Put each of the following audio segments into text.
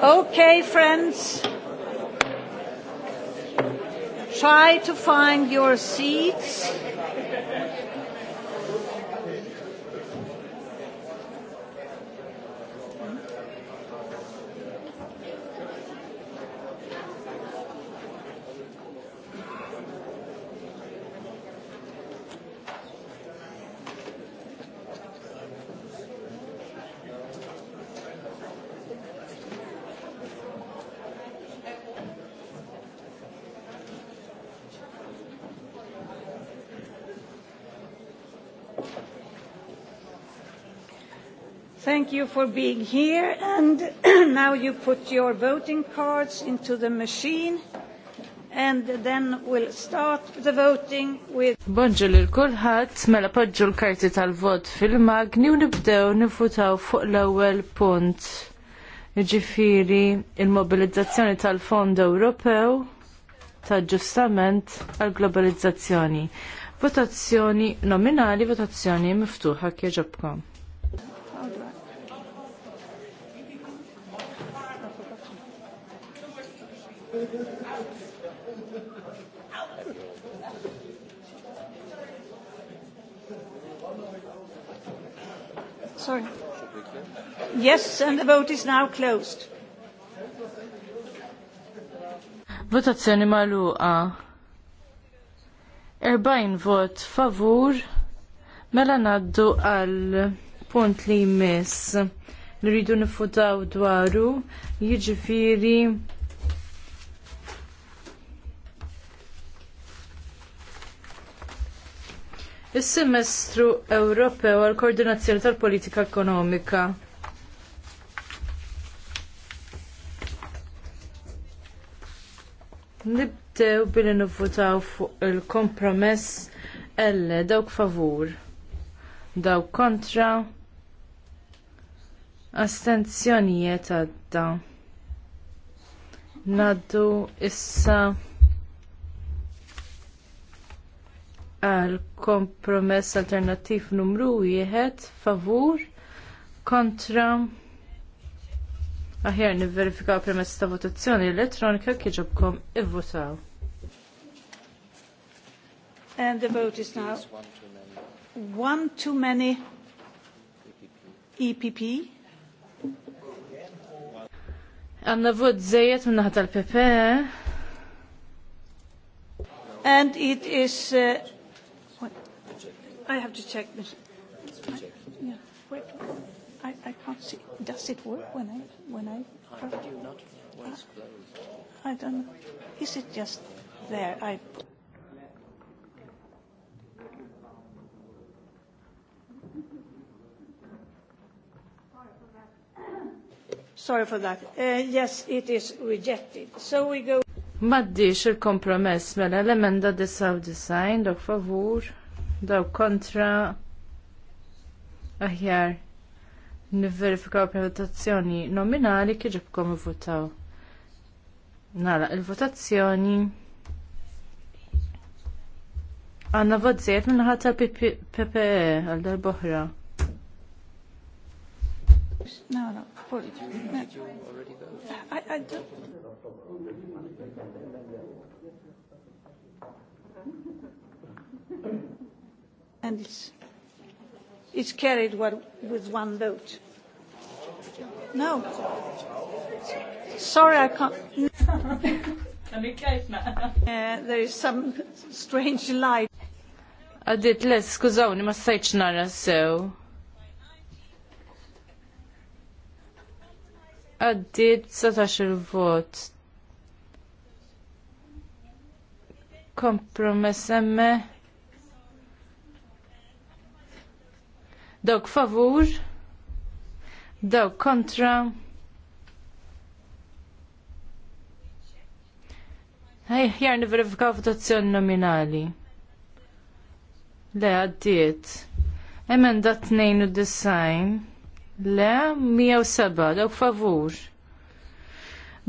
Okay, friends. Try to find your seats. thank you for being here. And now you put your voting cards into the machine. And then we'll start the voting with... Bonġu l-kulħat, mela podġu l-karti tal-vot fil-magni u nibdew nifutaw fuq l-ewel punt. Ġifiri, il-mobilizzazzjoni tal-Fond Ewropew ta' ġustament għal-globalizzazzjoni. Votazzjoni nominali, votazzjoni miftuħa kieġobkom. Sorry. Yes, and the vote is now closed. Votazzjoni maluqa. 40 vot favur, mela naddu għal punt li jmiss Nridu nifutaw dwaru, jiġifieri Is-semestru Ewropew għall koordinazzjoni tal-politika ekonomika. Nibdew billi nivvutaw fuq il-kompromess L dawk favur, dawk kontra, astenzjonijiet għadda. Naddu issa għal kompromess alternattiv numru wieħed favur kontra aħjar nivverifikaw premess ta' votazzjoni elettronika kieġobkom ivvotaw. And the vote is now one too many EPP. Għanna vot zejet minnaħat tal-PP. And it is uh, I have to check this. I, yeah, wait. I, I can't see. Does it work when I when I? How do you not? Well, it's closed. I don't know. Is it just there? I. Sorry for that. Uh, yes, it is rejected. So we go. Maddi il-kompromess mela l-emenda de design, dok favur daw kontra aħjar nivverifikaw prenotazzjoni nominali kieġibkom votaw. Nala, il-votazzjoni għanna votziet minna ħata ppe għal dal-boħra. No, no, I, I don't... and it's, it's carried what, with one vote. No. Sorry, I can't. uh, there is some strange light. Għaddit, les, skużawni, ma stajċ nara sew. Għaddit, satax il-vot. Kompromess emme. Dawk favur, dawk kontra. Ħjar niverifikaw votazzjoni nominali. Le, għaddiet. Emenda design. Le, 107. Dawk favur.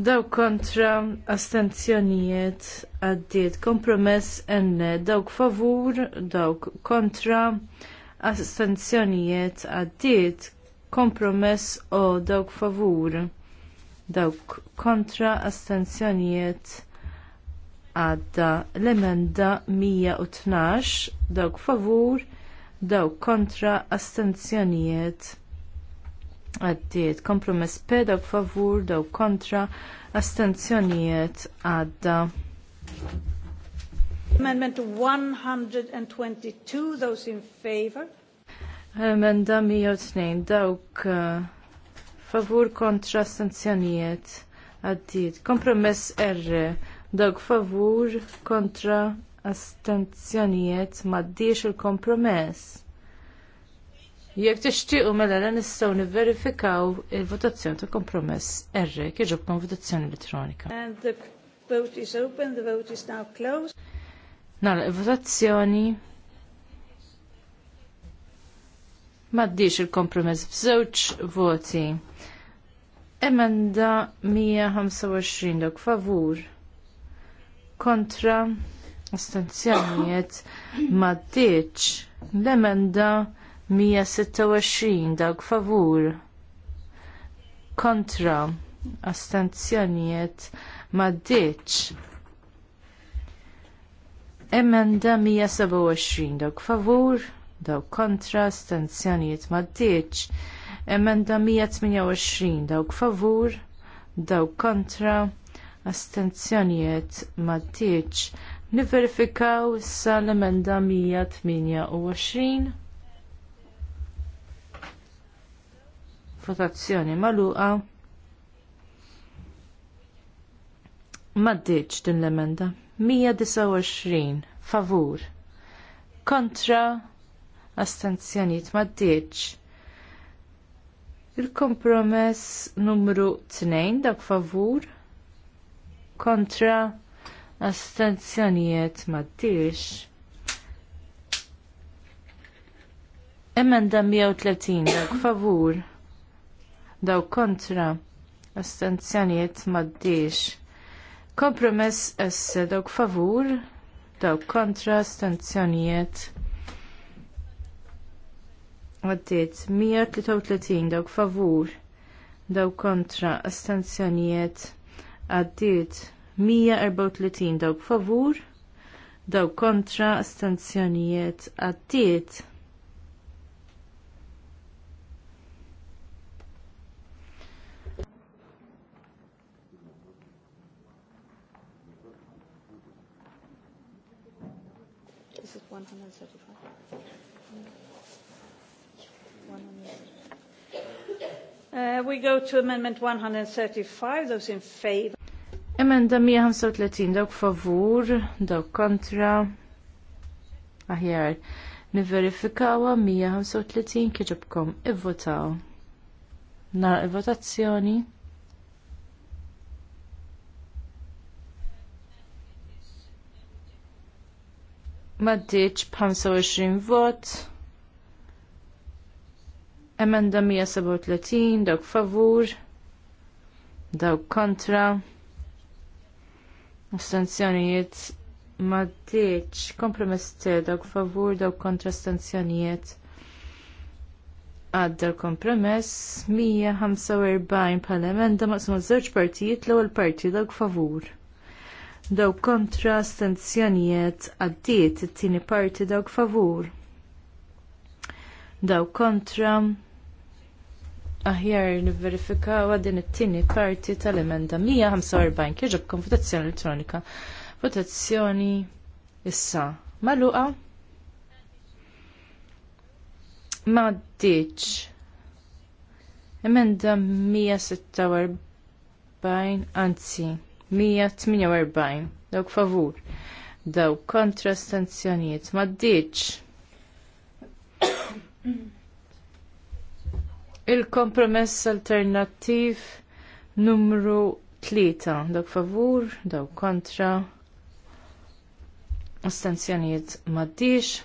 Dawk kontra astenzjonijiet għaddiet. Kompromess enne. Dawk favur, dawk kontra astenzjonijiet għaddiet kompromess u dawk favur dawk kontra astenzjonijiet għadda l-emenda 112 dawk favur dawk kontra astenzjonijiet għaddiet kompromess P dawk favur dawk kontra astenzjonijiet għadda Amendment 122, those in favor. Amenda 102, dawk uh, favur kontra sanzjonijiet għaddit. Kompromess R, dawk favur kontra astenzjonijiet maddiex il-kompromess. Jekk tixtiequ mela la nistgħu nivverifikaw il-votazzjoni ta' kompromess R kieġobkom votazzjoni elettronika. And the vote is open, the vote is now closed. Nara il-votazzjoni. Maddix il-kompromess b'żewġ voti. Emenda 125 dok favur. Kontra astenzjoniet maddiċ l-emenda 126 dok favur kontra astenzjonijiet maddiċ Emenda 127 dawk favur, dawk kontra, stanzjonijiet maddiċ. Emenda 128 dawk favur, dawk kontra, astenzjonijiet maddiċ. Niverifikaw sa l-emenda 128. Votazzjoni magħluqa. Maddiċ din l-emenda. 129 favur kontra astenzjoniet maddiċ. Il-kompromess numru 2 dak favur kontra astenzjonijiet maddiex. Emenda 130 dak favur, dawk kontra, astenzjonijiet maddiex. Kompromess esse dawk favur, dawk kontra stanzjonijiet. Għaddiet 133 dawk favur, dawk kontra stanzjonijiet. Għaddiet 134 dawk favur, dawk kontra stanzjonijiet. Għaddiet Uh, we go to amendment 135, those in favor. Emenda 135, dawk favur, dawk kontra. Aħjar, niverifikawa 135 kieġibkom ivvotaw. Nara il-votazzjoni. Maddiċ 25 vot. Emenda 137, dawk favur, dawk kontra, stanzjonijiet ma deċ, kompromess te, dawk favur, dawk kontra stanzjonijiet. Għadda l-kompromess 145 pal emenda maqsum żewġ partijiet l-ewwel parti dawk favur. Dawk kontra stanzjonijiet għaddiet it-tieni parti dawk favur. Dawk kontra aħjar nivverifikaw din it-tieni parti tal-emenda 145 kien ġobkom votazzjoni elettronika. Votazzjoni issa maluqa ma ddiċ. Emenda 146 anzi 148 dawk favur dawk kontra stanzjoniet, ma ddiċ. Il-kompromess alternattiv numru 3. Dawk favur, dawk kontra. Astenzjoniet maddix.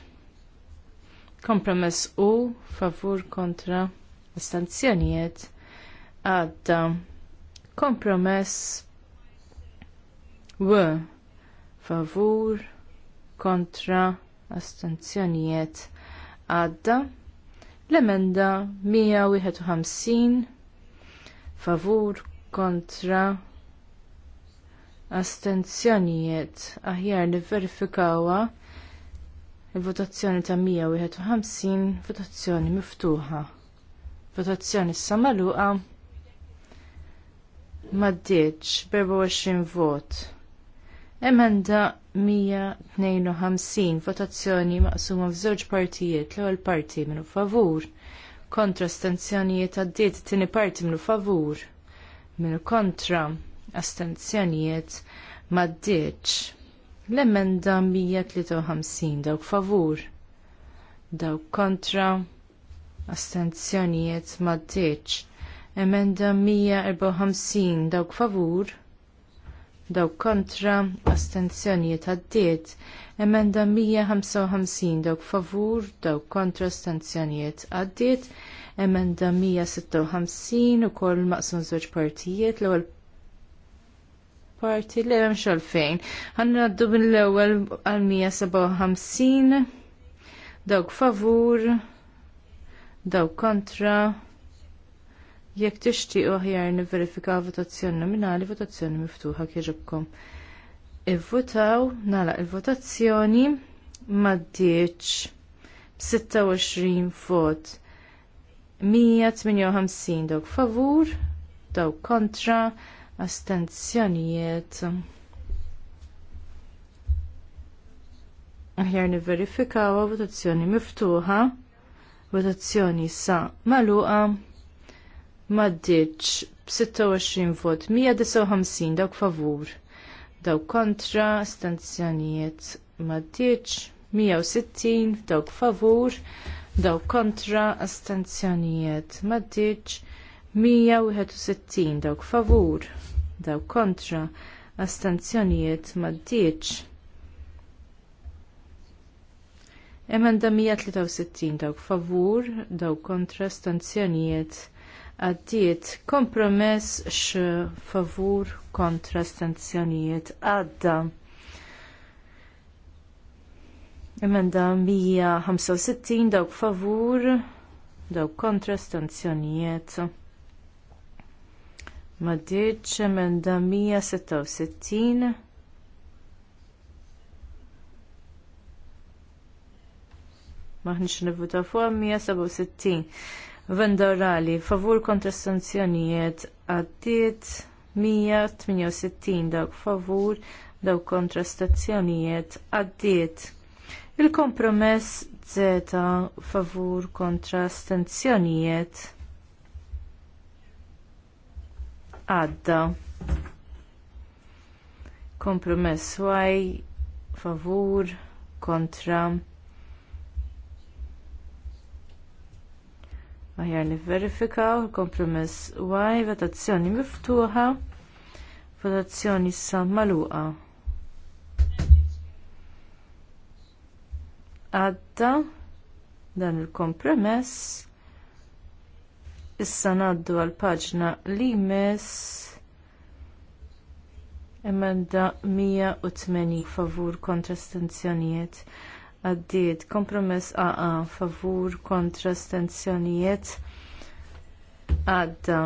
Kompromess u favur kontra. Astenzjoniet għadda. Kompromess w favur kontra astenzjonijiet għadda. L-emenda 151 favur kontra astenzjonijiet aħjar li verifikawa il-votazzjoni ta' 151 votazzjoni miftuħa. Votazzjoni s-samaluqa maddieċ 24 vot. Emenda 152 votazzjoni maqsuma f'żewġ partijiet l-ewwel parti minnu favur kontra astenzjonijiet għaddiet it-tieni parti minnu favur minn kontra astenzjonijiet maddiċ. L-emenda 153 dawk favur, dawk kontra, astenzjonijiet maddiċ. Emenda 154 dawk favur, daw kontra astenzjonijiet għaddiet. Emenda 155 daw favur daw kontra astenzjonijiet għaddiet. Emenda 156 u koll maqsum zoċ partijiet l ewwel parti li hemm xalfejn. Għanna għaddu mill-ewwel għal 157 dawk favur, dawk kontra Jekk tixtieq aħjar nivverifika votazzjoni nominali, votazzjoni miftuħa kieġibkom. Ivvutaw, nagħlaq il-votazzjoni maddiċ b'26 vot. 158 dawk favur, dawk kontra, astenzjonijiet. Aħjar nivverifikaw votazzjoni miftuħa, votazzjoni sa magħluqa maddiċ 26 vot, 159 dawk favur, dawk kontra, stanzjonijiet maddiċ 160 dawk favur, dawk kontra, stanzjonijiet maddiċ 161 dawk favur, dawk kontra, astanzjonijiet maddiċ. Emenda 163 dawk favur, dawk kontra stanzjonijiet għaddiet kompromess x-favur kontra stanzjonijiet għadda. Emenda 165 dawk favur, dawk kontra stanzjonijiet. Maddiċ emenda 166 maħniċ nivuta fuq 167 vendorali favur kontra sanzjonijiet għaddiet 168 dawk favur dawk kontra stazzjonijiet għaddiet. Il-kompromess Z favur kontra stanzjonijiet għadda. Kompromess Y favur kontra Aħjar nivverifikaw il-kompromess Y, votazzjoni miftuħa, votazzjoni issa magħluqa. Għadda dan il-kompromess. Issa ngħaddu għal paġna li mis emenda 180 favur kontra stanzjonijiet għaddiet kompromess AA favur kontra stenzjonijiet għadda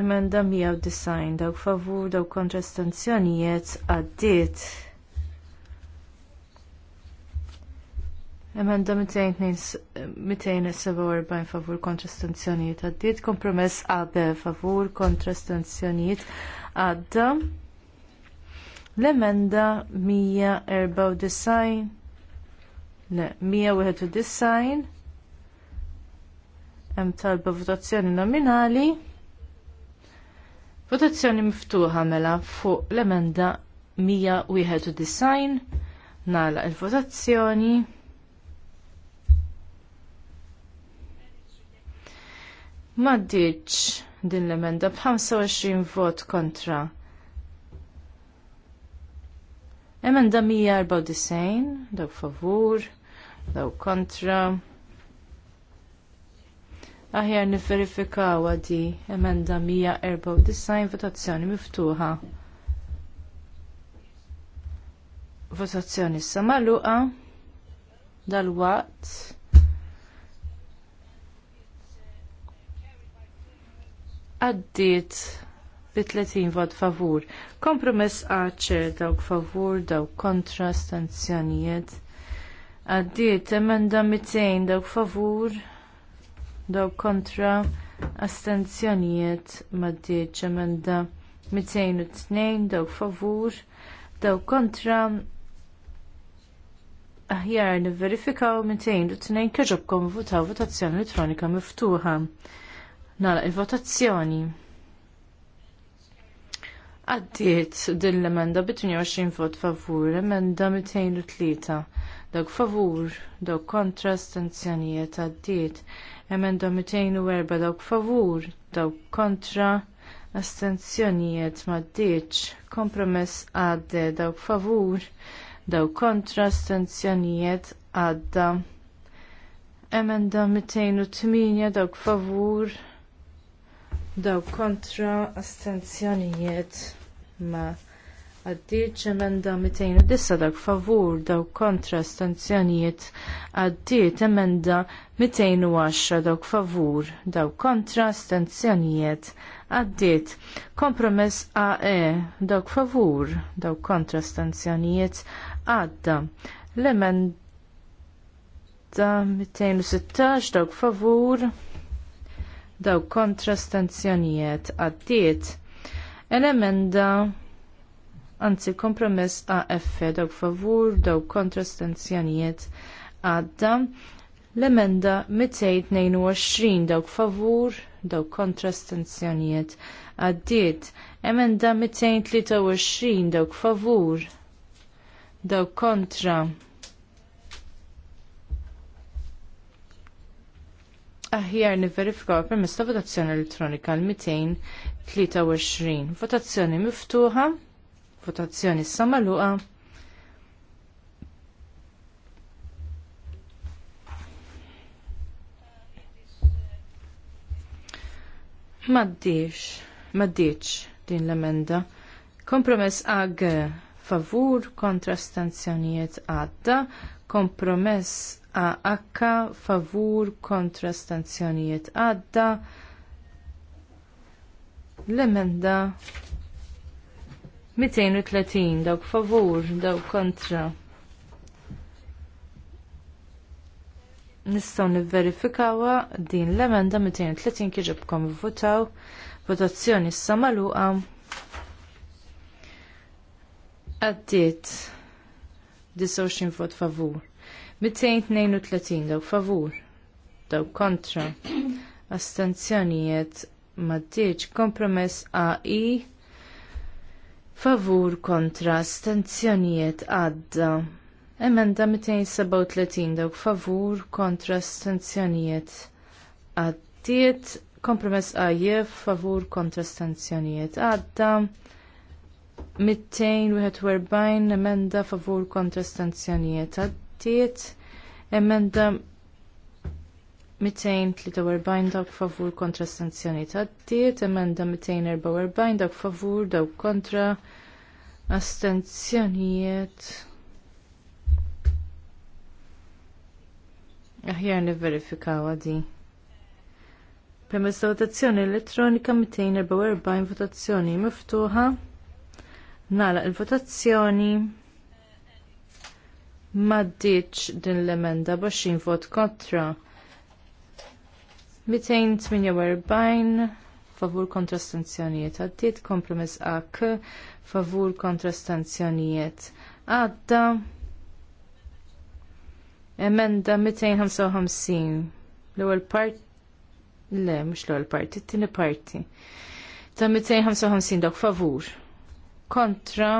emenda 190 dawk favur daw kontra stenzjonijiet għaddiet Emenda 247 e favur kontra stanzjonijiet għaddiet, kompromess AB favur kontra stanzjonijiet għadda. L-emenda 194, le, 191, hemm talba votazzjoni nominali. Votazzjoni miftuħa mela fuq l-emenda 191 nagħlaq il-votazzjoni. Maddiċ din l-emenda b'25 vot kontra. Emenda 194, daw favur, daw kontra. Aħjar niverifikaw għadi emenda 194 votazzjoni miftuħa. Votazzjoni samaluqa dal-waqt. Għaddit bi 30 vot favur. Kompromess għacċer dawk favur, dawk kontra, stanzjonijiet. Għaddiet emenda 200 dawk favur, dawk kontra, astenzjonijiet maddiet emenda 202 dawk favur, dawk kontra, aħjar nivverifikaw 202 kħeġobkom votaw votazzjoni elettronika miftuħa. Nara il-votazzjoni. Għaddiet din l-emenda bi 22 vot favur, emenda 203. Dawk favur, dok kontra stanzjonijiet għaddiet. Emenda 204 dok favur, dok kontra astenzjonijiet maddiċ. Kompromess għadde dawk favur, dawk kontra astenzjonijiet għadda. Emenda 208 dawk favur, dawk kontra astenzjonijiet ma għaddiċ emenda 209 dak favur daw kontra stanzjonijiet għaddiet emenda 210 dak favur daw kontra stanzjonijiet għaddiet kompromess AE dak favur daw kontra stanzjonijiet għadda l-emenda 216 dak favur daw kontra stanzjonijiet għaddiet l-emenda anzi kompromess AF dawk favur, dawk kontra stenzjanijiet għadda. L-emenda 222 dawk favur, dawk kontra stenzjanijiet għaddiet. Emenda 223 dawk favur, dawk kontra aħjar niverifikaw permess ta' votazzjoni elettronika l-223. Votazzjoni miftuħa, votazzjoni samaluqa. Maddiċ, maddiċ din l-emenda. Kompromess għag favur kontra stanzjonijiet għadda, kompromess AH favur kontra stanzjonijiet għadda l-emenda 230 dawk favur dawk kontra nistgħu nivverifikawa din l-emenda 230 kieġibkom votaw votazzjoni issa magħluqa għaddiet 29 vot favur. 232 dawk favur, daw kontra. Astenzjonijiet maddiċ kompromess AI favur kontra astenzjonijiet għadda. Emenda 237 dawk favur kontra astanzjonijiet għaddiet kompromess AJ favur kontra astanzjonijiet għadda. 241 emenda favur kontra astanzjonijiet għadda tiet emenda 243 dawk favur kontra sanzjoni tiet emenda 244 dawk favur dawk kontra astenzjonijiet. Aħjar niverifikaw għadi. Permess votazzjoni elettronika 244 votazzjoni miftuħa. Nala il-votazzjoni maddiċ din l-emenda biex vot kontra. 248 favur kontra stanzjonijiet. Għaddit kompromess AK favur kontra stanzjonijiet. Għadda emenda 255. L-ewwel part le, mhux l-ewwel parti, it-tieni parti. Ta' 255 dok favur. Kontra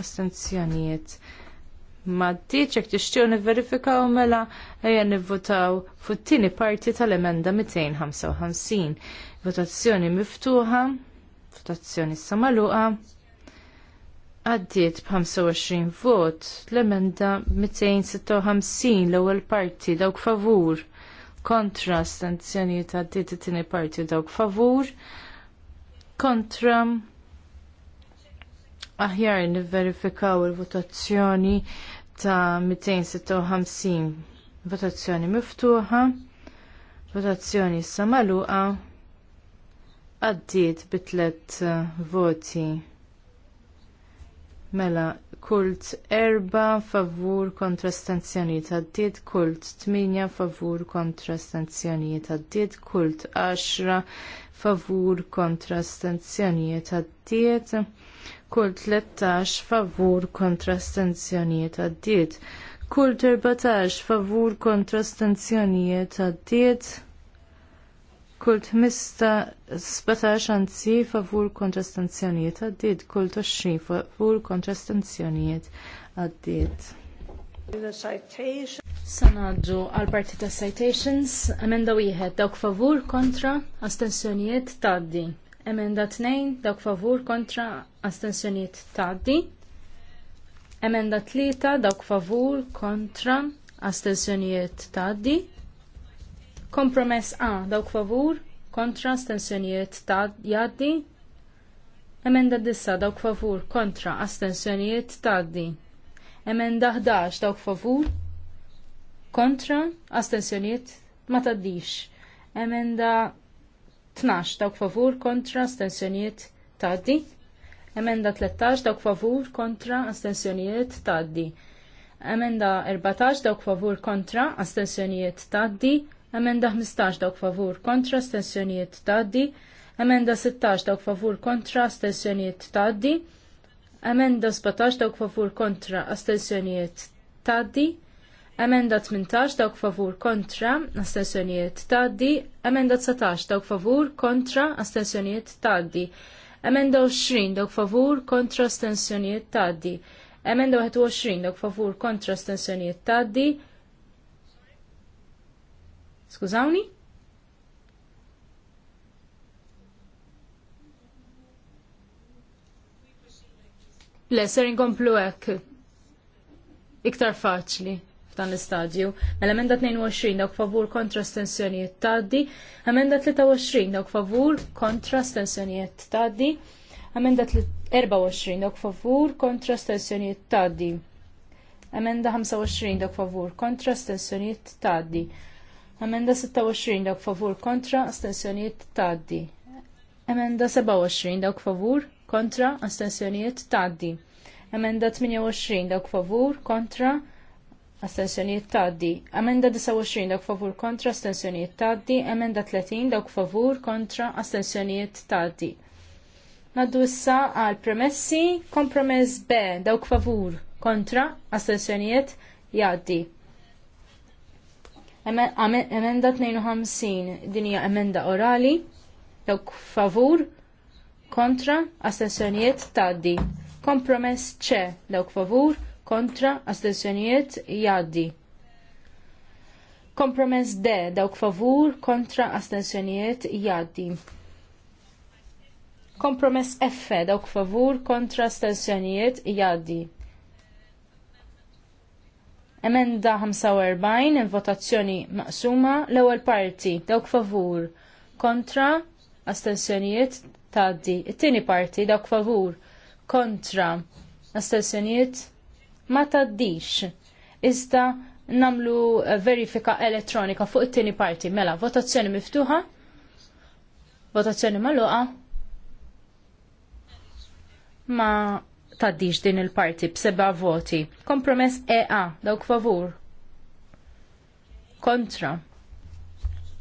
astenzjonijiet ma diċek tixtiju niverifikaw mela ejja nivvotaw fuq tieni parti tal-emenda 255. Votazzjoni miftuħa, votazzjoni samaluqa, għaddiet b'25 vot l-emenda 256 l-ewwel parti dawk favur kontra stanzjonijiet għaddiet it-tieni parti dawk favur kontra aħjar nivverifikaw il-votazzjoni ta' 256 votazzjoni miftuħa, votazzjoni samaluqa, magħluqa għaddiet bitlet uh, voti. Mela, kult erba favur kontra stanzjonijiet għaddiet, kult 8 favur kontra stanzjonijiet għaddiet, kult 10 favur kontra stanzjonijiet għaddiet kull 13 favur kontra stenzjonijiet għaddiet, kull 14 favur kontra stenzjonijiet għaddiet, kull 15 anzi favur kontra stenzjonijiet għaddiet, kull 20 favur kontra stenzjonijiet għaddiet. Sanadġu għal partita citations, amenda wieħed dawk favur kontra astensjonijiet taddi. Emenda 2, dawk favur kontra astensjoniet taddi. Emenda 3, dawk favur kontra astensjoniet taddi. Kompromess A, dawk favur kontra astensjoniet jaddi. Emenda 10, dawk favur kontra astensjoniet taddi. Emenda 11, dawk favur kontra astensjoniet ma taddix. Emenda 12 dawk favur kontra astensjonijiet tgħaddi. Emenda 13 dawk favur kontra astensjonijiet tgħaddi. Emenda 14 dawk favur kontra astensjonijiet tgħaddi. Emenda 15 dawk favur kontra astensjonijiet tgħaddi. Emenda 16 dawk favur kontra astensjonijiet tgħaddi. Emenda 17 dawk favur kontra astensjonijiet tgħaddi. Emenda 18 dawk favur kontra astensjonijiet taddi. Emenda 19 dawk favur kontra astensjonijiet taddi. Emenda 20 dawk favur kontra astensjonijiet taddi. Emenda 21 dawk favur kontra astensjonijiet taddi. Skużawni? Le, ser inkomplu hekk. Iktar faċli f'dan l-istadju. L-emenda mela, 22 dawk favur kontra stensjonijiet taddi. Emenda 23 dawk favur kontra stensjonijiet taddi. Emenda 24 dawk favur kontra stensjonijiet taddi. Emenda 25 dawk favur kontra stensjonijiet taddi. Emenda 26 dawk favur kontra stensjonijiet taddi. Emenda 27 dawk favur kontra stensjonijiet taddi. Emenda 28 dawk favur kontra Astensjonijiet tgħaddi. Emenda 29 dawk favur kontra astensjonijiet tgħaddi. Emenda 30 dawk favur kontra astensjonijiet tgħaddi. Naddu issa għal premessi kompromess B dawk favur kontra astensjonijiet jgħaddi. Emenda 52 din hija emenda orali dawk favur kontra astensjonijiet tgħaddi. Kompromess C dawk favur kontra astensjonijiet jaddi. Kompromess D dawk favur kontra astensjonijiet jaddi. Kompromess F dawk favur kontra astensjonijiet jaddi. Emenda 45 votazzjoni maqsuma l-ewwel parti dawk favur kontra astensjonijiet taddi. It-tieni parti dawk favur kontra astensjonijiet ma taddix. Iżda namlu eh, verifika elettronika fuq it-tieni parti. Mela, votazzjoni miftuħa, votazzjoni magħluqa. Ma taddix din il-parti b'seba' voti. Kompromess EA, dawk favur. Kontra.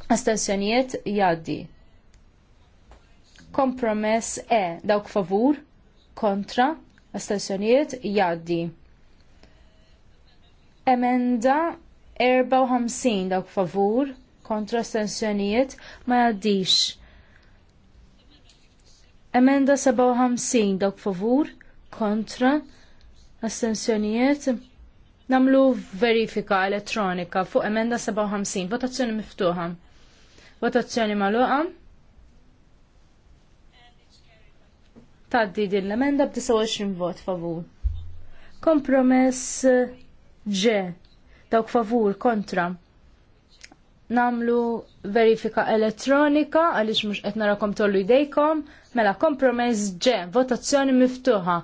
Astensjonijiet jaddi. Kompromess E, dawk favur. Kontra. Astensjonijiet jaddi. Emenda 54 dawk favur kontra stensjonijiet ma jaddix. Emenda 57 dawk favur kontra astensjonijiet namlu verifika elettronika fuq emenda 57, votazzjoni miftuħa. Votazzjoni maluqa. Taddi din l-emenda b'29 vot favur. Kompromess ġe dawk favur kontra namlu verifika elettronika għaliex mhux qed narakom tollu jdejkom mela kompromess ġe votazzjoni miftuħa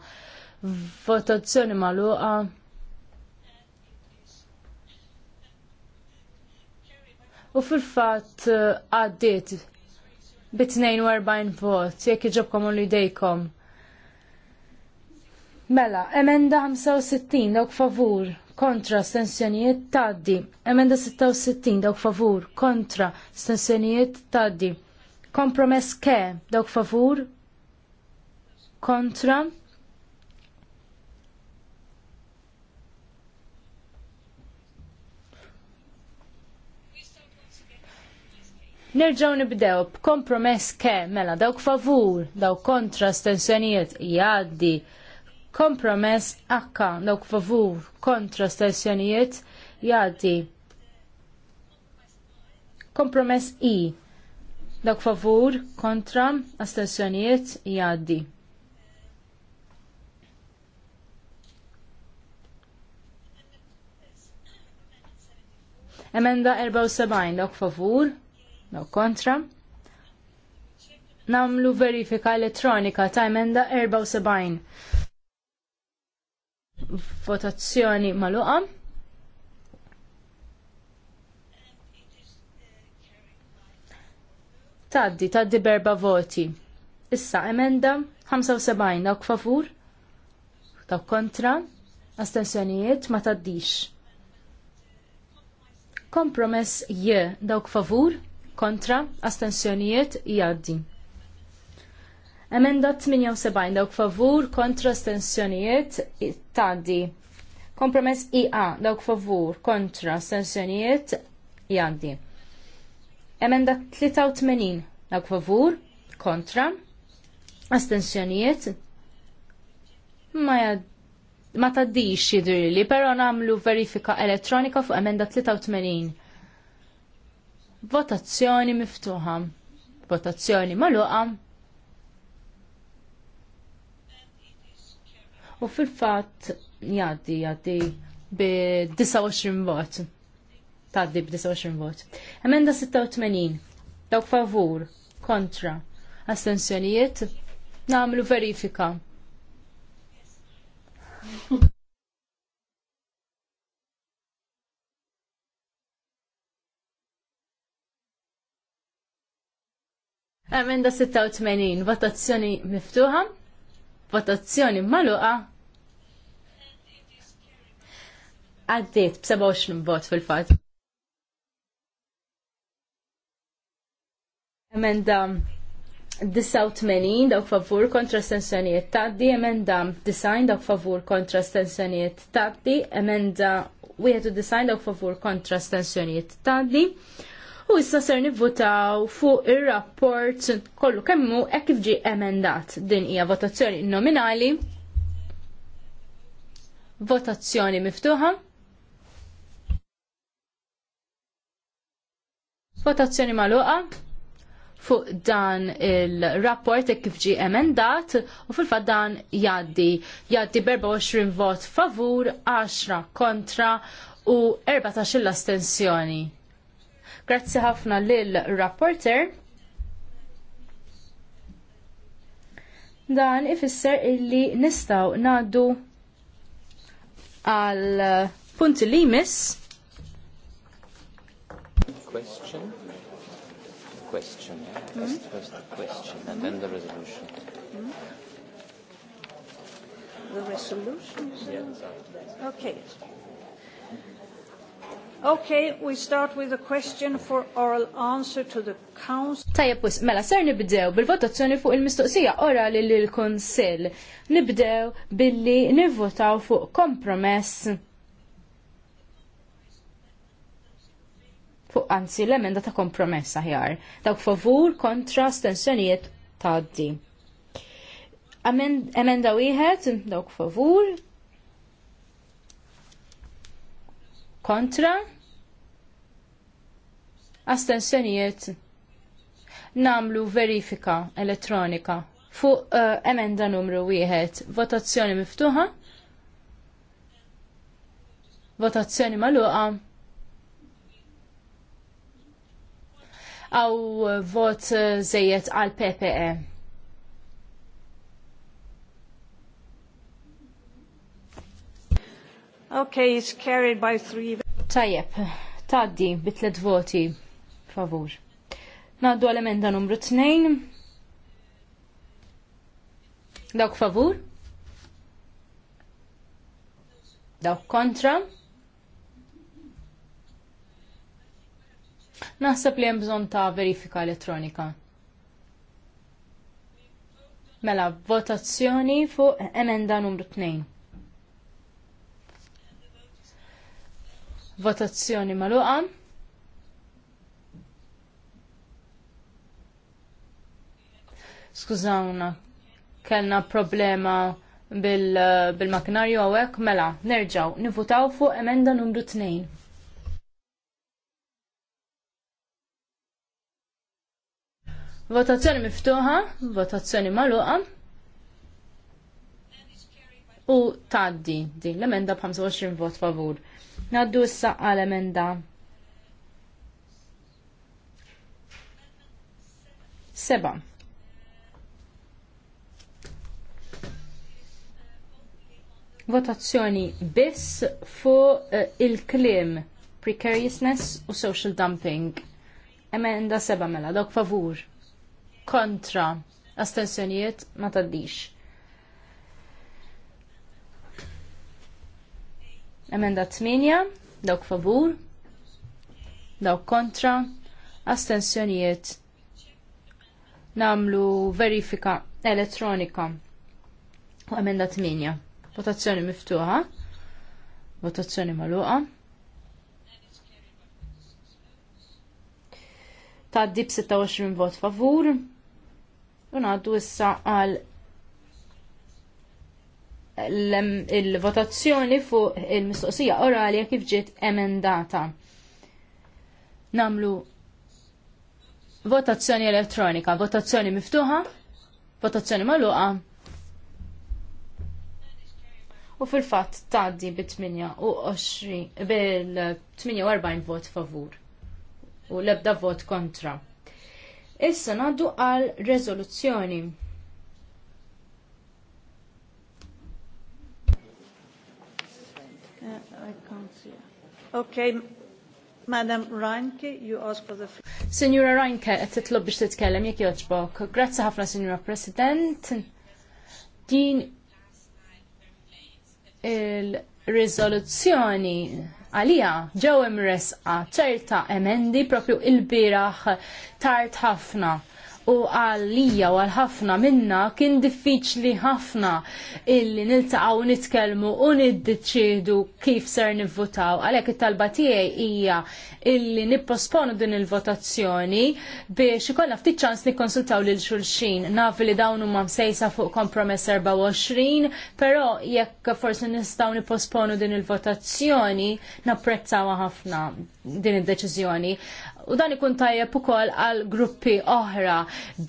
votazzjoni magħluqa. U fil-fatt uh, għaddiet bi 42 vot, jekk iġobkom u jdejkom. Mela, emenda 65 dawk favur kontra stensjonijiet taddi. Emenda 66 dawk favur kontra stensjonijiet taddi. Kompromess ke dawk favur kontra Nerġaw nibdew b'kompromess ke mela dawk favur, dawk kontra stensjonijiet jgħaddi Kompromess akka dawk favur kontra astensjonijiet jgħaddi. Kompromess i dawk favur kontra astensjonijiet jgħaddi. Emenda 74 dawk favur, dawk kontra. Namlu verifika elettronika ta' emenda 74 votazzjoni maluqa. Taddi, taddi berba voti. Issa, emenda 75, dawk favur, dawk kontra, astensjonijiet ma taddix. Kompromess je, dawk favur, kontra, astensjonijiet jaddi. Emenda 78 dawk favur kontra stensjonijiet tadi. Kompromess IA dawk favur kontra stensjonijiet jaddi. Emenda 83 dawk favur kontra astensjonijiet ma jad ma taddix jidirli, pero namlu verifika elettronika fuq emenda 83. Votazzjoni miftuħa. Votazzjoni maluqa. u fil-fatt jgħaddi jaddi, bi 29 vot. Taddi bi 29 vot. Emenda 86. Dawk favur, kontra, astensjonijiet, namlu verifika. Emenda 86, votazzjoni miftuħa votazzjoni maluqa għaddit b-27 vot fil-fatt. Emenda 89 dawk favur kontra stensjonijiet taddi, emenda 90 dawk favur kontra stensjonijiet taddi, emenda 91 dawk favur kontra stensjonijiet taddi, U issa ser nivvotaw fuq ir-rapport kollu kemmu hekk kif ġie emendat. Din hija votazzjoni nominali. Votazzjoni miftuħa. Votazzjoni magħluqa fuq dan il-rapport e kif ġie emendat u fil-fat dan jaddi. Jaddi 24 vot favur, 10 kontra u 14 l-astensjoni. Grazzi ħafna lil rapporter Dan ifisser illi nistaw naddu għal punti li miss. Question, question, yeah. Mm -hmm. First the question and then the hmm? resolution. Mm -hmm. The resolution? Yeah, Okay. Okay, we start with a question for oral answer to the council. Tajjeb wis, mela ser nibdew bil-votazzjoni fuq il-mistoqsija orali lil kunsill. Nibdew billi nivvotaw fuq kompromess fuq anzi l-emenda ta' kompromess aħjar. Dawk favur kontra stensjonijiet tgħaddi. Emenda wieħed dawk favur kontra, astensjonijiet namlu verifika elettronika fuq uh, emenda numru wieħed. Votazzjoni miftuħa. Votazzjoni maluqa. Aw vot zejjed eh, għal PPE. Okay, it's carried by three. Tajjeb, taddi bitlet voti favur. Naddu għal-emenda numru 2. Dawk favur? Dawk kontra? Naħseb li hemm bżonn ta' verifika elettronika. Mela, votazzjoni fuq emenda numru 2. Votazzjoni maluqa. Skużawna, kellna problema bil-makinarju bil għawek, mela, nerġaw, nivutaw fuq emenda numru 2. Votazzjoni miftuħa, votazzjoni maluqa. U taddi din l-emenda b'25 vot favur. Naddu issa għal emenda. Seba. Votazzjoni biss fuq eh, il-klim precariousness u social dumping. Emenda seba mela, dok favur. Kontra. Astensjonijiet ma taddix. Emenda 8, dawk favur, dawk kontra, astensjonijiet. Namlu verifika elettronika. U emenda 8. Votazzjoni miftuħa. Votazzjoni maluqa. Taddi b-26 vot favur. Unaddu issa għal il-votazzjoni fuq il-mistoqsija orali kif ġiet emendata. Namlu votazzjoni elettronika, votazzjoni miftuħa, votazzjoni magħluqa. U fil-fatt tgħaddi bi 28 bil-48 vot favur u l-ebda vot kontra. Issa naddu għal rezoluzzjoni. Okay, Madam Reinke, you ask for the floor. Signora Reinke, qed titlob biex titkellem jekk jogħġbok. Grazzi ħafna, Signora President. Din il-riżoluzzjoni għalija ġew imresqa ċerta emendi propju il-biraħ tard ħafna u għalija u għal ħafna minna kien diffiċli ħafna illi niltaqgħu nitkellmu u niddeċiedu kif ser nivvotaw. Għalhekk it-talba tiegħi hija illi nipposponu din il-votazzjoni biex ikollna ftit ċans nikkonsultaw lil xulxin. Naf li dawn huma msejsa fuq kompromess 24, però jekk forsi nistgħu nipposponu din il-votazzjoni napprezzawha ħafna din id-deċiżjoni u dan ikun tajjeb ukoll għal gruppi oħra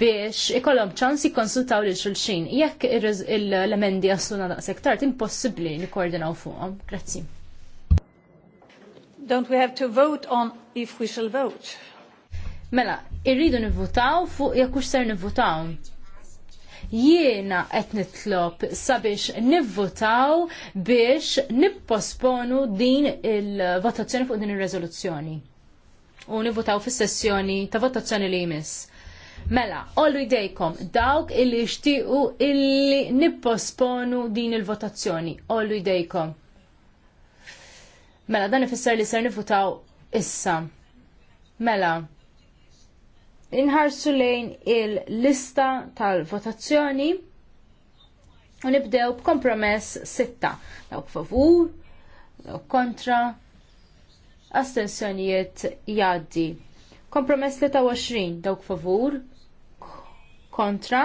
biex ikollhom ċans jikkonsultaw lil xulxin. Jekk l-emendi għasluna daqshekk tard impossibbli nikkoordinaw fuqhom. Grazzi. Don't we have to vote on if we shall vote? Mela, irridu nivvutaw fuq jekk hux ser nivvutaw jiena qed nitlob sabiex nivvutaw biex nipposponu din il-votazzjoni fuq din ir-reżoluzzjoni u nivutaw fis-sessjoni ta' votazzjoni li jmiss. Mela, ollu jdejkom, dawk illi xtiqu illi nipposponu din il-votazzjoni, ollu jdejkom. Mela, dan ifisser li ser nifutaw issa. Mela, inħarsu lejn il-lista tal-votazzjoni u nibdew b'kompromess sitta. Dawk favur, dawk kontra, astensjonijiet jgħaddi. Kompromess 23 dawk favur kontra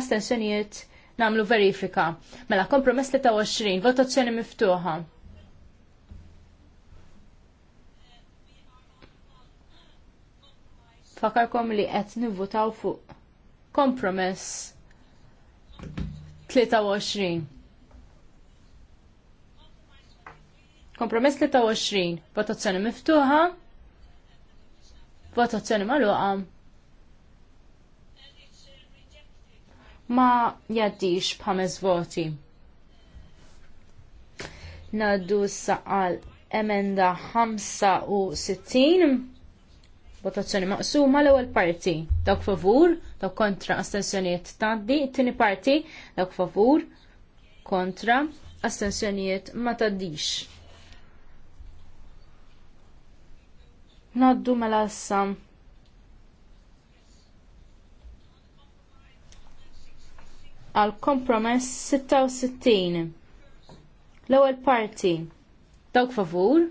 astensjonijiet namlu verifika. Mela kompromess 23 votazzjoni miftuħa. Fakarkom li qed nivvotaw fuq kompromess 23. Kompromess 23, votazzjoni miftuħa, votazzjoni maluqa. Ma jaddix bħames voti. Naddu saqal emenda 65 votazzjoni maqsuma l-ewwel parti dawk favur, dawk kontra astensjoniet taddi, it parti dawk favur, kontra astensjoniet ma taddix. Naddu mela issa. Għal kompromess 66. L-ewwel parti. Dawk favur.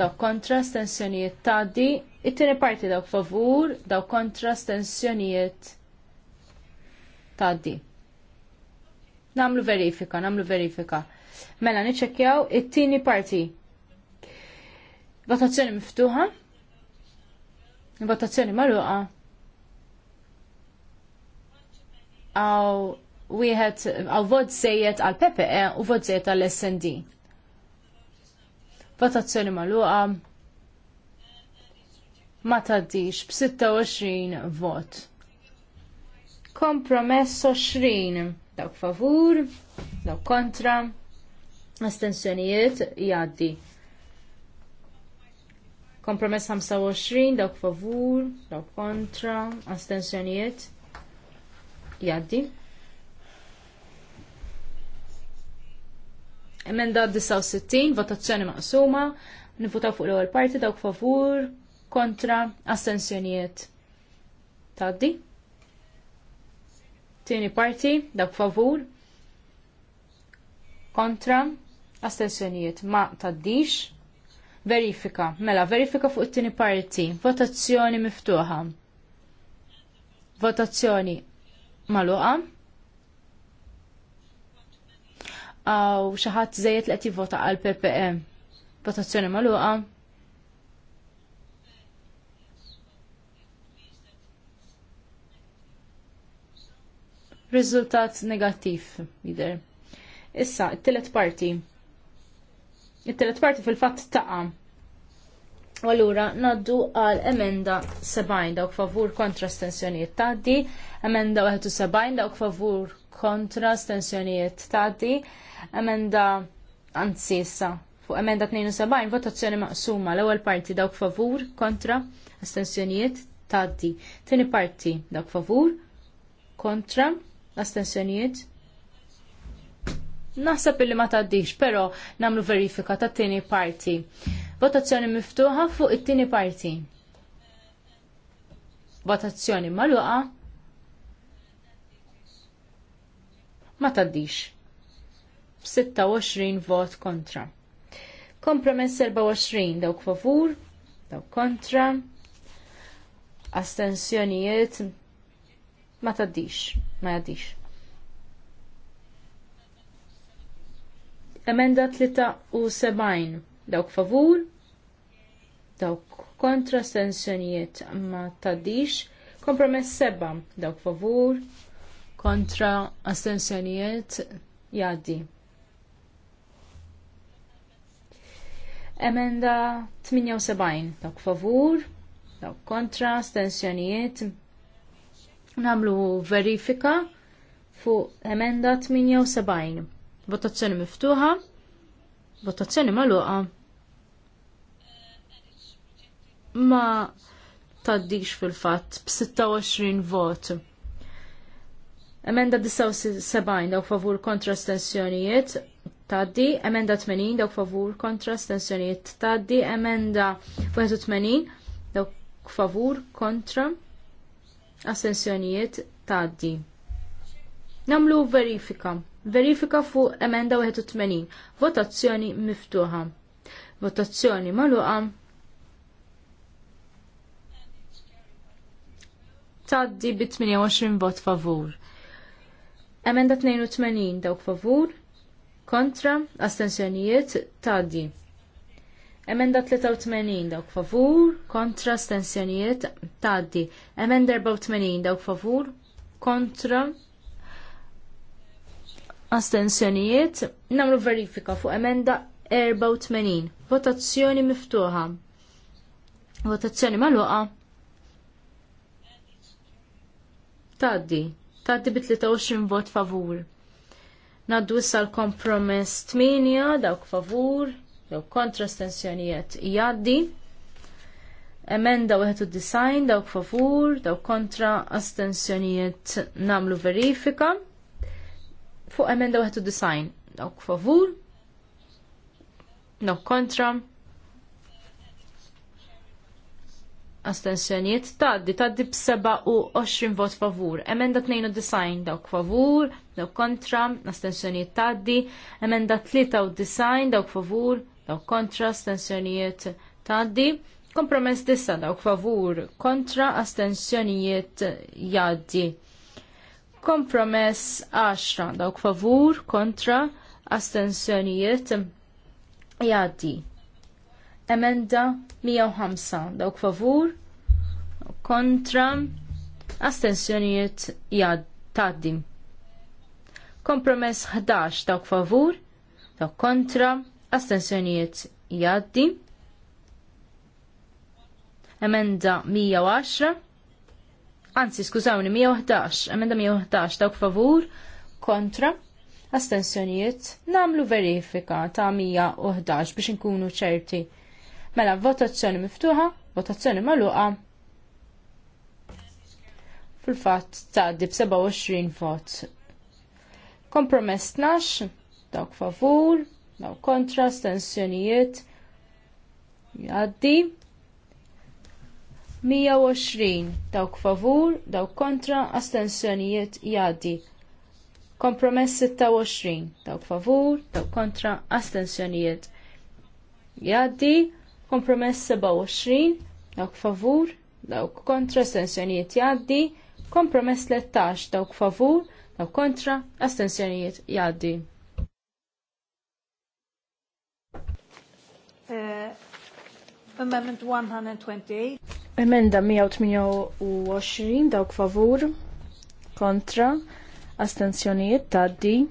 Dawk kontra stensjonijiet tgħaddi. It-tieni parti dawk favur, dawk kontra stensjonijiet tgħaddi. Namlu verifika, namlu verifika. Mela niċċekkjaw it-tieni parti Votazzjoni miftuħa. Votazzjoni magħluqa. Aw wieħed għaw vot sejjed għal PPE u vot sejjed għal SND. Votazzjoni marruqa? ma taddix b-26 vot. Kompromess 20 dawk favur, dawk kontra, astensjonijiet jaddi. Kompromess 25, dawk favur, dawk kontra, astensjonijiet. Jaddi. Emenda 69, votazzjoni maqsuma, nifutaw fuq l-ewwel parti dawk favur, kontra, astensjonijiet. Taddi. Tieni parti, dawk favur, kontra, astensjonijiet ma taddix. Verifika. Mela, verifika fuq it-tieni parti. Votazzjoni miftuħa. Votazzjoni maluqa. Aw xi ħadd żejjed li qed jivvota għal PPE. Votazzjoni maluqa. Riżultat negattiv jidher. Issa, it-tielet parti it-telet parti fil-fatt taqa. allura naddu għal emenda 70 dawk favur kontra stensjonijiet taddi, emenda 71 dawk favur kontra stensjonijiet taddi, emenda għanzissa fuq emenda 72 votazzjoni maqsuma l-ewwel parti dawk favur kontra astensjonijiet taddi, tieni parti dawk favur kontra astensjonijiet Naħseb illi ma taddix, però namlu verifika ta' tieni parti. Votazzjoni miftuħa fuq it-tieni parti. Votazzjoni magħluqa. Ma taddix. 26 vot kontra. Kompromess 24 dawk favur, dawk kontra. Astensjonijiet ma taddix, ma jaddix. Emenda 73 dawk favur, dawk kontra stensjonijiet ma taddix, kompromess seba dawk favur, kontra astensjonijiet jaddi. Emenda 78 dawk favur, dawk kontra astensjonijiet namlu verifika fuq emenda 78. Votazzjoni miftuħa. Votazzjoni maluqa. Ma taddix fil-fatt b-26 vot. Emenda 79 daw favur kontra stensjonijiet taddi, emenda 80 dawk favur kontra stensjonijiet taddi, emenda 81 daw favur kontra astensjonijiet taddi. Namlu verifika. Verifika fuq emenda 81. Votazzjoni miftuħa. Votazzjoni maluqa. Taddi bi 28 vot favur. Emenda 82 dawk favur. Kontra, astensjonijiet, taddi. Emenda 83 dawk favur, kontra astensjonijiet, taddi. Emenda 84 dawk favur, kontra astensjonijiet, namlu verifika fuq emenda 84. Votazzjoni miftuħa. Votazzjoni maluqa. Taddi. Taddi bi 23 vot favur. Naddu issa l-kompromess 8 dawk favur, jew kontra astenzjonijiet jaddi. Emenda 91 dawk favur, dawk kontra astensjonijiet namlu verifika. Fuq emenda design. dawk favur, dawk kontra, Astensjoniet taddi, taddi b 20 vot favur. Emenda design, dawk favur, dawk kontra, astensjonijiet taddi. Emenda design, dawk favur, dawk kontra, astensjonijiet taddi. Kompromess dissa dawk favur, kontra, astensjonijiet jaddi. Kompromess 10 dawk favur kontra astensjonijiet jgħaddi. Emenda 105 dawk favur kontra astensjonijiet jgħaddi. Kompromess 11 dawk favur daw kontra astensjonijiet jgħaddi emenda 110 anzi skużawni 111, emenda 111 dawk favur kontra astensjonijiet namlu verifika ta' 111 biex nkunu ċerti. Mela votazzjoni miftuħa, votazzjoni maluqa. Fil-fatt ta' dib 27 vot. Kompromess 12, dawk favur, dawk kontra, stensjonijiet, jaddi. 120 dawk favur, dawk kontra, astensjonijiet jaddi. Kompromess 26 dawk favur, dawk kontra, astensjonijiet jaddi. Kompromess 27 dawk favur, dawk kontra, astensjonijiet jaddi. Kompromess 13 dawk favur, dawk kontra, astensjonijiet jaddi. Eh, Amendment 128. Emenda 128 dawk favur kontra astenzjonijiet taddi.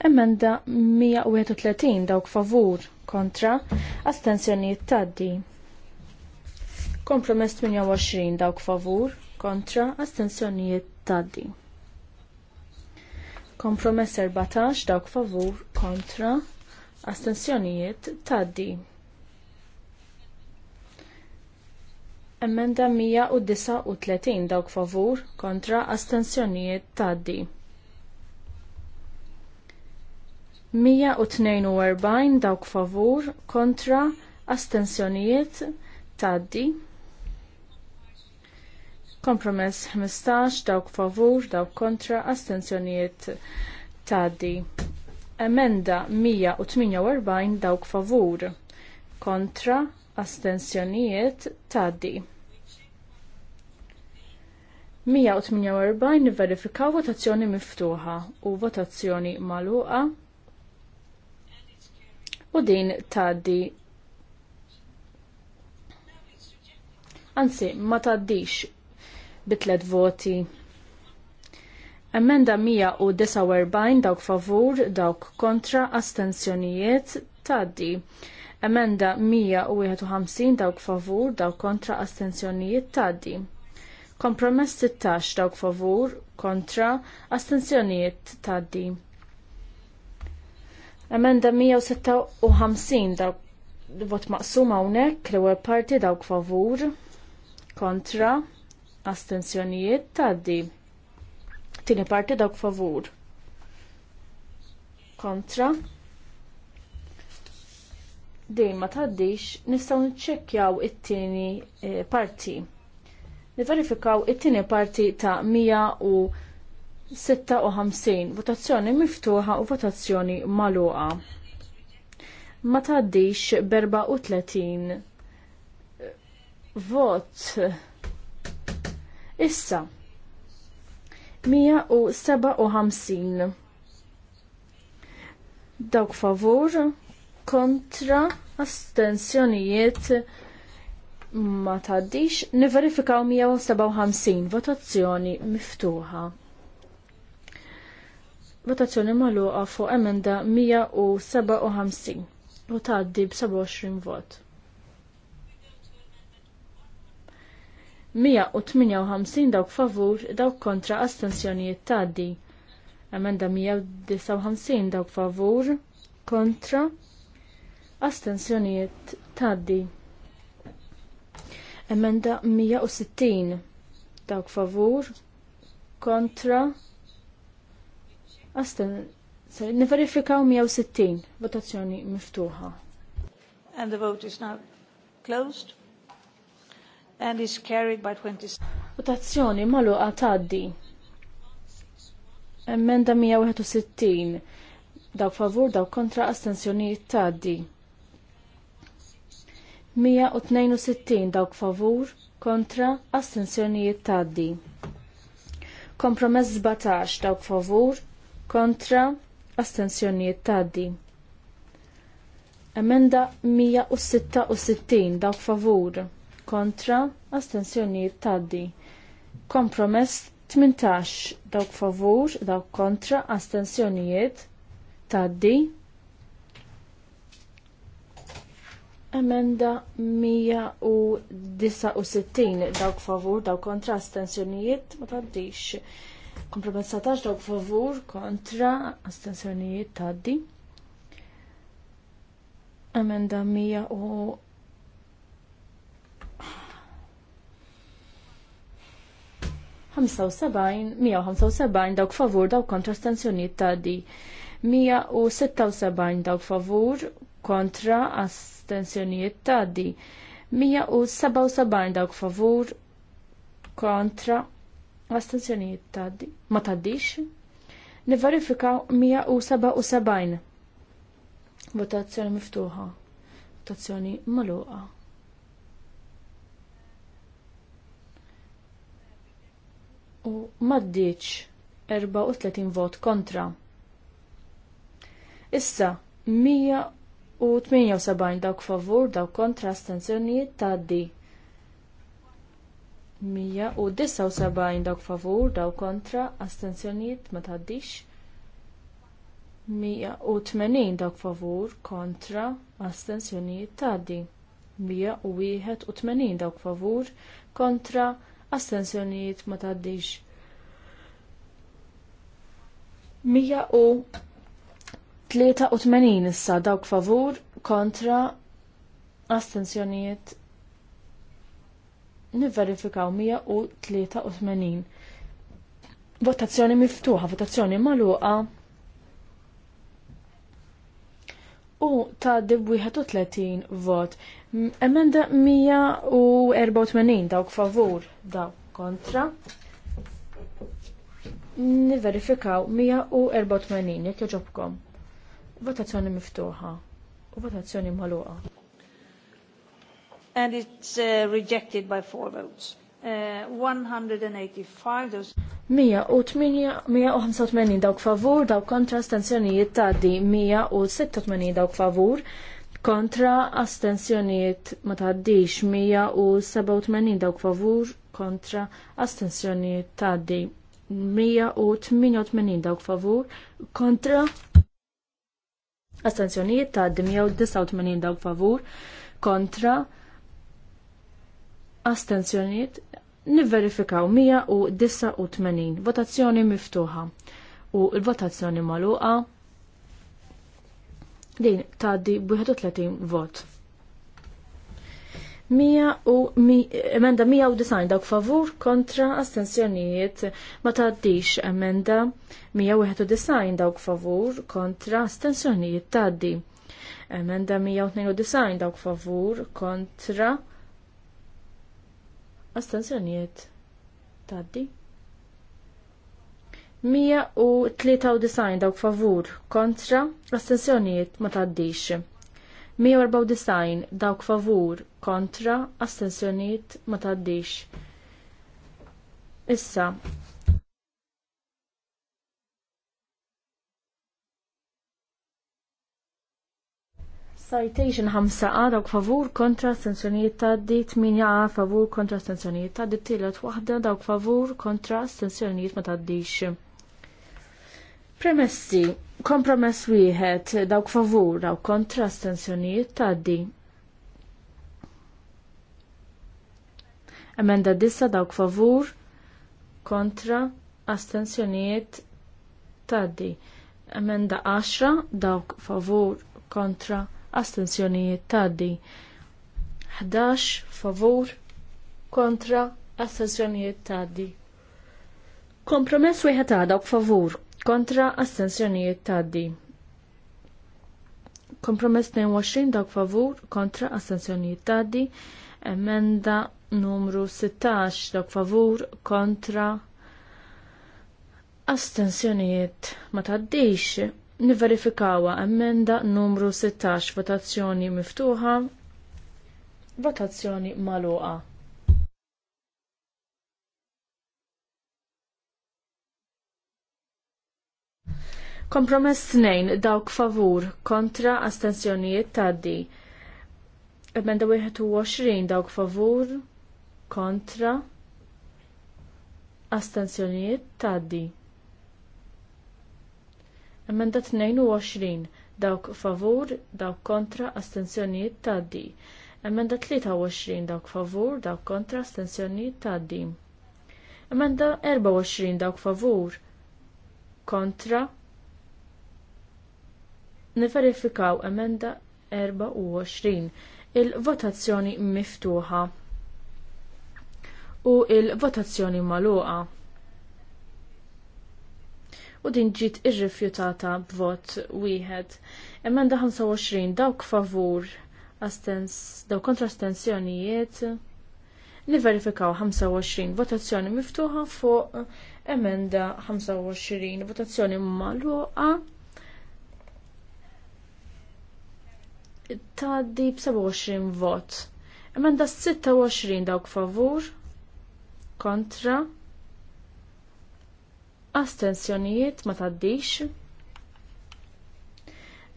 Emenda 131 dawk favur kontra astenzjonijiet taddi. Kompromess 28 dawk favur kontra astenzjonijiet taddi. Kompromess 14 dawk favur kontra astensjonijiet taddi. Emenda 139 dawk favur kontra astensjonijiet taddi. 142 dawk favur kontra astensjonijiet taddi. Kompromess 15 dawk favur dawk kontra astensjonijiet taddi. Emenda 148 dawk favur kontra astensjonijiet taddi. 148 nivverifikaw votazzjoni miftuħa u votazzjoni magħluqa u din taddi. Anzi, ma taddix bitlet voti Emenda 149 dawk favur, dawk kontra, astensjonijiet taddi. Emenda 151 dawk favur, dawk kontra, astensjonijiet taddi. Kompromess 16 dawk favur, kontra, astensjonijiet taddi. Emenda 156 dawk vot maqsum hawnhekk l-ewwel parti dawk favur, kontra, astensjonijiet tgħaddi. Tini parti dawk favur. Kontra. Dejn ma taddix nistgħu niċċekkjaw it-tieni eh, parti. Niverifikaw it-tieni parti ta' 156 votazzjoni miftuħa u votazzjoni magħluqa. Ma taddix 34 eh, vot. Issa, 157. Dawk favur kontra astensjonijiet ma taddix niverifikaw 157 votazzjoni miftuħa. Votazzjoni magħluqa fuq emenda 157 u tgħaddi b'27 vot. 158 dawk favur, dawk kontra astensjonijiet taddi. Emenda 159 dawk favur, kontra astensjonijiet taddi. Emenda 160 dawk favur, kontra astensjonijiet. Niverifikaw 160 votazzjoni miftuħa. And the vote is now closed and is carried by 20. Votazzjoni maluqa tgħaddi. Emenda 161. Daw favur, daw kontra astensjonijiet tgħaddi. 162 dawk favur, kontra astensjonijiet tgħaddi. Kompromess 17 dawk favur, kontra astensjonijiet tgħaddi. Emenda 166 dawk favur, kontra astenzjonijiet taddi. Kompromess 18 dawk favur, dawk kontra astensjonijiet taddi. Emenda 169 dawk favur, dawk kontra astensjonijiet ma taddix. Kompromess 18 dawk favur, kontra astensjonijiet taddi. Emenda 100 75, 175 dawk favur dawk kontra astensjonijiet taddi. 176 dawk favur kontra ta' di. 177 dawk favur kontra ta' di. Ma taddix. Nivarifika 177. Votazzjoni miftuħa. Votazzjoni maluqa. u maddiċ 34 vot kontra. Issa 178 dawk favur dawk kontra astensjonijiet taddi. 179 dawk favur dawk kontra astenzjonijiet ma taddix. 180 dawk favur kontra astenzjonijiet taddi. 181 dawk favur kontra astenzjonijiet astensjonijiet ma taddix. Mija u 83 issa dawk favur kontra astensjonijiet nivverifikaw 183. Votazzjoni miftuħa, votazzjoni maluqa u ta' u 31 vot Emenda 184 dawk favur dawk kontra. Niverifikaw 184 jekk joġobkom. Votazzjoni miftuħa u votazzjoni magħluqa. And it's uh, rejected by four votes. Uh, 185 dawk favur, dawk kontra, stanzjonijiet taddi 186 dawk favur, kontra astensjonijiet ma taħdix 187 dawk favur kontra astensjonijiet taħdi 188 dawk favur kontra astensjonijiet taħdi 189 dawk favur kontra astensjonijiet nivverifikaw 189 votazzjoni miftuħa u l-votazzjoni maluqa Din taddi 31 vot. Mija u mi, emenda 190 dawk favur kontra astensjonijiet ma taddix emenda disajn dawk favur kontra astensjonijiet taddi. Emenda 192 dawk favur kontra astensjonijiet taddi. 193 dawk favur kontra astensjonijiet ma taddix. 194 dawk favur kontra astensjonijiet ma taddix. Issa, Citation 5 dawk favur kontra astensjonijiet taddi, 8 għada favur kontra astensjonijiet taddi, 3 wahda dawk favur kontra astensjonijiet ma taddix. Premessi, kompromess wieħed dawk favur, dawk kontra astensjonijiet taddi. Emenda dissa dawk favur, kontra astensjonijiet taddi. Emenda 10 dawk favur, kontra astensjonijiet taddi. 11 favur, kontra astensjonijiet taddi. Kompromess wieħed għadha favur kontra astensjonijiet tgħaddi. Kompromess 22 dawk favur kontra astensjonijiet tgħaddi. Emenda numru 16 dawk favur kontra astensjonijiet ma tgħaddix. Niverifikawa emenda numru 16 votazzjoni miftuħa votazzjoni magħluqa. Kompromess snejn dawk favur kontra astensjonijiet taddi. Emenda 21 dawk favur kontra astensjonijiet taddi. Emenda 22 dawk favur, dawk kontra, astensjonijiet taddi. Emenda 23 dawk favur, dawk kontra, astensjonijiet taddi. Emenda 24 dawk favur, kontra, Niverifikaw emenda 24 il-votazzjoni miftuħa u l votazzjoni magħluqa. U din ġiet irrifjutata b'vot wieħed. Emenda 25 dawk favur astens, dawk kontra astensjonijiet. Niverifikaw 25 votazzjoni miftuħa fuq emenda 25 votazzjoni magħluqa tgħaddi b'27 vot. Emenda 26 dawk favur, kontra, astensjonijiet ma tgħaddix.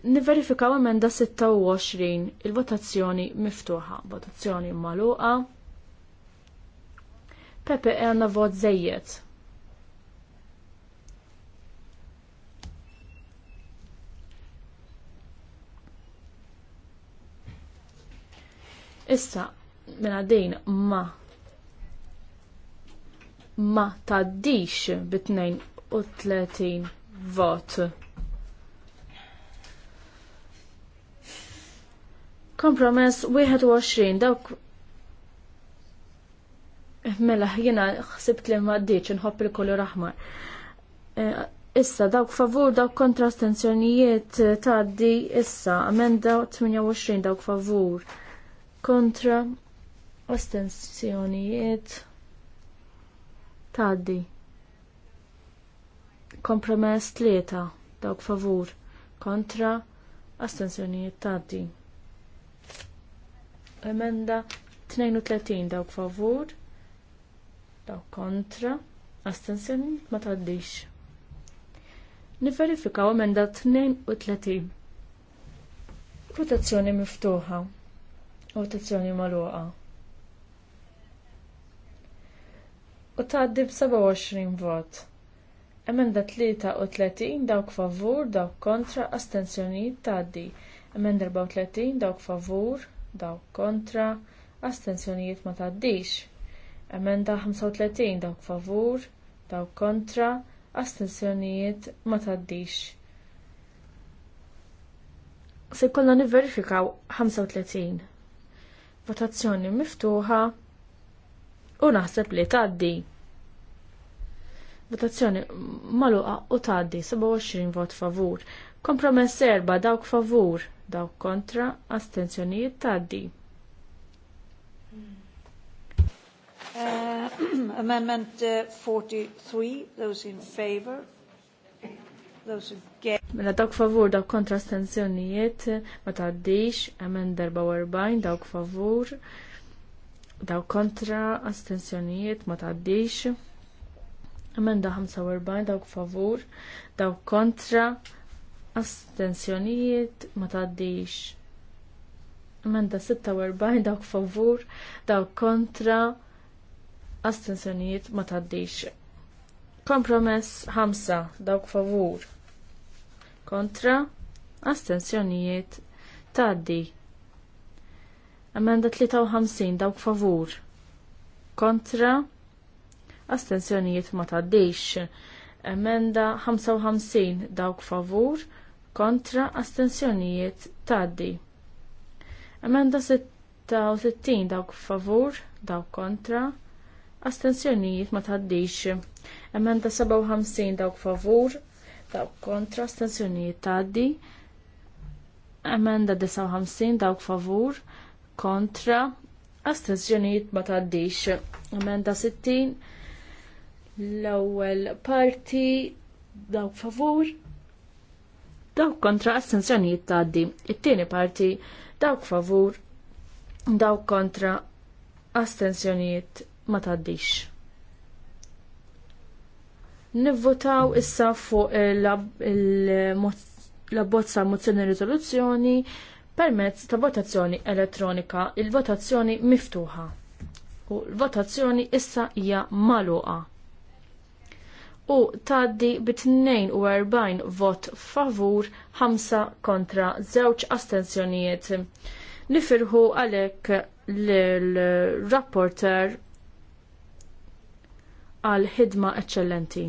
Niverifikaw emenda 26 il-votazzjoni miftuħa, votazzjoni magħluqa. Pepe għanna vot żejjed. Issa, minn mela għaddejn ma ma taddix u tletin vot. Kompromess 21 dawk Mela, jiena xsibt li ma ddiċ nħobb il-kolor aħmar. Eh, issa, dawk favur, dawk kontra stenzjonijiet eh, taddi, issa, amenda 28 dawk favur, kontra astensjonijiet tgħaddi. Kompromess tlieta dawk favur kontra astensjonijiet tgħaddi. Emenda 32 dawk favur dawk kontra astensjonijiet ma tgħaddix. Niverifikaw emenda 32. Votazzjoni miftuħa rotazzjoni magħluqa. U tgħaddi b'27 vot. Emenda 33 dawk favur, dawk kontra, astenzjonijiet tgħaddi. Emenda 34 dawk favur, dawk kontra, astensjonijiet ma tgħaddix. Emenda 35 dawk favur, dawk kontra, astensjonijiet ma tgħaddix. Se jkollna nivverifikaw 35. Votazzjoni miftuħa u naħseb li tgħaddi. Votazzjoni magħluqa u tgħaddi 27 vot favur. Kompromess erba dawk favur, dawk kontra, astenzjonijiet tgħaddi. Uh, amendment uh, 43, those in favor, Mela dawk favur dawk kontra stenzjonijiet ma taddix, hemm darba 40 dawk favur dawk kontra astenzjonijiet ma tgħaddix. Emenda 45 dawk favur, dawk kontra, astensjonijiet ma taddix. Emenda 46 dawk favur, dawk kontra, astensjonijiet ma taddix. Kompromess 5 dawk favur, kontra astensjonijiet tgħaddi. Emenda 53 dawk favur kontra astensjonijiet ma tgħaddix. Emenda 55 dawk favur kontra astensjonijiet tgħaddi. Emenda 66 dawk favur, dawk kontra, astensjonijiet ma tgħaddix. Emenda 57 dawk favur, Taw kontra astensjonijiet tgħaddi. Emenda 59 dawk favur kontra astensjonijiet ma tgħaddix. Emenda 60 l-ewwel parti dawk favur dawk kontra astensjonijiet tgħaddi. It-tieni parti dawk favur dawk kontra astenzjonijiet ma tgħaddix. Nivvotaw issa fuq l bozza mozzjoni e riżoluzzjoni permezz ta' votazzjoni elettronika, il-votazzjoni miftuħa. U l-votazzjoni issa hija magħluqa. U tgħaddi bi 42 vot favur, 5 kontra, 2 astenzjonijiet. Nifirħu għalhekk l-rapporter għal ħidma eċċellenti.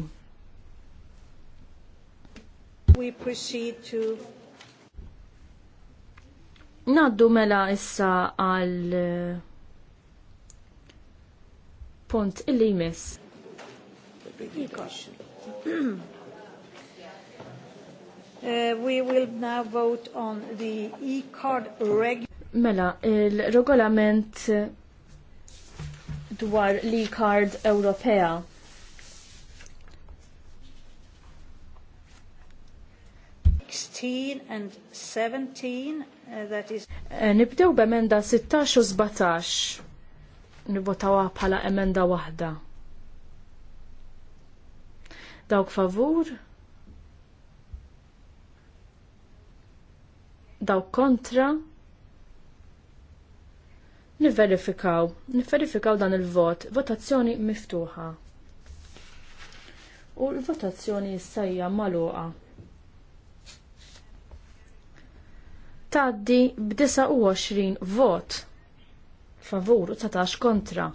We proceed to Naddu mela issa għal eh, punt illi jmiss. Uh, we will now vote on the e-card reg. Mela, il-regolament dwar l-e-card Ewropea. 16 and 17 uh, that is eh, Nibdew b'emenda 16 u 17 nivvotawha bħala emenda waħda. Dawk favur? Dawk kontra? Niverifikaw, niverifikaw dan il-vot, votazzjoni miftuħa. U l-votazzjoni issajja maluqa. taddi b-29 vot favur u 19 kontra.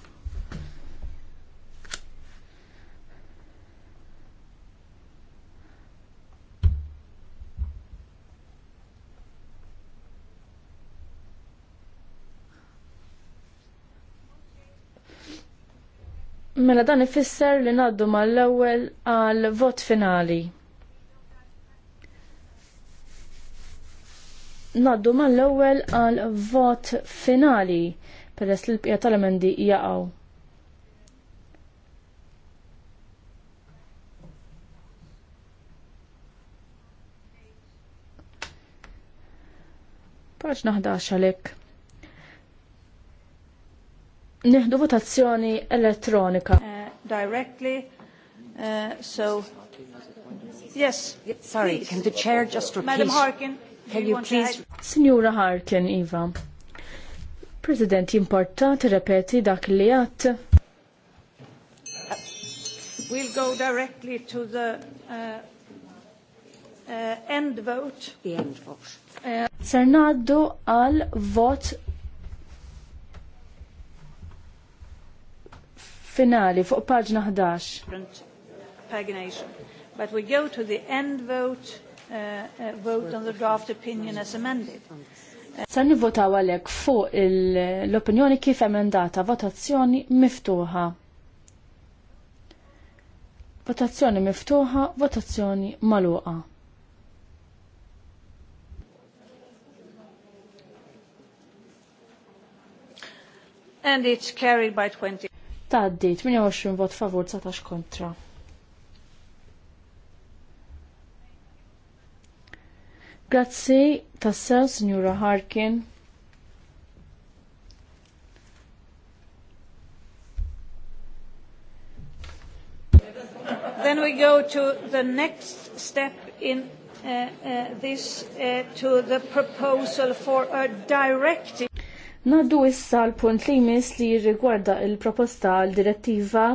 Mela dan ifisser li naddu mal-ewwel għal vot finali. Naddu man l-ewwel għal vot finali peress li l-bqija tal-emendi jaqgħu. Paċ naħdax għalek. Nieħdu votazzjoni elettronika. Uh, directly, uh, so Yes, sorry, please. can the chair just repeat? Madam Harkin. Can you please... Signora Harkin, Iva. President, importanti repeti dak li għat. We'll go directly to the uh, uh, end vote. The end vote. Uh, Sernaddu għal vot finali fuq paġna 11. Pagination. But we go to the end vote Uh, uh, vote on the draft opinion as amended. Sa nivvotaw għalek fuq l-opinjoni kif emendata votazzjoni miftuħa. Votazzjoni miftuħa, votazzjoni maluqa. And it's carried by 20. Taddi, 28 vot favur, 19 kontra. Grazzi tassew, Signora Harkin. Then we go to the next step in uh, uh, this, uh, to the proposal for a directive. Naddu issa l-punt li jmiss li jirrigwarda il-proposta l-direttiva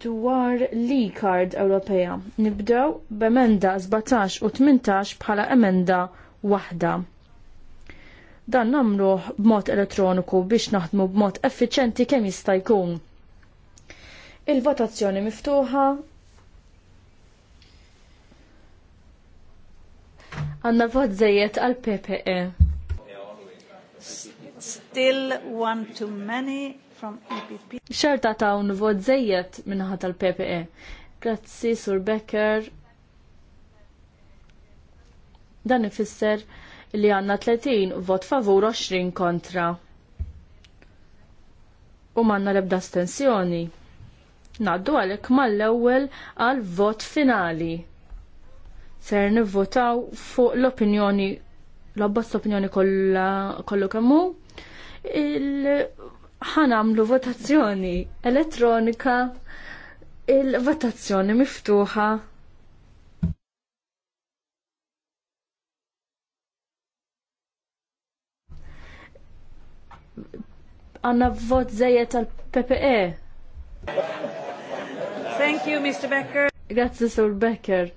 dwar e card Ewropea. Nibdew b'emenda 17 u 18 bħala emenda waħda. Dan namlu b'mod elettroniku biex naħdmu b'mod effiċenti kemm jista' jkun. Il-votazzjoni miftuħa għanna vot zejiet għal PPE. Still one too many from EPP. Xerta ta' un vot zejjed minnaħat tal-PPE. Grazzi, Sur Becker. Dan ifisser li għanna 30 vot favur 20 kontra. U manna lebda stensjoni. Naddu għalek mal-ewwel għal vot finali. Ser nivvotaw fuq l-opinjoni l-abbozz opinjoni kollu kemmu il ħanamlu votazzjoni elettronika il-votazzjoni miftuħa. Għanna vot zejet tal-PPE. Thank you, Mr. Becker. Grazie, Sir Becker.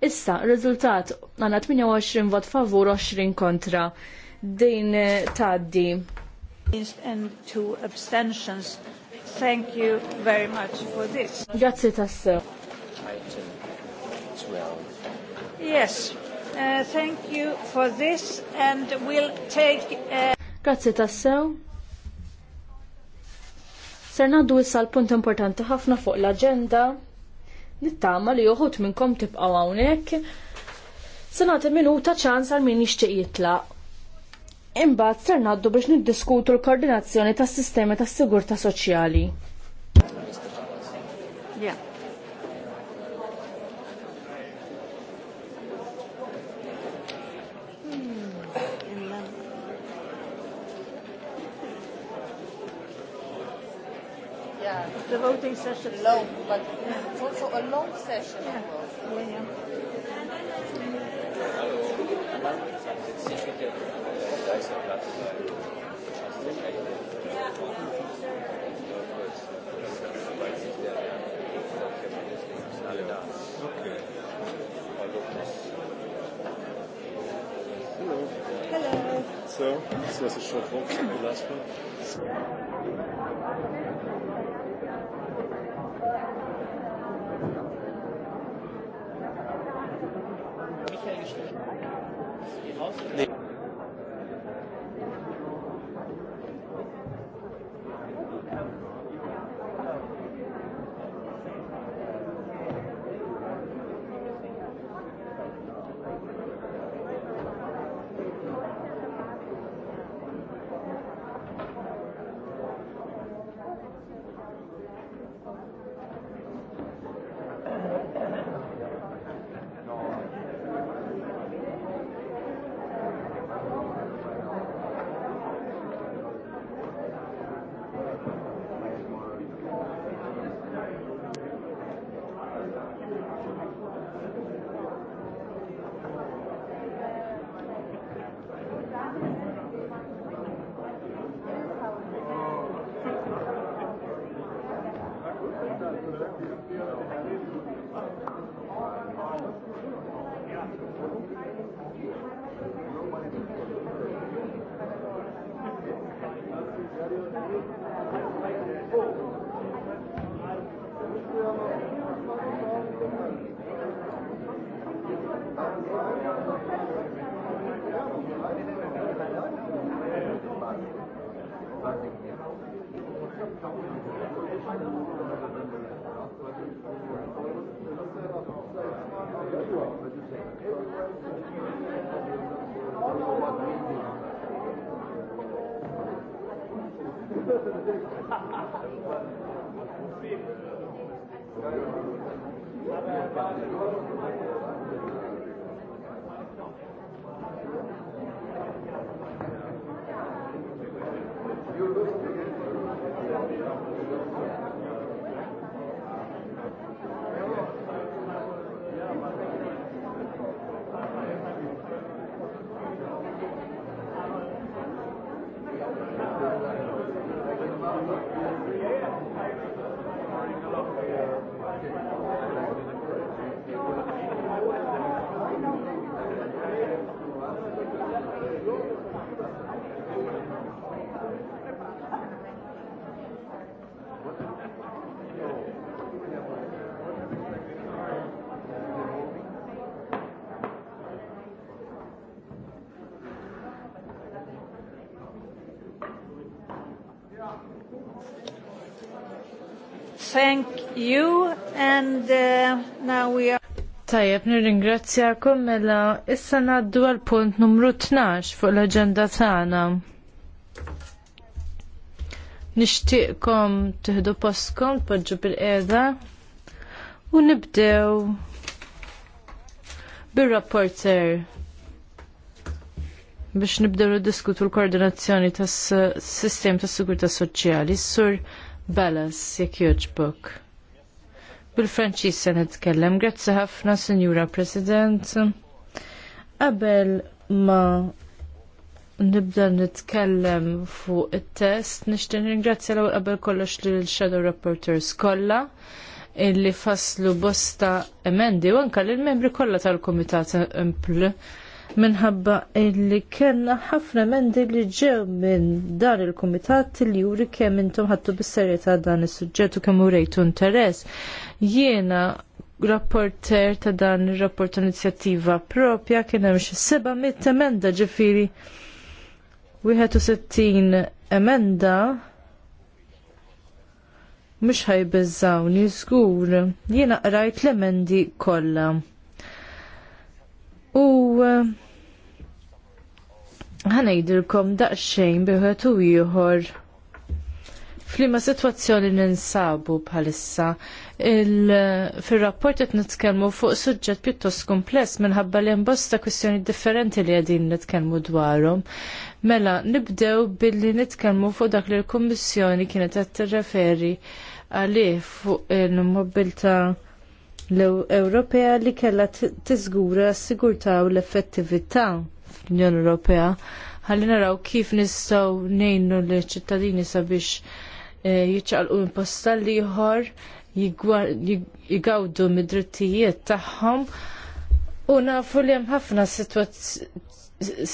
Issa, rizultat, għanna 28 vot favur, 20 kontra. Din eh, taddi. Thank you very much for this. Grazie Yes, uh, thank you for this and we'll take... Uh, Grazie tassew. Ser naddu issa l-punt importanti ħafna fuq l-agenda. Nittama li uħut minnkom tibqaw hawnhekk. Senat minuta ċans għal min jixtieq jitlaq. Imbagħad ser ngħaddu biex niddiskutu l-koordinazzjoni tas-sistemi tas-sigurtà soċjali. Yeah. Yeah, session is but also a long session. yeah. So, this was a short walk from the last one. thank you and uh, now we are Tajjeb nirringrazzjakom mela issa ngħaddu għal punt numru 12 fuq l-aġenda tagħna. Nixtieqkom tieħdu postkom tpoġġu bil-qiegħda u nibdew bir-rapporter biex nibdew diskutu l-koordinazzjoni tas-sistem tas-sigurtà soċjali. Sur Balas, jekk joġbok. Bil-Franċis se nitkellem, grazzi ħafna, Sinjura President. Qabel ma nibda nitkellem fuq it-test, nixtieq ringrazzja l qabel kollox l shadow Rapporteurs kollha illi faslu bosta emendi u anka lill membri kollha tal-Kumitat Empl minħabba li kellna ħafna mendi li ġew minn dar il komitat li juri kemm intom ħattu bis-serjetà dan is-suġġett u kemm urejtu interess. Jiena rapporter ta' dan ir-rapport inizjattiva propja kien hemm xi seba' mit emenda ġifiri wieħed u sittin emenda mhux ħajbeżżawni żgur. Jiena qrajt l-emendi kollha. U eh, ħanajdilkom daqsxejn biħet u ieħor flima situazzjoni ninsabu bħalissa. Fil-rapport qed nitkellmu fuq suġġett pjuttost kompless minħabba li imbosta kwistjoni differenti li qegħdin nitkellmu dwarhom. Mela, nibdew billi nitkellmu fuq dak li l-Kummissjoni kienet qed tirreferi għalih fuq il-mobilta' l-Ewropea li kellha tiżgura s-sigurtà u l-effettività fl-Unjoni Ewropea. Ħalli naraw kif nistgħu nejnu l-ċittadini sabiex eh, jiċċaqlqu imposta ieħor jigawdu mid-drittijiet tagħhom u nafu li hemm ħafna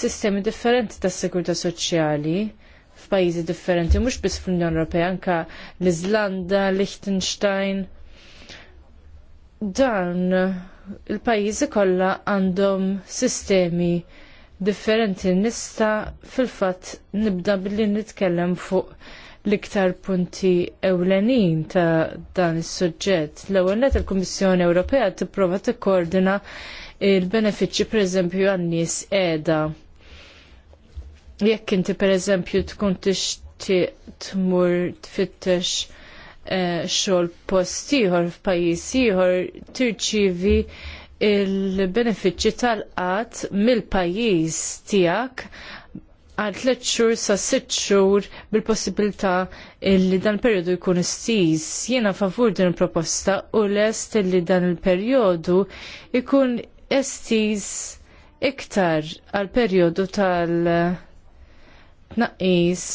sistemi differenti tas sigurtà soċjali f'pajjiżi differenti, mhux biss fl-Unjoni Ewropea, anke l-Iżlanda, Liechtenstein dan il-pajjiżi kollha għandhom sistemi differenti nista fil-fatt nibda billi nitkellem fuq l-iktar punti ewlenin ta' dan is-suġġett. L-ewwel il-Kummissjoni Ewropea tipprova tikkoordina il-benefiċċji pereżempju għan-nies qiegħda. Jekk inti pereżempju tkun tixtieq tmur tfittex Eh, xogħol post ieħor f'pajjiż ieħor tirċievi il-benefiċċji tal qat mill-pajjiż tiegħek għal tliet xhur sa sitt xhur bil-possibilità li dan il-perjodu jkun istiż. Jiena favur din il-proposta u lest li dan il-perjodu jkun estiż iktar għal perjodu tal-tnaqqis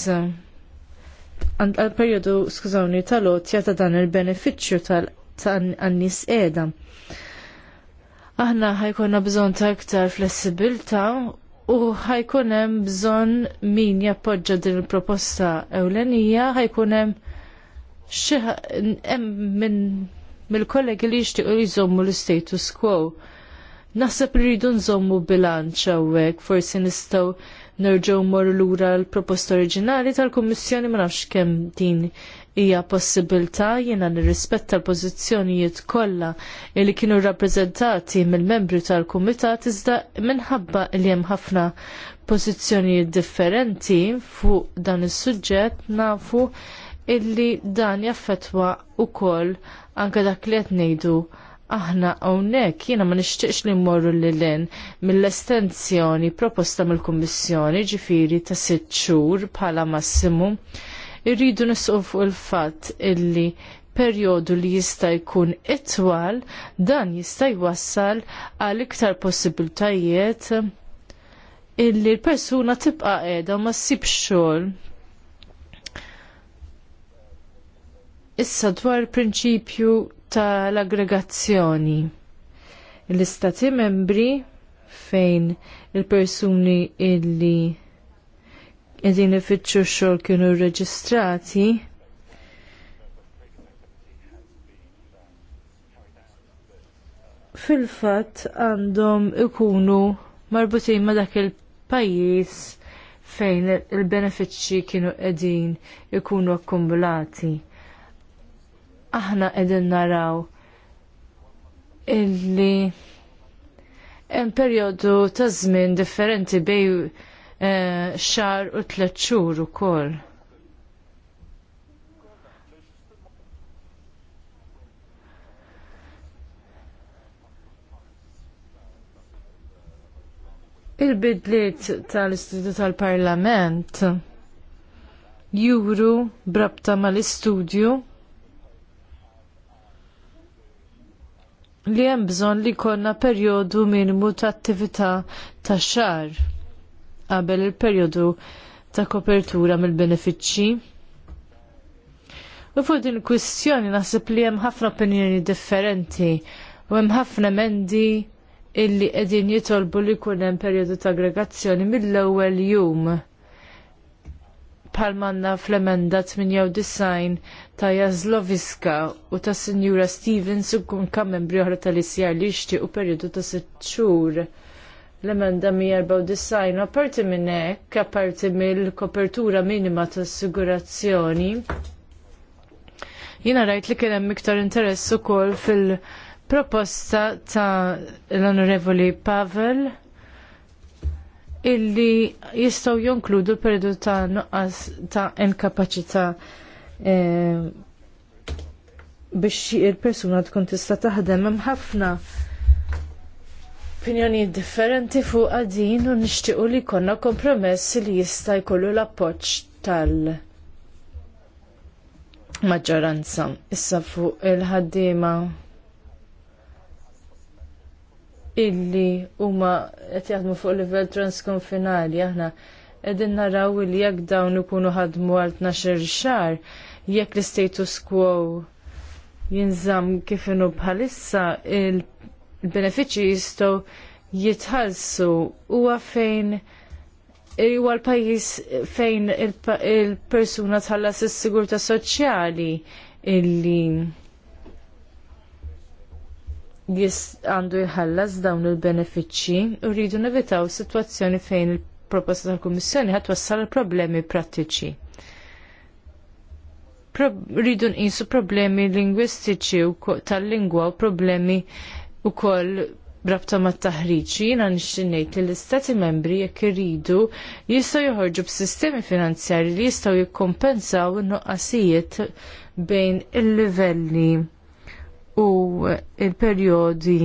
għal-periodu, skużawni, tal ot ta' dan il-beneficju tal-annis edha. Aħna ħajkonna bżon ta' iktar flessibilta u ħajkonem bżon min jappoġġa din il-proposta ewlenija, ħajkonem xieħ minn mill-kollegi li jixtiequ jżommu l-status quo. Naħseb li rridu nżommu bilanċ hawnhekk forsi nistgħu nerġgħu mmorru lura l-proposta oriġinali tal-Kummissjoni ma nafx kemm din hija possibilità jiena nirrispetta l-pożizzjonijiet kollha li kienu rappreżentati mill-membri tal-Kumitat iżda minħabba li hemm ħafna pożizzjonijiet differenti fuq dan is-suġġett nafu illi dan jaffetwa wkoll anke dak li qed ngħidu aħna hawnhekk jiena ma nixtieqx li mmorru lilin mill-estensjoni proposta mill-Kummissjoni ġifiri ta' sitt xhur bħala massimu. Irridu nisqu fuq il-fatt illi perjodu li jista' jkun itwal dan jista' jwassal għal iktar possibiltajiet illi l-persuna tibqa' qiegħda ma ssib xogħol Issa dwar prinċipju tal-aggregazzjoni. L-istati membri fejn il-persuni illi edin ifittxu xol kienu reġistrati fil-fat għandhom ikunu marbutin ma dak il-pajis fejn il-benefiċċji kienu edin ikunu akkumulati aħna qegħdin naraw illi hemm perjodu ta' żmien differenti bej eh, xar u tliet xhur ukoll. Il-bidliet tal-istudju tal-parlament juru brabta mal-istudju li hemm bżonn li jkollna perjodu minimu ta' attività ta' xar qabel il-perjodu ta' kopertura mill-benefiċċji. U fuq din il-kwistjoni naħseb li hemm ħafna opinjoni differenti u hemm ħafna mendi illi qegħdin jitolbu li jkun hemm perjodu ta' aggregazzjoni mill-ewwel jum palmanna fl-emenda 98 ta' Jazloviska u ta' Sinjura Stevens u kun kam membri oħra tal isjar li jixtieq u periodu ta' sitt xhur. L-emenda 194 apparti minn hekk, apparti mill-kopertura minima ta' assigurazzjoni. Jiena rajt li kien hemm iktar interess ukoll fil-proposta ta' l-Onorevoli Pavel illi jistaw jonkludu periodu ta' nuqqas ta' inkapacita eh, biex il-persuna tkun tista' taħdem hemm ħafna opinjoni differenti fuq għadin u nixtiequ li jkollna kompromess li jista' jkollu l-appoġġ tal- maġġoranza issa fuq il-ħaddiema illi huma qed jaħdmu fuq livell transkonfinali aħna qegħdin naraw illi jekk dawn ikunu ħadmu għal 12 xahar jekk l-status quo jinżamm kif inhu bħalissa il-benefiċċji jistgħu jitħallsu huwa fejn huwa l-pajjiż fejn il-persuna tħallas is-sigurtà soċjali illi għandu jħallas dawn il-benefiċċji u rridu nevitaw situazzjoni fejn il-proposta tal-Kummissjoni ħadd wassal problemi prattiċi. Rridu nqisu problemi lingwistiċi tal-lingwa u problemi wkoll brabta ma taħriċi jina nixxinnejt li l-istati membri jekk iridu jistgħu joħorġu b'sistemi finanzjarji li jistgħu jikkompensaw in-nuqqasijiet bejn il-livelli u il-periodi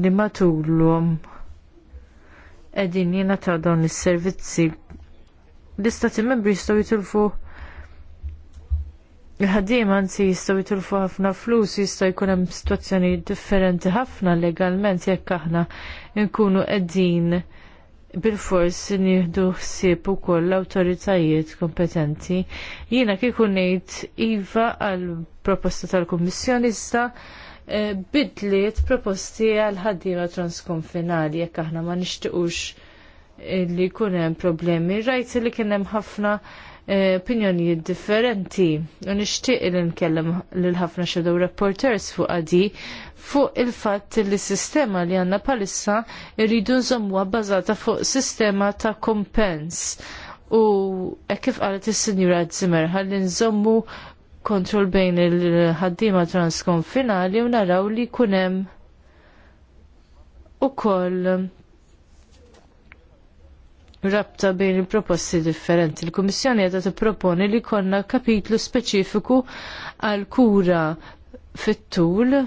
li matulhom qegħdin ta' dawn is-servizzi l-istati membri jistgħu jitilfu il-ħaddiem anzi jistgħu jitilfu ħafna flus jistaw jkun hemm sitwazzjoni differenti ħafna legalment jekk aħna nkunu qegħdin bil-fors nieħdu ħsieb ukoll l-awtoritajiet kompetenti. Jiena kieku ngħid iva għall proposta tal-Kummissjoni issa E, bidliet proposti għal ħaddiema transkonfinali jekk aħna ma nixtiqux li jkun hemm problemi. Rajt li kien hemm ħafna e, opinjonijiet differenti u nixtieq li nkellem lil ħafna shadow reporters fuq għadi fuq il-fatt li s-sistema li għandna bħalissa irridu nżommuha bbażata fuq sistema ta' kompens. U kif qalet is-Sinjura Zimmer ħalli nżommu kontrol bejn il-ħaddima transkonfinali u naraw li kunem u koll rabta bejn il-proposti differenti. Il-Kummissjoni għedha tipproponi li konna kapitlu speċifiku għal kura fit-tul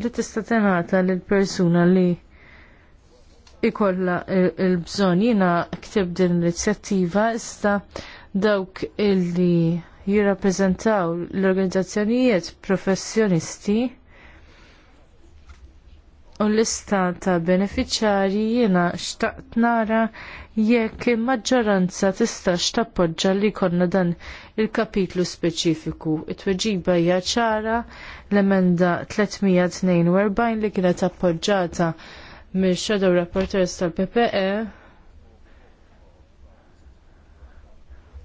li tista' tenata lil persuna li ikolla il-bżonn jiena ktib din l-inizjattiva issa dawk illi jirrappreżentaw l-organizzazzjonijiet professjonisti u l-lista ta' beneficjarji jiena xtaqt nara jekk il-maġġoranza tistax tappoġġa li jkollna dan il-kapitlu speċifiku. It-tweġiba hija ċara l-emenda 342 li kienet appoġġata mill-Shadow Rapporteurs tal-PPE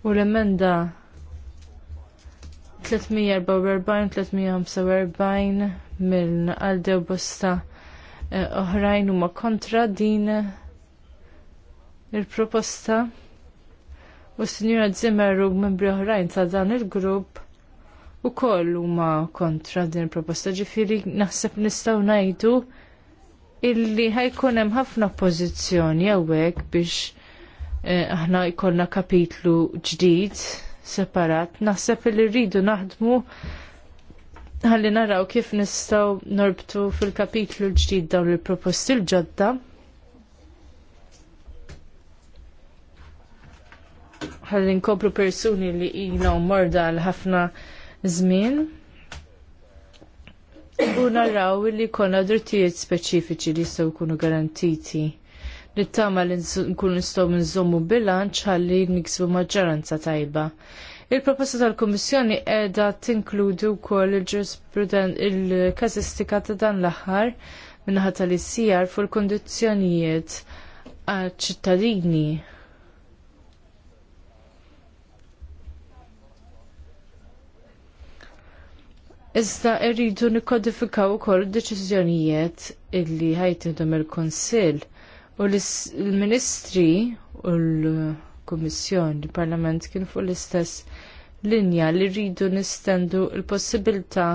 u l-emenda 344-345 mill għaldew bosta eh, oħrajn huma kontra din il-proposta u s-Sinjura Zimmer u membri oħrajn ta' dan il-grupp u koll huma kontra din il-proposta ġifiri naħseb nistaw najdu illi ħajkun hemm ħafna oppożizzjoni għawek biex Eh, aħna jkollna kapitlu ġdid separat. Naħseb li rridu naħdmu ħalli naraw kif nistgħu norbtu fil-kapitlu ġdid dawn il-proposti l-ġodda. Ħalli nkopru persuni li ilhom morda għal ħafna żmien. U naraw li jkollna drittijiet speċifiċi li jistgħu jkunu garantiti li tama li nkunu nistgħu nżommu bilanċ ħalli niksbu maġġoranza tajba. Il-proposta tal-Kommissjoni qiegħda tinkludi wkoll il-każistika ta' dan l-aħħar minħa tal-ICR fuq il-kondizzjonijiet għal-ċittadini Iżda rridu nikkodifikaw ukoll deċiżjonijiet illi ħajtidhom il-Kunsill. U l-Ministri u l komissjon il-Parlament kienu fuq l-istess linja li rridu nistendu l-possibilità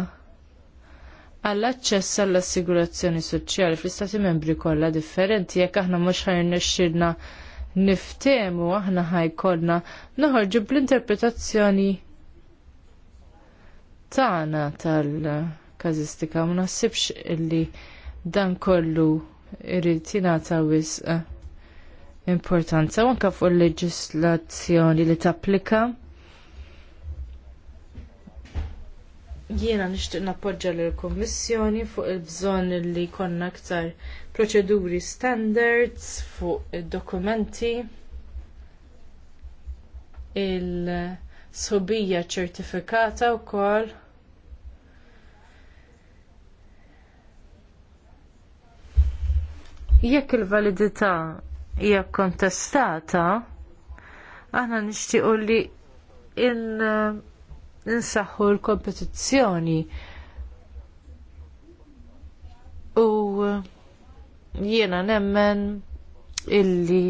għall aċċess għall-assigurazzjoni soċjali fl-istati membri kollha differenti jekk aħna mhux ħajn nexxilna u aħna ħajkolna noħorġu bl-interpretazzjoni tagħna tal-każistika ma naħsibx illi dan kollu irrid jingħata wisq eh, importanza anke fuq il-leġislazzjoni li tapplika. Jiena nixtieq nappoġġa lill kummissjoni fuq il-bżonn li jkollna aktar proċeduri standards fuq id-dokumenti il-sobija ċertifikata wkoll Jekk il-validità hija kontestata, aħna nixtiequ li insaħħu l-kompetizzjoni u jiena nemmen illi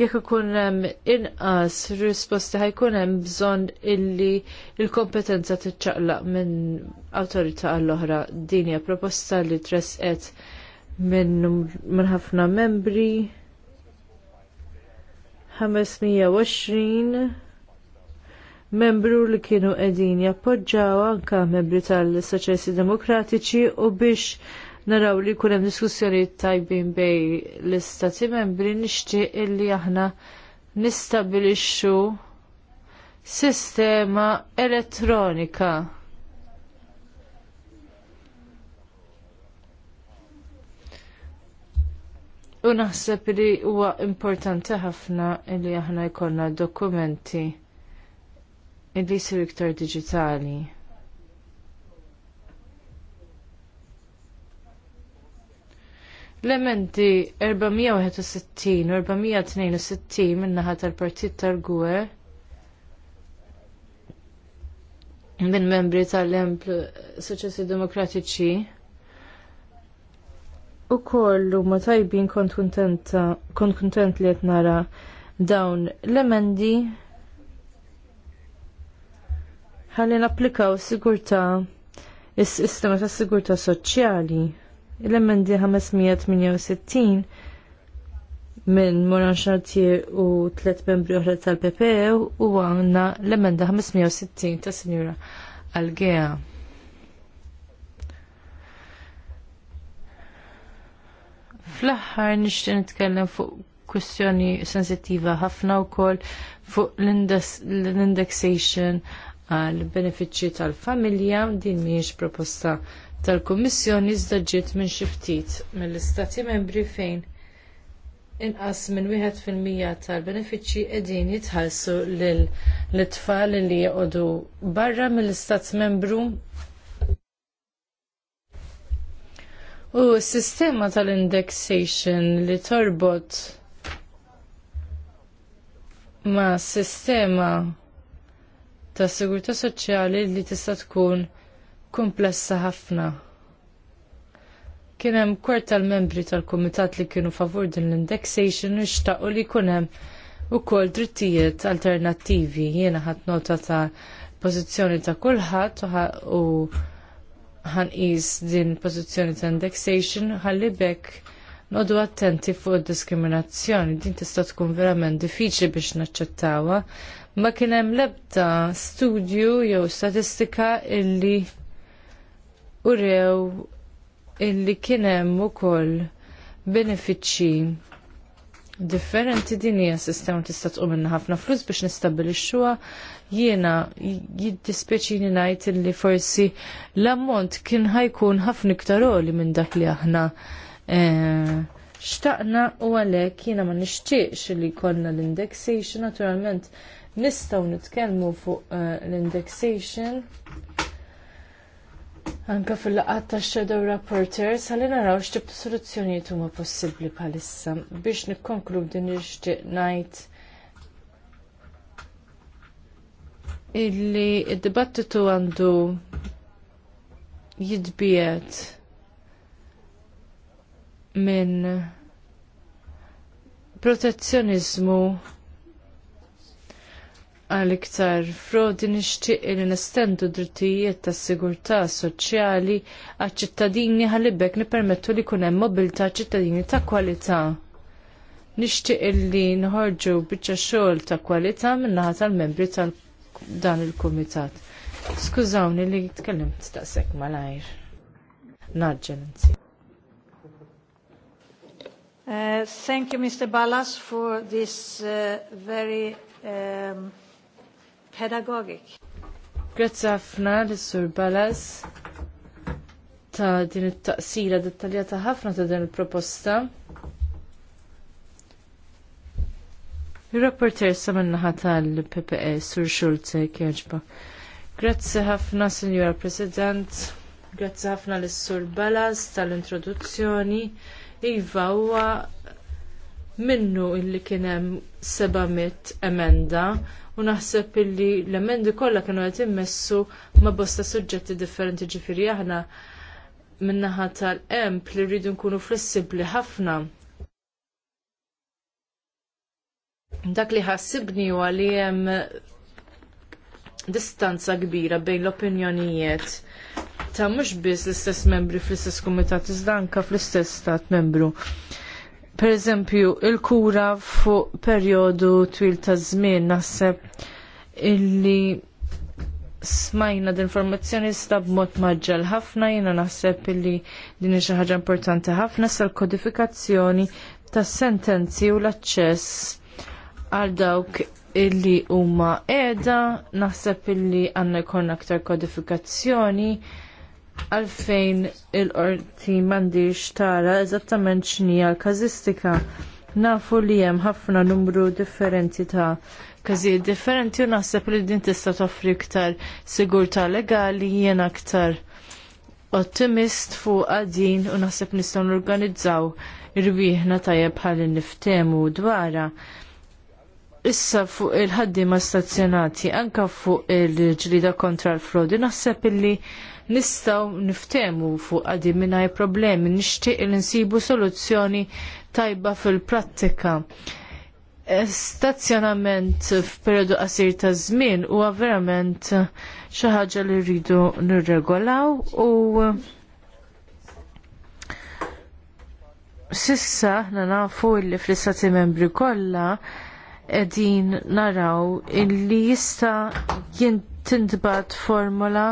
jekk ikun hemm inqas risposta ħajkun hemm bżonn illi l-kompetenza tiċċaqlaq minn awtorità għall-oħra din hija proposta li tresqet minn ħafna membri 520 membru li kienu qegħdin jappoġġaw anke membri tal-Soċjalisti Demokratiċi u biex naraw li jkun hemm diskussjonijiet tajbin bej l-istati membri nixtieq illi aħna nistabilixxu sistema elettronika U naħseb li huwa importanti ħafna li aħna jkollna dokumenti li jsiru iktar diġitali. L-emendi 461 u 462 naħa tal-partit tal-Gwe minn membri tal-Empl Soċjesti Demokratiċi u kollu ma tajbin kont kontenta, kont kontent li qed nara dawn l-emendi ħalli napplikaw sigurta is-sistema ta' sigurta soċjali. L-emendi 568 minn Moran Xartier u tliet membri oħra tal-PPE u għanna l-emenda 560 ta' Sinjura Algea. Fl-aħħar nixtieq nitkellem fuq kwestjoni sensitiva ħafna wkoll fuq l-indexation għal benefiċċji tal-familja din mhijiex proposta tal-Kummissjoni iżda ġiet minn xi ftit mill-Istati Membri fejn inqas minn wieħed fil-mija tal-benefiċċji qegħdin jitħallsu l tfal li joqogħdu barra mill-Istat Membru U s-sistema tal-indexation li torbot ma sistema ta' sigurta soċjali li tista' tkun komplessa ħafna. Kien hemm kwart tal-membri tal-kumitat li kienu favur din l-indexation u li jkun hemm ukoll drittijiet alternattivi jiena ħadd nota ta' pożizzjoni ta' kulħadd u ħanqis din pożizzjoni ta' indexation ħalli bekk Nodu attenti fuq diskriminazzjoni, din tista' tkun verament diffiċli biex naċċettawha, ma kien hemm l-ebda studju jew statistika illi urew illi kien hemm ukoll benefiċċji differenti din hija sistema tista' tqum minna ħafna flus biex nistabbilixxuha jiena jiddispeċi ngħid li forsi l-ammont kien ħajkun ħafna iktar oli minn dak li aħna eh, xtaqna u għalhekk jiena ma nixtieqx li jkollna l-indexation naturalment nistgħu nitkellmu fuq eh, l-indexation Anka fil-laqat ta' Shadow Rapporteurs, għalli naraw xtib soluzzjonijiet huma possibbli bħalissa. Biex nikkonkludi nixtieq ngħid illi id-dibattitu għandu jidbiet minn protezzjonizmu għal iktar frodi nixtieq li nestendu drittijiet tas sigurtà soċjali għal ċittadini ħalibek nippermettu li jkun hemm mobilità ċittadini ta' kwalità. Nixtieq li nħorġu biċċa xogħol ta' kwalità min-naħa tal-membri tal-Parlament dan il-kumitat. Skużawni li tkellimt staqsek malajr. Naġġel Uh, thank you, Mr. Ballas, for this uh, very um, pedagogic. Grazie ħafna Fna, sur Ballas ta' din it-taqsira dettaljata ħafna ta' din il-proposta. Il-rapporter samenna tal PPE Sur Schulze kieġba. Grazzi ħafna, Signor President. Grazzi ħafna l-Sur Balas tal-introduzzjoni. Iva huwa minnu illi kienem 700 emenda u naħseb illi l-emendi kollha kienu qed immessu ma' bosta suġġetti differenti ġifieri aħna minnaħa tal-emp li rridu nkunu flessibbli ħafna dak li ħassibni huwa li hemm distanza kbira bejn l-opinjonijiet ta' mhux biss l-istess membri fl-istess kumitat iżda anke fl-istess stat membru. Per eżempju, il-kura fuq perjodu twil ta' żmien naħseb illi smajna d-informazzjoni sta b'mod maġġel ħafna jiena naħseb illi din xi ħaġa importanti ħafna sal-kodifikazzjoni tas sentenzi u l-aċċess għal dawk illi huma qiegħda naħseb illi għandna jkollna aktar kodifikazzjoni għalfejn il-qorti m'għandix tara eżattament x'inhi l-każistika. Nafu li hemm ħafna numru differenti ta' każijiet differenti u naħseb li din tista' toffri iktar sigurtà legali jien aktar ottimist fuq għadin u naħseb nistgħu norganizzaw irwieħna tajjeb ħalli niftemu dwarha issa fuq il ma stazzjonati, anka fuq il-ġlida kontra l-frodi, naħseb illi nistaw niftemu fuq għaddi minnaj problemi, nishtiq li insibu soluzzjoni tajba fil-prattika. Stazzjonament f'periodu qasir ta' żmien huwa verament xi ħaġa li rridu nirregolaw u sissa aħna nafu li fl-istati membri kollha edin naraw illi jista jintbagħat formula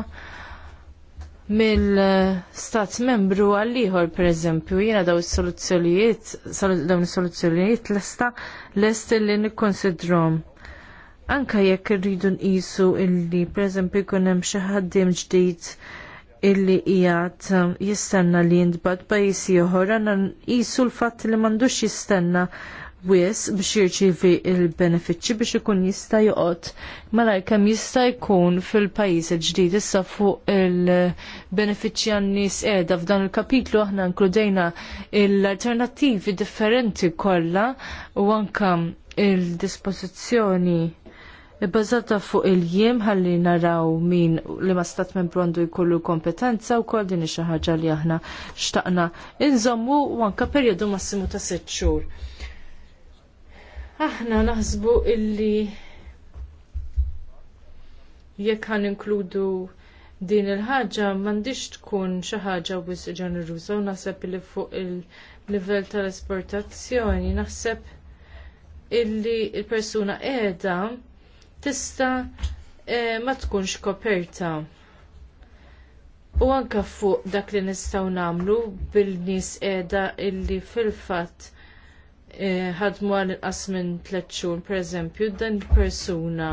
mill-stat membru għal ieħor pereżempju, jiena daw is-soluzzjonijiet, dawn is-soluzzjonijiet lesta lest li nikkonsidrom. Anke jekk irridu nqisu illi pereżempju jkun hemm xi ħaddiem ġdid illi qiegħed um, jistenna li jindbad pajjiż joħor, għandna nqisu l fatt li m'għandux jistenna wis biex jirċivi il-benefiċċji biex ikun jista' joqgħod malajr kemm jista' jkun fil-pajjiż il-ġdid issa fuq il-benefiċċji għan-nies qiegħda f'dan il-kapitlu aħna nkludejna l-alternattivi differenti kollha u anke il-dispożizzjoni bbażata fuq il-jiem ħalli naraw min li ma stat membru għandu jkollu kompetenza u kol din xi ħaġa li aħna xtaqna inżommu u anke perjodu massimu ta' sitt xhur. Aħna naħsbu illi jekk ħan inkludu din il-ħaġa m'għandix tkun xi ħaġa wis ġeneruża u naħseb li fuq il-livell tal-esportazzjoni naħseb illi l il persuna qiegħda tista' eh, ma tkunx koperta. U anke fuq dak li nistgħu nagħmlu bil-nies qiegħda illi fil-fatt ħadmu għal inqas minn tliet xhur pereżempju dan persuna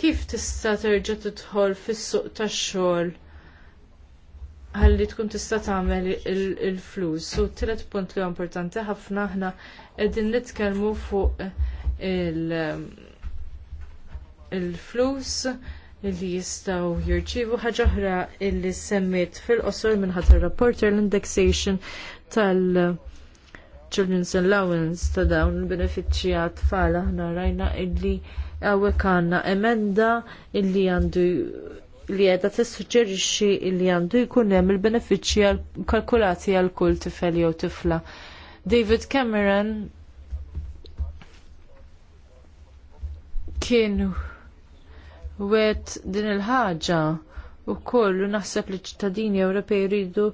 kif tista' terġa' tidħol fis-suq tax-xogħol ħalli tkun tista' tagħmel il-flus. U tielet punt li importanti ħafna aħna qegħdin nitkellmu fuq il-flus li jistgħu jirċievu ħaġa oħra illi semmiet fil-qosor minn ħadd ir-rapporter l-indexation tal- Children's Allowance ta' dawn il-benefiċċji għat-tfal aħna rajna illi għawek għanna emenda illi għandu li għedha tissuġġerixxi illi għandu jkun hemm il-benefiċċji kalkulati għal kull tifel jew tifla. David Cameron kien wet din il-ħaġa u kollu naħseb li ċittadini Ewropej jridu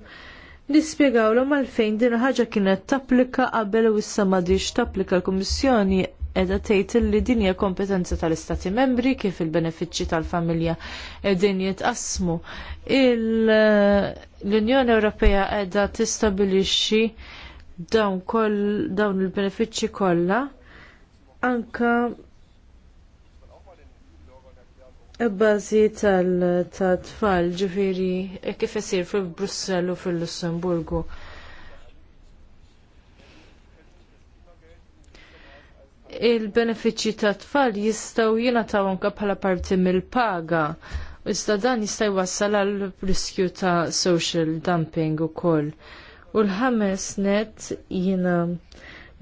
l-om għalfejn din ħaġa kienet tapplika qabel u issa m'għadix tapplika l-Kummissjoni qiegħda tejt li din hija kompetenza tal-Istati Membri kif il-benefiċċji tal-familja qegħdin jitqasmu. L-Unjoni Ewropea qiegħda tistabilixxi dawn il-benefiċċji kollha anka Bbażi tal-tfal ġifiri e kif isir fil brussell u fil-Lussemburgu. Il-benefiċċji tat tfal jistgħu ta' unka bħala parti mill-paga. Iżda dan jista' jwassal għal riskju ta' social dumping ukoll. U l-ħames net jiena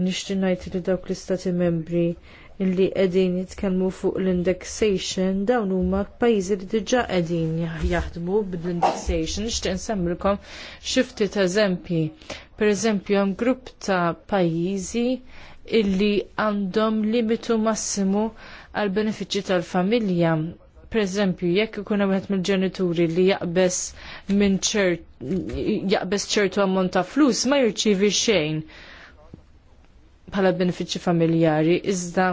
nixti ngħid li dawk l-istati membri illi qegħdin jitkellmu fuq l-indexation dawn huma pajjiżi li diġà qegħdin jaħdmu bl-indexation. Nixtieq nsemmilkom xi ftit eżempji. Pereżempju hemm grupp ta' pajjiżi illi għandhom limitu massimu għall benefiċċji tal-familja pereżempju, jekk ikun hemm mill-ġenituri li jaqbes minn ċert ċertu ammont ta' flus ma jirċievi xejn bħala benefiċċi familjari, iżda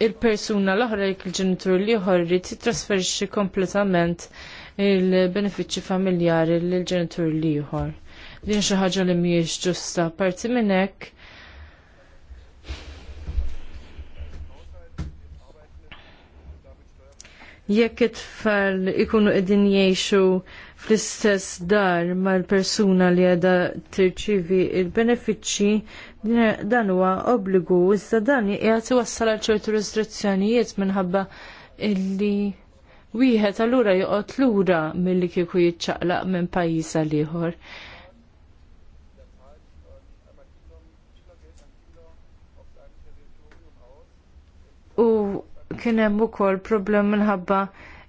il-persuna l-oħra jekk il-ġenitur li jħorri titrasferixxi kompletament il-benefiċċji familjari lill ġenitur li jħor. Din xi ħaġa li mhijiex ġusta. Parti minn hekk jekk it-tfal ikunu qegħdin jgħixu fl-istess dar mal-persuna li għada tirċivi il-benefiċċji dan huwa obbligu iżda dan jgħat iwassal għal ċertu restrizzjonijiet minħabba illi wieħed allura joqgħod lura milli kieku jiċċaqlaq minn pajjiż għal ieħor. U kien hemm ukoll problem minħabba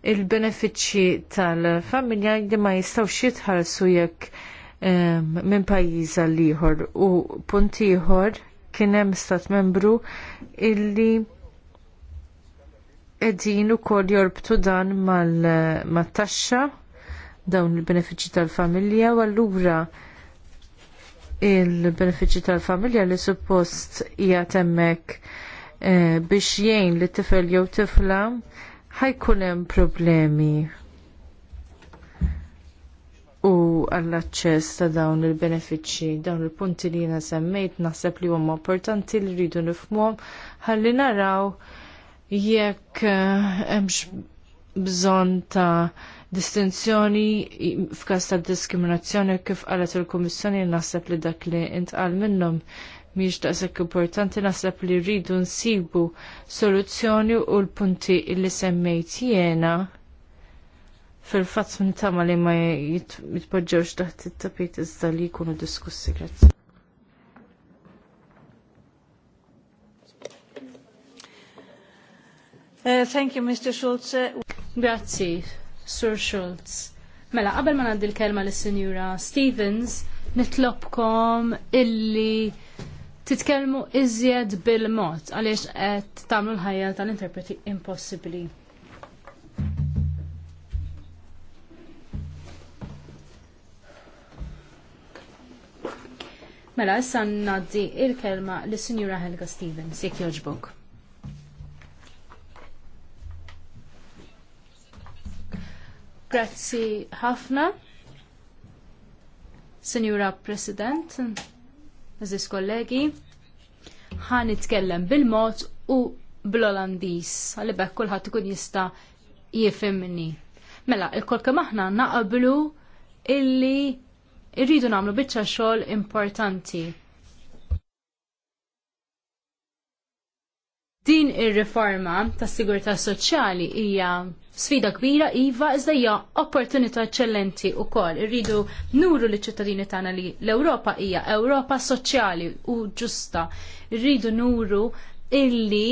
il-benefiċċji tal-familja li ma jistawx jitħarsu jekk minn pajjiż għal ieħor u punt ieħor kien hemm stat membru illi qegħdin ukoll jorbtu dan mat-taxxa dawn il-benefiċċji tal-familja u allura il-benefiċċji tal-familja li suppost hija eh, biex jgħin li tifel jew tifla ħajkun hemm problemi u għall-aċċess ta' dawn il-benefiċċji, dawn il-punti li jiena semmejt naħseb li huma importanti li rridu nifhmuhom ħalli naraw jekk eh, hemmx bżonn ta' distinzjoni f'każ ta' diskriminazzjoni kif qalet il-Kummissjoni naħseb li dak li intqal minnhom miex daqshekk importanti naħseb li rridu nsibu soluzzjoni u l-punti li semmejt jiena fil-fatt minn tama li ma jitpoġġewx taħt it-tapit iżda li jkunu diskussi. Grazzi. Uh, thank you, Mr. Schulz. Grazzi, Sir Schulz. Mela, qabel ma naddi l-kelma l-Sinjura Stevens, nitlobkom illi titkellmu iżjed bil-mod għaliex qed tagħmlu l-ħajja tal-interpreti impossibbli. Mela, issa naddi il-kelma lis sinjura Helga Stevens, jekk jogħġbok. Grazzi ħafna, Sinjura President. Aziz kollegi, ħan itkellem bil-mod u bl-Olandis, għalli bekk kullħat ikun jista jifimni. Mela, il-kol kem aħna naqblu illi irridu namlu bieċa xogħol importanti Din ir-riforma tas sigurtà soċjali hija sfida kbira iva iżda hija opportunità eċċellenti wkoll. Irridu nuru liċ ċittadini tagħna li l-Ewropa hija Ewropa soċjali u ġusta. Irridu nuru illi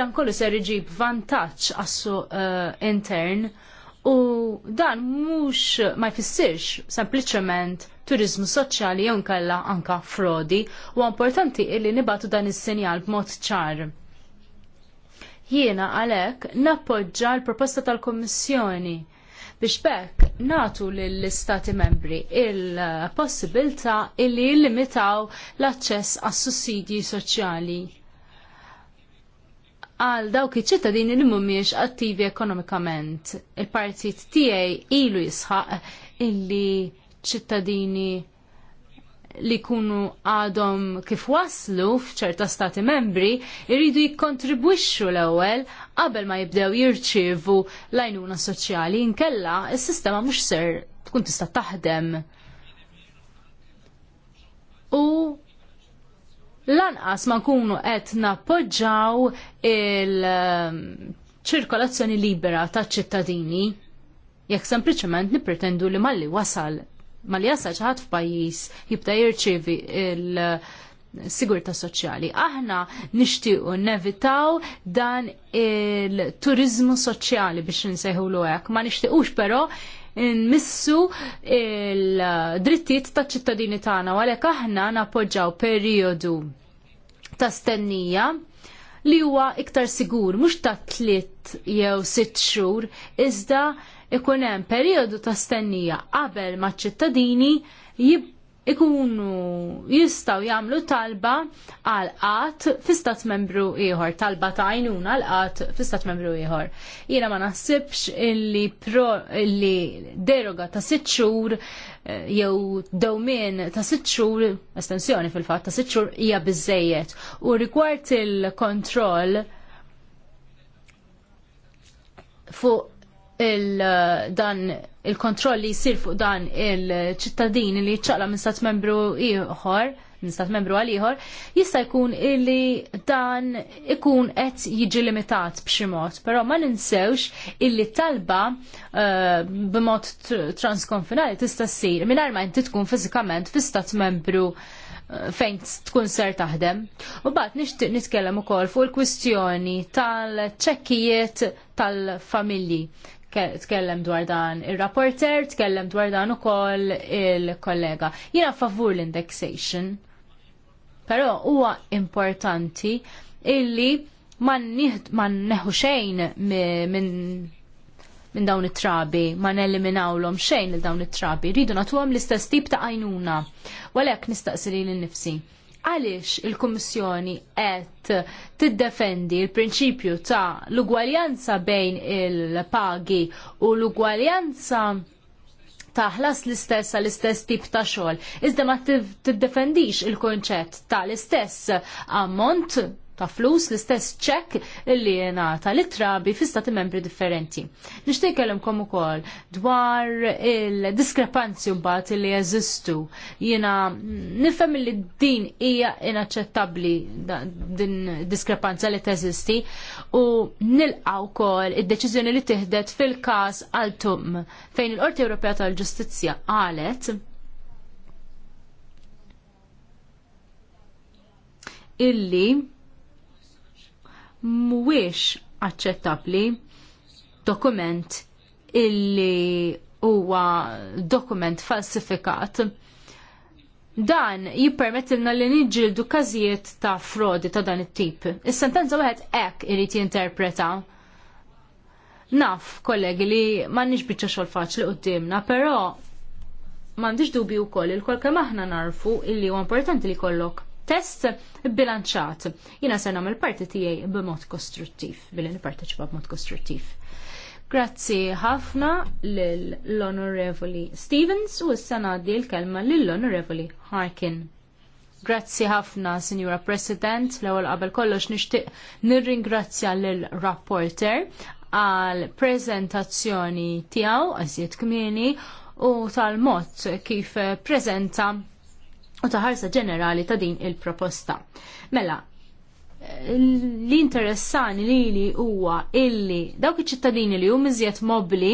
dan kollu se iġib vantaġġ għassu uh, intern u dan mhux ma jfissirx sempliċement turizmu soċjali jew nkella anka frodi u importanti illi nibatu dan is-sinjal b'mod ċar Jiena għalhekk nappoġġa l-proposta tal-Kummissjoni biex bekk natu lill-Istati membri il-possibilità illi jillimitaw l-aċċess għas sussidji soċjali għal dawk iċ-ċittadini li mhumiex attivi ekonomikament. Il-partit tiegħi ilu jisħaq illi ċittadini li kunu għadhom kif waslu f'ċerta stati membri irridu jikkontribwixxu l-ewwel qabel ma jibdew jirċievu l-għajnuna soċjali inkella s-sistema mhux ser tkun tista' taħdem. U lanqas ma nkunu qed nappoġġaw il-ċirkolazzjoni libera taċ-ċittadini jekk sempliċement nippretendu li malli wasal ma li jasal ħadd f'pajjiż jibda jirċievi il- sigurta soċjali. Aħna nixtiequ nevitaw dan il-turizmu soċjali biex nsejħulu hekk. Ma nixtiequx però nmissu il-drittijiet taċ ċittadini tagħna għalhekk aħna napoġġaw perjodu ta' stennija li huwa iktar sigur mhux ta' tliet jew sitt xhur iżda ikun hemm perjodu ta' stennija qabel ma' ċittadini ikunu jistaw jagħmlu talba għal qatt fi stat membru ieħor, talba ta' għajnuna għal qatt fi stat membru ieħor. Jiena ma naħsibx illi pro illi deroga ta' sitt xhur eh, jew dawmin ta' sitt xhur, estensjoni fil-fatt ta' sitt xhur hija biżejjed. U rigward il-kontroll fuq il-dan il-kontroll li jisir fuq dan il-ċittadini li ċaqla minn stat membru ieħor, minn stat membru għal ieħor, jista' jkun illi dan ikun qed jiġi limitat b'xi mod, però ma ninsewx illi talba uh, b'mod transkonfinali tista' ssir mingħajr ma inti tkun fiżikament fi stat membru eh, fejn tkun ser taħdem. U bat nixtieq nitkellem ukoll fuq il-kwistjoni tal-ċekkijiet tal-familji tkellem dwar dan ir-rapporter, tkellem dwar dan ukoll il-kollega. Jiena favur l-indexation. Però huwa importanti illi ma neħu xejn minn min dawn it-trabi, ma l-om xejn il dawn it-trabi, rridu nagħtuhom l-istess tip ta' għajnuna. Walek nistaqsili l-nifsi għaliex il-Kummissjoni qed tiddefendi l-prinċipju ta' l-ugwaljanza bejn il-pagi u l-ugwaljanza ta' ħlas l-istess l istess tip ta' xogħol. Iżda ma tiddefendix il-konċett ta' l-istess ammont ta' flus l-istess ċek illi jena li trabi fi stati membri differenti. Nishtiq kellimkom ukoll dwar il-diskrepanzi mbagħad li jeżistu. Jiena nifhem li din hija inaċċettabbli din diskrepanza li teżisti u nilqa' wkoll id-deċiżjoni li tieħdet fil-każ Altum fejn il-Qorti Ewropea tal-Ġustizzja qalet illi mhuwiex aċċettabbli dokument illi huwa dokument falsifikat dan jippermettilna li niġġieldu każijiet ta' frodi ta' dan it-tip. Is-sentenza wieħed hekk irid jinterpreta. Naf, kollegi, li m'għandniex biċċa xogħol faċli qudiemna, però m'għandix dubju wkoll il-kol aħna narfu illi huwa importanti li kollok test bilanċat. Jina se nagħmel parti tiegħi b'mod kostruttiv, billi b b'mod kostruttiv. Grazzi ħafna l-Onorevoli Stevens u s-sena ngħaddi l-kelma lill-Onorevoli Harkin. Grazzi ħafna, Sinjura President, l-ewwel qabel kollox nixtieq nirringrazzja lill-rapporter għal prezentazzjoni tiegħu għażiet kmieni u tal-mod kif prezenta u taħarsa ġenerali ta' din il-proposta. Mela, eh, l interessani li li huwa illi dawk iċ-ċittadini li hum iżjed mobli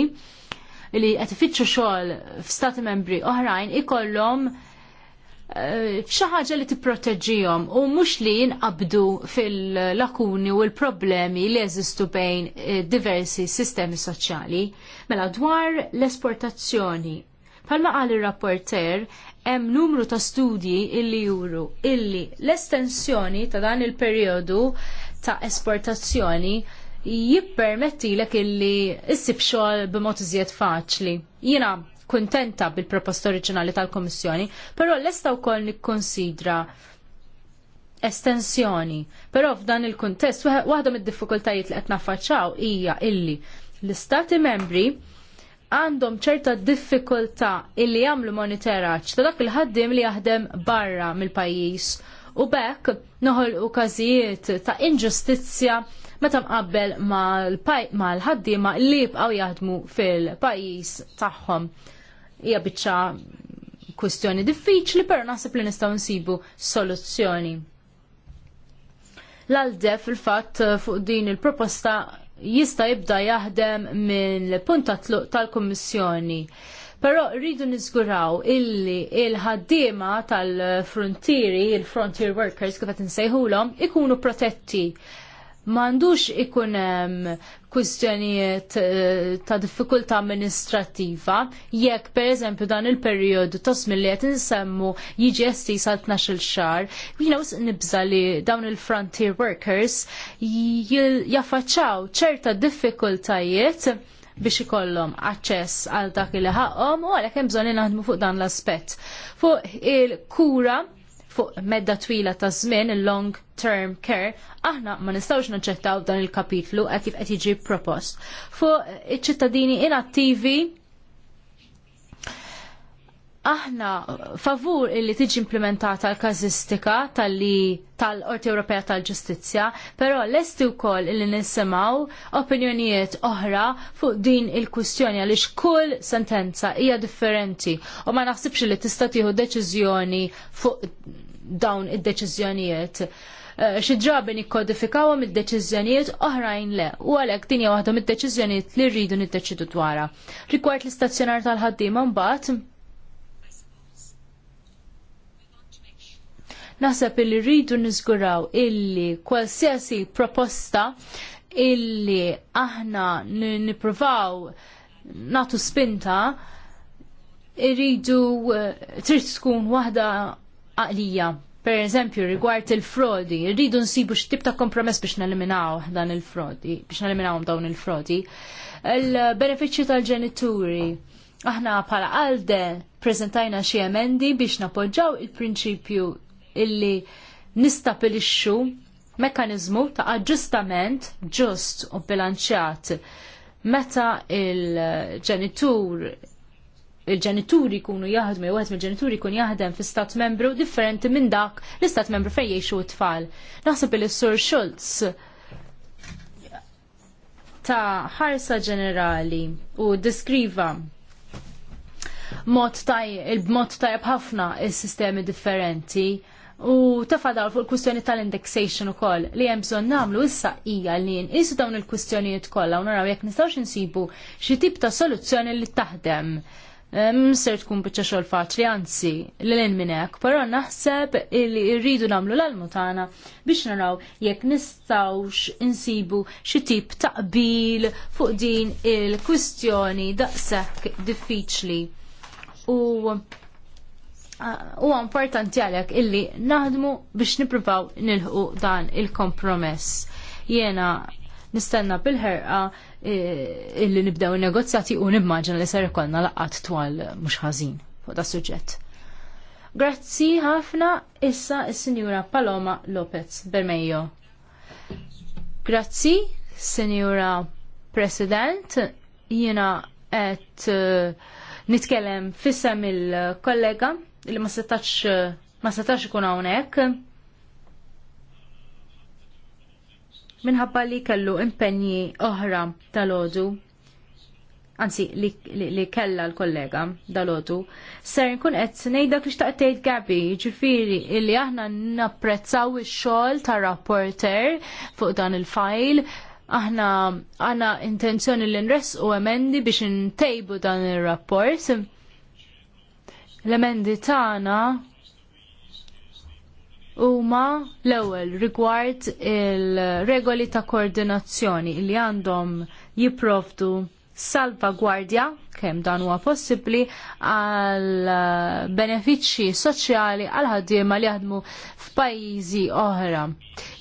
li qed ifittxu xogħol f'stati membri oħrajn ikollhom eh, xi ħaġa li tipproteġġihom u mhux li jinqabdu fil-lakuni u l-problemi li jeżistu bejn eh, diversi sistemi soċjali. Mela dwar l-esportazzjoni Palma qal ir rapporter hemm numru ta' studji illi juru illi l-estensjoni ta' dan il-perjodu ta' esportazzjoni jippermettilek illi issib xogħol b'mod iżjed faċli. Jiena kuntenta bil-proposta oriġinali tal-Komissjoni, però lesta wkoll nikkonsidra estensjoni. Però f'dan il-kuntest waħda mid-diffikultajiet li qed naffaċċaw hija illi l-istati membri għandhom ċerta diffikultà illi jagħmlu moniteraġġ ta' dak il-ħaddim li jaħdem barra mill-pajjiż u bekk noħol każijiet ta' inġustizzja meta mqabbel mal l-ħaddiema li jibqgħu jaħdmu fil-pajjiż tagħhom. Hija biċċa kwistjoni diffiċli, però naħseb li nistgħu nsibu soluzzjoni. L-għaldef fil fatt fuq din il-proposta jista' jibda jaħdem minn punta tal-Kummissjoni. Però rridu niżguraw illi il-ħaddiema tal-frontieri, il-frontier workers kif qed insejħulhom, ikunu protetti. M'għandux ikun kwistjonijiet eh, ta' diffikultà amministrattiva jekk pereżempju dan il periodu ta' li insemmu jiġi estis għal 12-il xahar, jiena nibża li dawn il-frontier workers jaffaċċaw ċerta diffikultajiet biex ikollhom aċċess għal dak li ħaqhom u għalhekk hemm bżonn li naħdmu fuq dan l-aspett. Fuq il-kura fuq medda twila ta' żmien il-long term care, aħna ma nistgħux naċċettaw dan il-kapitlu għal kif qed jiġi propost. Fuq iċ-ċittadini inattivi aħna favur illi tiġi implementata l-kazistika tal-li tal-Qorti Ewropea tal-Ġustizzja, però lesti wkoll illi nisimaw opinjonijiet oħra fuq din il-kwistjoni għaliex kull sentenza hija differenti u ma naħsibx li tista' tieħu deċiżjoni fuq dawn id-deċiżjonijiet. Eh, xi drabi nikkodifikawhom id-deċiżjonijiet oħrajn le, u għalhekk din hija waħda mid-deċiżjonijiet li rridu niddeċidu dwarha. Rigward l-istazzjonar tal-ħaddiema mbagħad Naħseb illi rridu nizguraw illi kwalsiasi proposta illi aħna niprovaw natu spinta irridu eh, trid tkun waħda għalija. Per eżempju, rigward il-frodi, rridu nsibu x'tib ta' kompromess biex neliminaw dan il-frodi, biex neliminaw dawn il-frodi. Il-benefiċċju tal-ġenituri, aħna bħala għalde prezentajna xi emendi biex napoġġaw il-prinċipju illi nistabilixxu mekkaniżmu ta' aġġustament ġust u bilanċjat meta il-ġenitur il-ġenituri kunu jaħdmu, jew għazmi il-ġenituri kun jaħdem fi stat membru differenti minn dak l-istat membru fej jiexu t-tfal. Naħseb il sur Schultz ta' ħarsa ġenerali u diskriva mod taj, il-mod tajb ħafna il-sistemi differenti U tafa daw fuq il-kustjoni tal-indexation u koll li hemm bżonn nagħmlu issa hija li nqisu dawn il-kustjonijiet kollha u naraw jekk nistgħux insibu xi tip ta' soluzzjoni li taħdem. Mser tkun biċċa xogħol faċli, anzi, l-lin minn hekk, però naħseb li rridu nagħmlu l-almu tagħna biex naraw jekk nistgħux insibu xi tip ta' qbil fuq din il-kwistjoni daqshekk diffiċli. U Ah, huwa importanti għalek illi naħdmu biex nippruvaw nilħu dan il-kompromess. Jiena nistenna bil-ħerqa eh, illi nibdew negozjati u nimmaġna li ser ikollna laqat twal mhux ħażin fuq da suġġett. Grazzi ħafna issa is-Sinjura Paloma Lopez Bermejo. Grazzi, Sinjura President, jiena qed eh, nitkellem fissem il-kollega li ma setax ma setax ikun hawnhekk. Minħabba li kellu impenji oħra tal-ħodu anzi li, li, li kella l-kollega dalotu, ser nkun qed ngħidak li xtaqt tgħid Gabi, ġifieri li aħna napprezzaw ix-xogħol tar rapporter fuq dan il-fajl, aħna għana intenzjoni li nresqu emendi biex intejbu dan ir rapport L-emendi tagħna huma l-ewwel rigward il-regoli ta' koordinazzjoni li għandhom jipprovdu salvagwardja kemm dan huwa possibbli għal benefiċċji soċjali għal ħaddiema li jaħdmu f'pajjiżi oħra.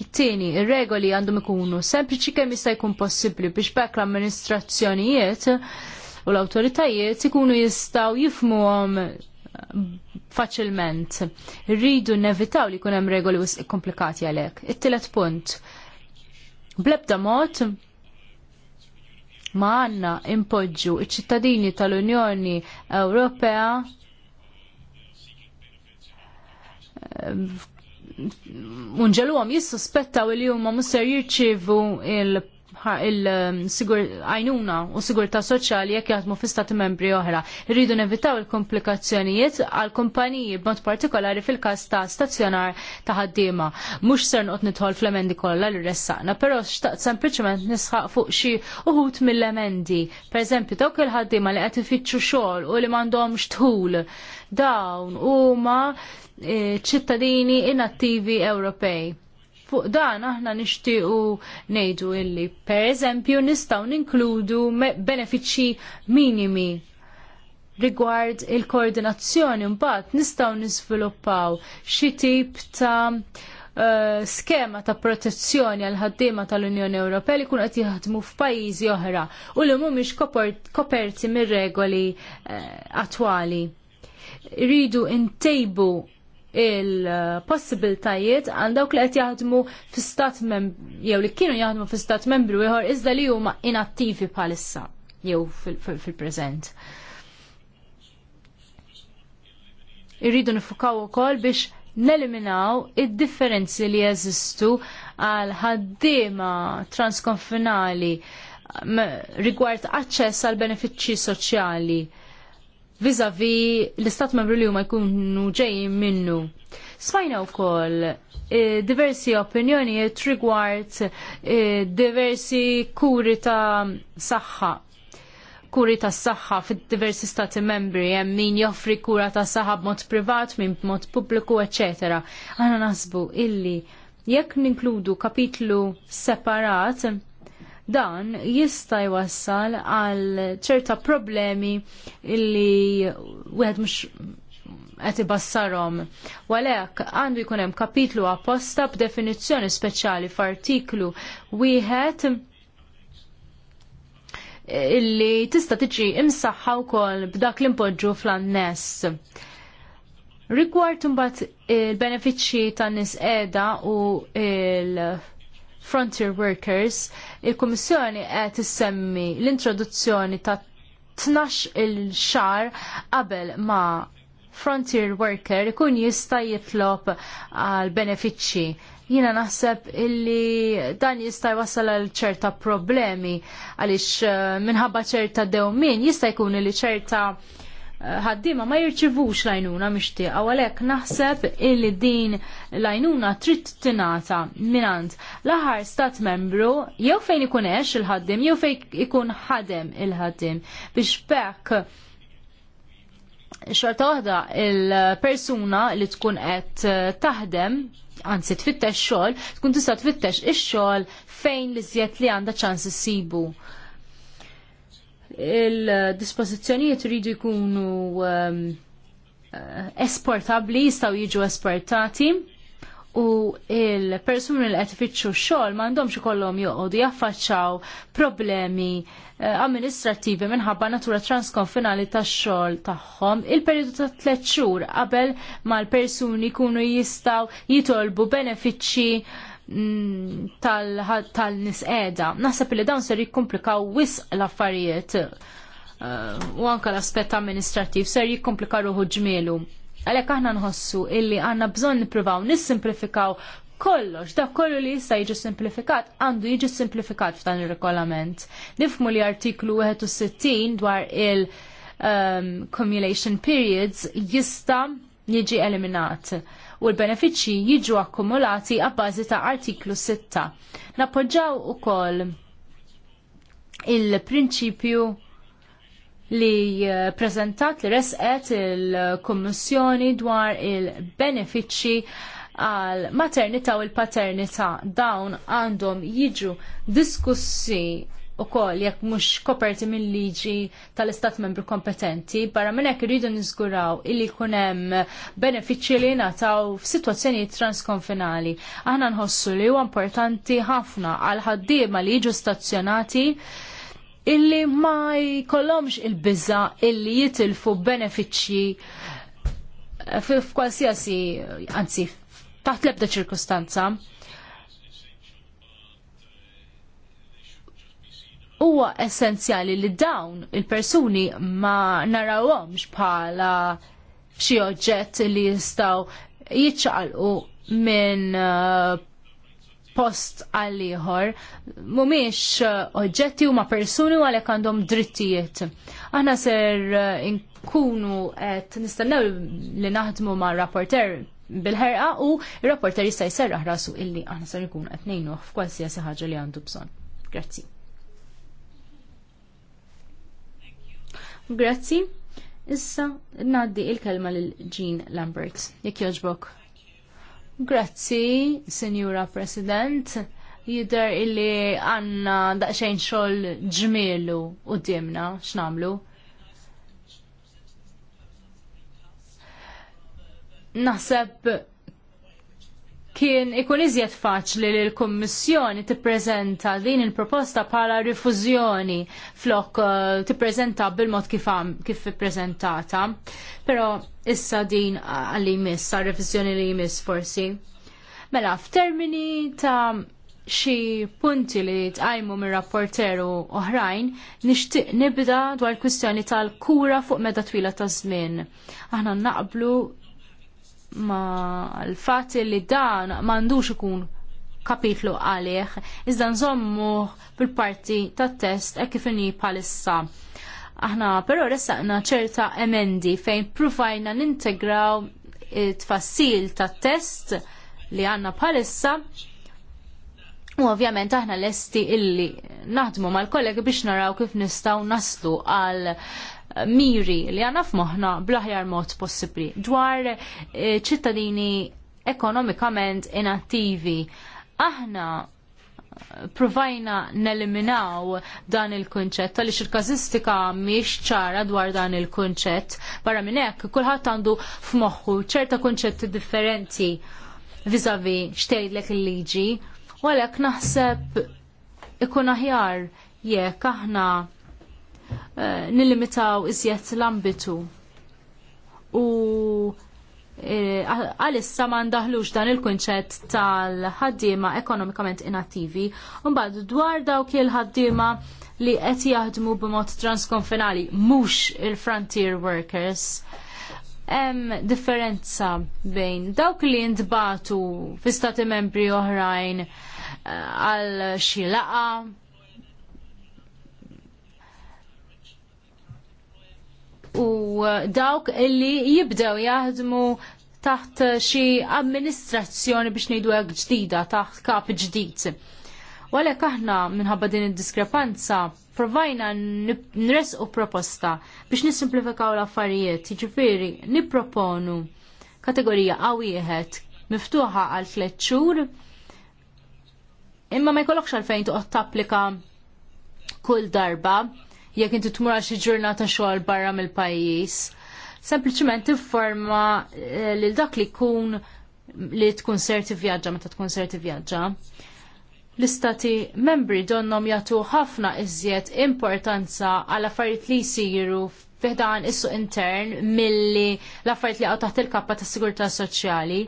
It-tieni, ir-regoli għandhom ikunu sempliċi kemm jista' jkun possibbli biex bekk l-amministrazzjonijiet u l-awtoritajiet ikunu jistgħu jifhmuhom faċilment. Rridu nevitaw li kun hemm regoli komplikati għalek. It-tielet punt. Blebda mod ma għanna impoġġu iċ-ċittadini tal-Unjoni Ewropea eh, unġelu għom jissuspettaw li huma musser jirċivu il- il-għajnuna um, u sigurta soċjali jekk jaħdmu fi membri oħra. Rridu nevitaw il-komplikazzjonijiet għal kumpaniji b'mod partikolari fil-każ ta' stazzjonar ta' ħaddiema. Mhux ser noqgħod nidħol fl-emendi kollha li ressaqna, però xtaqt sempliċement nisħaq fuq xi uħut mill-emendi. Pereżempju dawk il-ħaddiema li qed ifittxu xogħol u li m'għandhomx tħul dawn huma eh, ċittadini inattivi Ewropej Fuq dan aħna nixtiequ ngħidu illi pereżempju nistgħu ninkludu benefiċċji minimi rigward il-koordinazzjoni mbagħad nistgħu niżviluppaw xi tip ta' uh, skema ta' protezzjoni għal ħaddiema tal-Unjoni Ewropea li kun qed jaħdmu f'pajjiżi oħra u li mhumiex koperti mir-regoli uh, attwali. Rridu ntejbu il-possibiltajiet għal dawk li qed jaħdmu fi stat membru jew li kienu jaħdmu fi stat membru ieħor iżda li huma inattivi bħalissa jew fil-preżent. Irridu nifukaw ukoll biex neliminaw id-differenzi li jeżistu għal ħaddiema transkonfinali rigward aċċess għal benefiċċji soċjali vizavi l-istat membru li huma jkunu ġejjin minnu. Smajna wkoll eh, diversi opinjonijiet rigward eh, diversi kuri ta' saħħa kuri ta' saħħa fid diversi stati membri, hemm min joffri kura ta' saħħa b'mod privat, minn b'mod pubbliku, eċetera. Aħna nasbu illi jekk ninkludu kapitlu separat Dan jista' jwassal għal ċerta problemi illi wieħed mhux qed ibassarhom. Walek għandu jkun hemm kapitlu apposta b'definizzjoni speċjali f'artiklu wieħed illi tista tiġi imsaħħa wkoll b'dak li impoġġu fl-anness. Rigward imbagħad il-benefiċċji tan-nies qiegħda u il- frontier workers, il-Kummissjoni qed issemmi l-introduzzjoni ta' 12 il-xar qabel ma' frontier worker ikun jista' jitlob għal benefiċċji jina naħseb illi dan jista' jwassal għal ċerta problemi għaliex eh, minħabba ċerta dewmin jista' jkun li ċerta ħaddima ma jirċivux lajnuna mixtieq għalhekk naħseb illi din lajnuna trid tingħata minant l-aħħar stat membru jew fejn ikun għex il-ħaddim jew fejn ikun ħadem il-ħaddim biex pek xorta waħda il-persuna li tkun qed taħdem anzi tfittex xogħol tkun tista' tfittex ix-xogħol fejn l-iżjed li għandha ċans issibu. sibu il-dispozizjonijiet rridu jkunu um, eh, esportabli, jistaw jiġu esportati u il-persuni li qed ifittxu xogħol m'għandhomx ikollhom joqogħdu jaffaċċaw problemi eh, amministrativi minħabba natura transkonfinali tax-xogħol tagħhom il-perjodu ta' tliet xhur qabel mal persuni jkunu jistgħu jitolbu benefiċċji tal-nisqeda. Naħseb li dawn ser jikkomplikaw wisq l-affarijiet eh, u anke l-aspett amministrattiv ser jikkomplikaw ruħu ġmielu. Għalhekk aħna nħossu illi għandna bżonn nippruvaw nissimplifikaw kollox, da kollu li jista' jiġi simplifikat, għandu jiġi simplifikat f'dan ir-regolament. Nifmu li artiklu 61 dwar il-cumulation ehm, periods jista' jiġi eliminat u l-benefiċċji jiġu akkumulati għabbażi ta' artiklu 6. Napoġġaw ukoll il-prinċipju li eh, prezentat li resqet il-Kommissjoni dwar il-benefiċċji għal maternita u l-paternita dawn għandhom jiġu diskussi u kol, jekk mux koperti mill-liġi tal-istat membru kompetenti, barra minn hekk irridu niżguraw illi jkun hemm benefiċċji li jingħataw f'sitwazzjonijiet transkonfinali. Aħna nħossu li huwa importanti ħafna għal ħaddiema li jiġu stazzjonati illi ma jkollhomx il bizza illi jitilfu benefiċċji eh, f'kwalsiasi anzi taħt l-ebda ċirkustanza huwa essenzjali li dawn il-persuni ma narawhomx bħala xi oġġett li jistgħu jiċċaqalqu minn uh, post għal ieħor mhumiex uh, oġġetti huma persuni u għalhekk għandhom drittijiet. Aħna ser uh, nkunu qed nistennew li naħdmu ma' rapporter bil-ħerqa u r-rapporter jista' jserraħ rasu illi aħna ser nkunu qed ngħinuh f'kwalsiasi ħaġa li għandu bżonn. Grazzi. Grazzi. Issa naddi il-kelma lil Jean Lambert, jekk jogħġbok. Grazzi, Signora President. Jider illi għandna daqsxejn xogħol ġmielu dimna, x'namlu. Naħseb kien ikun iżjed faċli li l-Kummissjoni tippreżenta din il-proposta bħala rifużjoni flok eh, tippreżenta bil-mod kif kif ippreżentata. Però issa din għalli jmiss, għal rifużjoni li jmiss forsi. Mela, f'termini ta' xi punti li tqajmu mir rapporteru oħrajn, nixtieq nibda dwar kwistjoni tal-kura fuq meda twila ta' żmien. Aħna naqblu ma l fat li dan m'għandux ikun kapitlu għalih, iżda nżommu bil-parti tat test hekk kif inhi bħalissa. Aħna però ressaqna ċerta emendi fejn provajna nintegraw it-tfassil tat test li għandna bħalissa U ovvjament aħna lesti illi naħdmu mal-kollegi biex naraw kif nistgħu naslu għal miri li għanna f'moħna blaħjar mod possibli dwar eh, ċittadini ekonomikament inattivi. Aħna eh, provajna neliminaw dan il-kunċett għaliex il-kazistika miex ċara dwar dan il-kunċett barra minn hekk kulħadd għandu f'moħħu ċerta kunċetti differenti viżavi xtejlek il-liġi u għalhekk naħseb ikun aħjar jek aħna Eh, nilimitaw iżjed l-ambitu. U eh, għalissa ma ndaħlux dan il-kunċett tal-ħaddiema ekonomikament inattivi, mbagħad dwar dawk il-ħaddiema li qed jaħdmu b'mod transkonfinali mhux il-frontier workers. Hemm differenza bejn dawk li ntbatu fi stati membri oħrajn eh, għal xi laqa u dawk illi jibdew jaħdmu taħt xi amministrazzjoni biex ngħidu hekk ġdida, taħt kap ġdid. għalhekk aħna minħabba din id-diskrepanza provajna nresqu proposta biex nisimplifikaw l-affarijiet, jiġifieri nipproponu kategorija qaw wieħed miftuħa għal tliet xhur imma ma jkollokx għalfejn toqgħod tapplika kull darba jekk inti tmur għal xi ġurnata xogħol barra mill-pajjiż. Sempliċement informa eh, lil dak li jkun li tkun ser tivvjaġġa meta tkun ser tivvjaġġa l-istati membri donnom jagħtu ħafna iżjed importanza għal affarijiet li jsiru fiħdan is-suq intern milli l-affarijiet li għaw taħt il-kappa tas sigurtà soċjali.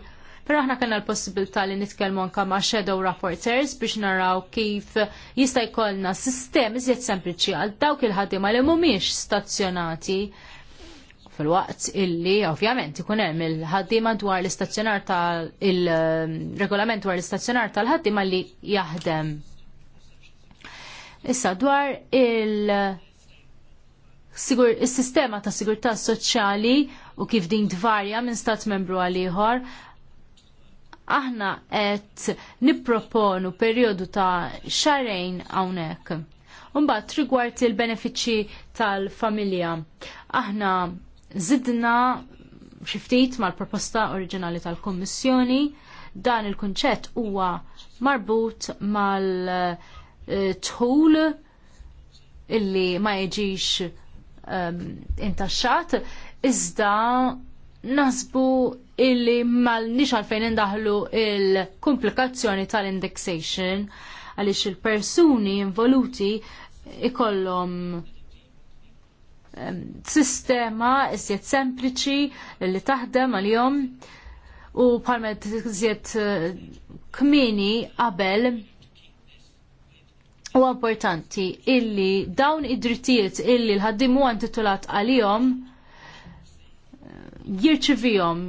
Pero aħna kellna l-possibilità li nitkellmu anke ma' shadow rapporters biex naraw kif jista' jkollna sistemi iżjed sempliċi għal dawk il-ħaddiema li mhumiex stazzjonati fil-waqt illi ovvjament ikun hemm il-ħaddiema dwar l-istazzjonar tal il-regolament dwar l-istazzjonar tal-ħaddiema li jaħdem. Issa dwar il- is-sistema ta' sigurtà soċjali u kif din tvarja minn stat membru għal ieħor, aħna qed nipproponu perjodu ta' xarejn hawnhekk. Mbagħad rigward il-benefiċċji tal-familja. Aħna zidna xi ftit mal-proposta oriġinali tal-Kummissjoni dan il-kunċett huwa marbut mal-tħul illi ma jiġix um, intaxxat, iżda nasbu illi mal-nix għalfejn indaħlu il-komplikazzjoni tal-indexation għaliex il-persuni involuti ikollom sistema iżjed sempliċi li taħdem għal-jom u palmet iżjed eh, kmini qabel u importanti illi dawn id-drittijiet illi l-ħaddimu għan titulat għal-jom jirċivijom.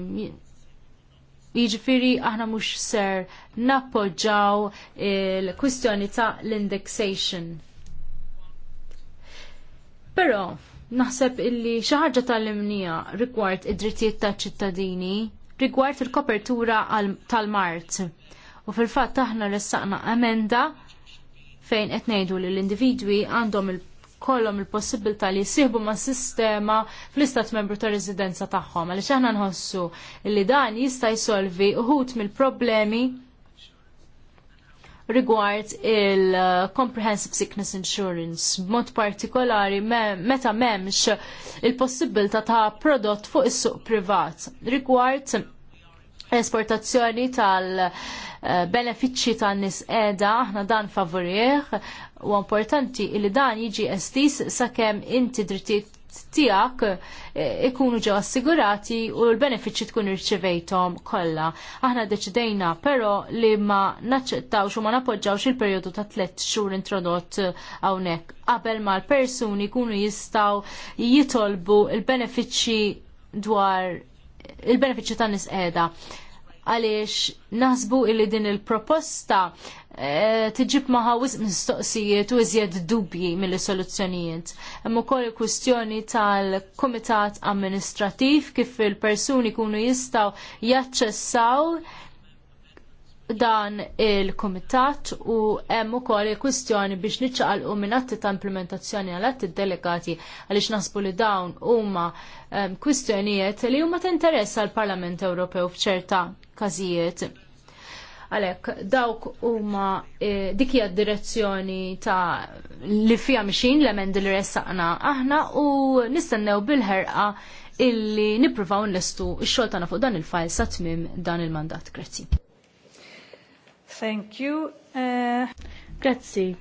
Jiġifieri aħna mhux ser nappoġġaw il-kwistjoni ta' l-indexation. Però naħseb illi xi ħaġa tal-imnija rigward id-drittijiet taċ ċittadini rigward il-kopertura tal-mart. U fil-fatt aħna ressaqna emenda fejn qed ngħidu li l-individwi għandhom il- kollhom il-possibilità li jsieħbu ma' sistema fl-istat membru ta' residenza tagħhom. Għaliex aħna nħossu li dan jista' jsolvi uħut mill-problemi rigward il-Comprehensive Sickness Insurance, b'mod partikolari meta memx il possibilta ta' prodott fuq is-suq privat. Rigward esportazzjoni tal- Eh, benefiċċji tan nis edha aħna dan favorih u importanti li dan jiġi estis sakemm inti drittijiet tijak eh, ikunu ġew assigurati u l-benefiċi tkun irċivejtom kollha. Aħna deċidejna però li ma naċċettawx u ma napoġġawx il-perjodu ta' tliet xhur introdott hawnhekk qabel ma l-persuni jkunu jistgħu jitolbu il-benefiċċji dwar il-benefiċċji ta' nisqeda għaliex nasbu illi din il-proposta eh, tiġib maħa wisq mistoqsijiet u iżjed dubji mill-soluzzjonijiet. Hemm ukoll il-kwistjoni tal-Kumitat Amministrativ kif il-persuni kunu jistgħu jaċċessaw dan il-komitat u hemm ukoll il-kwistjoni biex niċċaqalqu minn atti ta' implementazzjoni għal atti delegati għaliex nasbu li dawn huma ehm, kwistjonijiet li huma ta' interess għall parlament Ewropew f'ċerta każijiet. Għalhekk dawk huma e, dik hija d-direzzjoni ta' li fiha mixin l-emendi li ressaqna aħna u nistennew bil-ħerqa illi nippruvaw nlestu x-xogħol tagħna fuq dan il-fajl sa tmiem dan il-mandat. Grazzi. Thank you. Uh, Grazzi.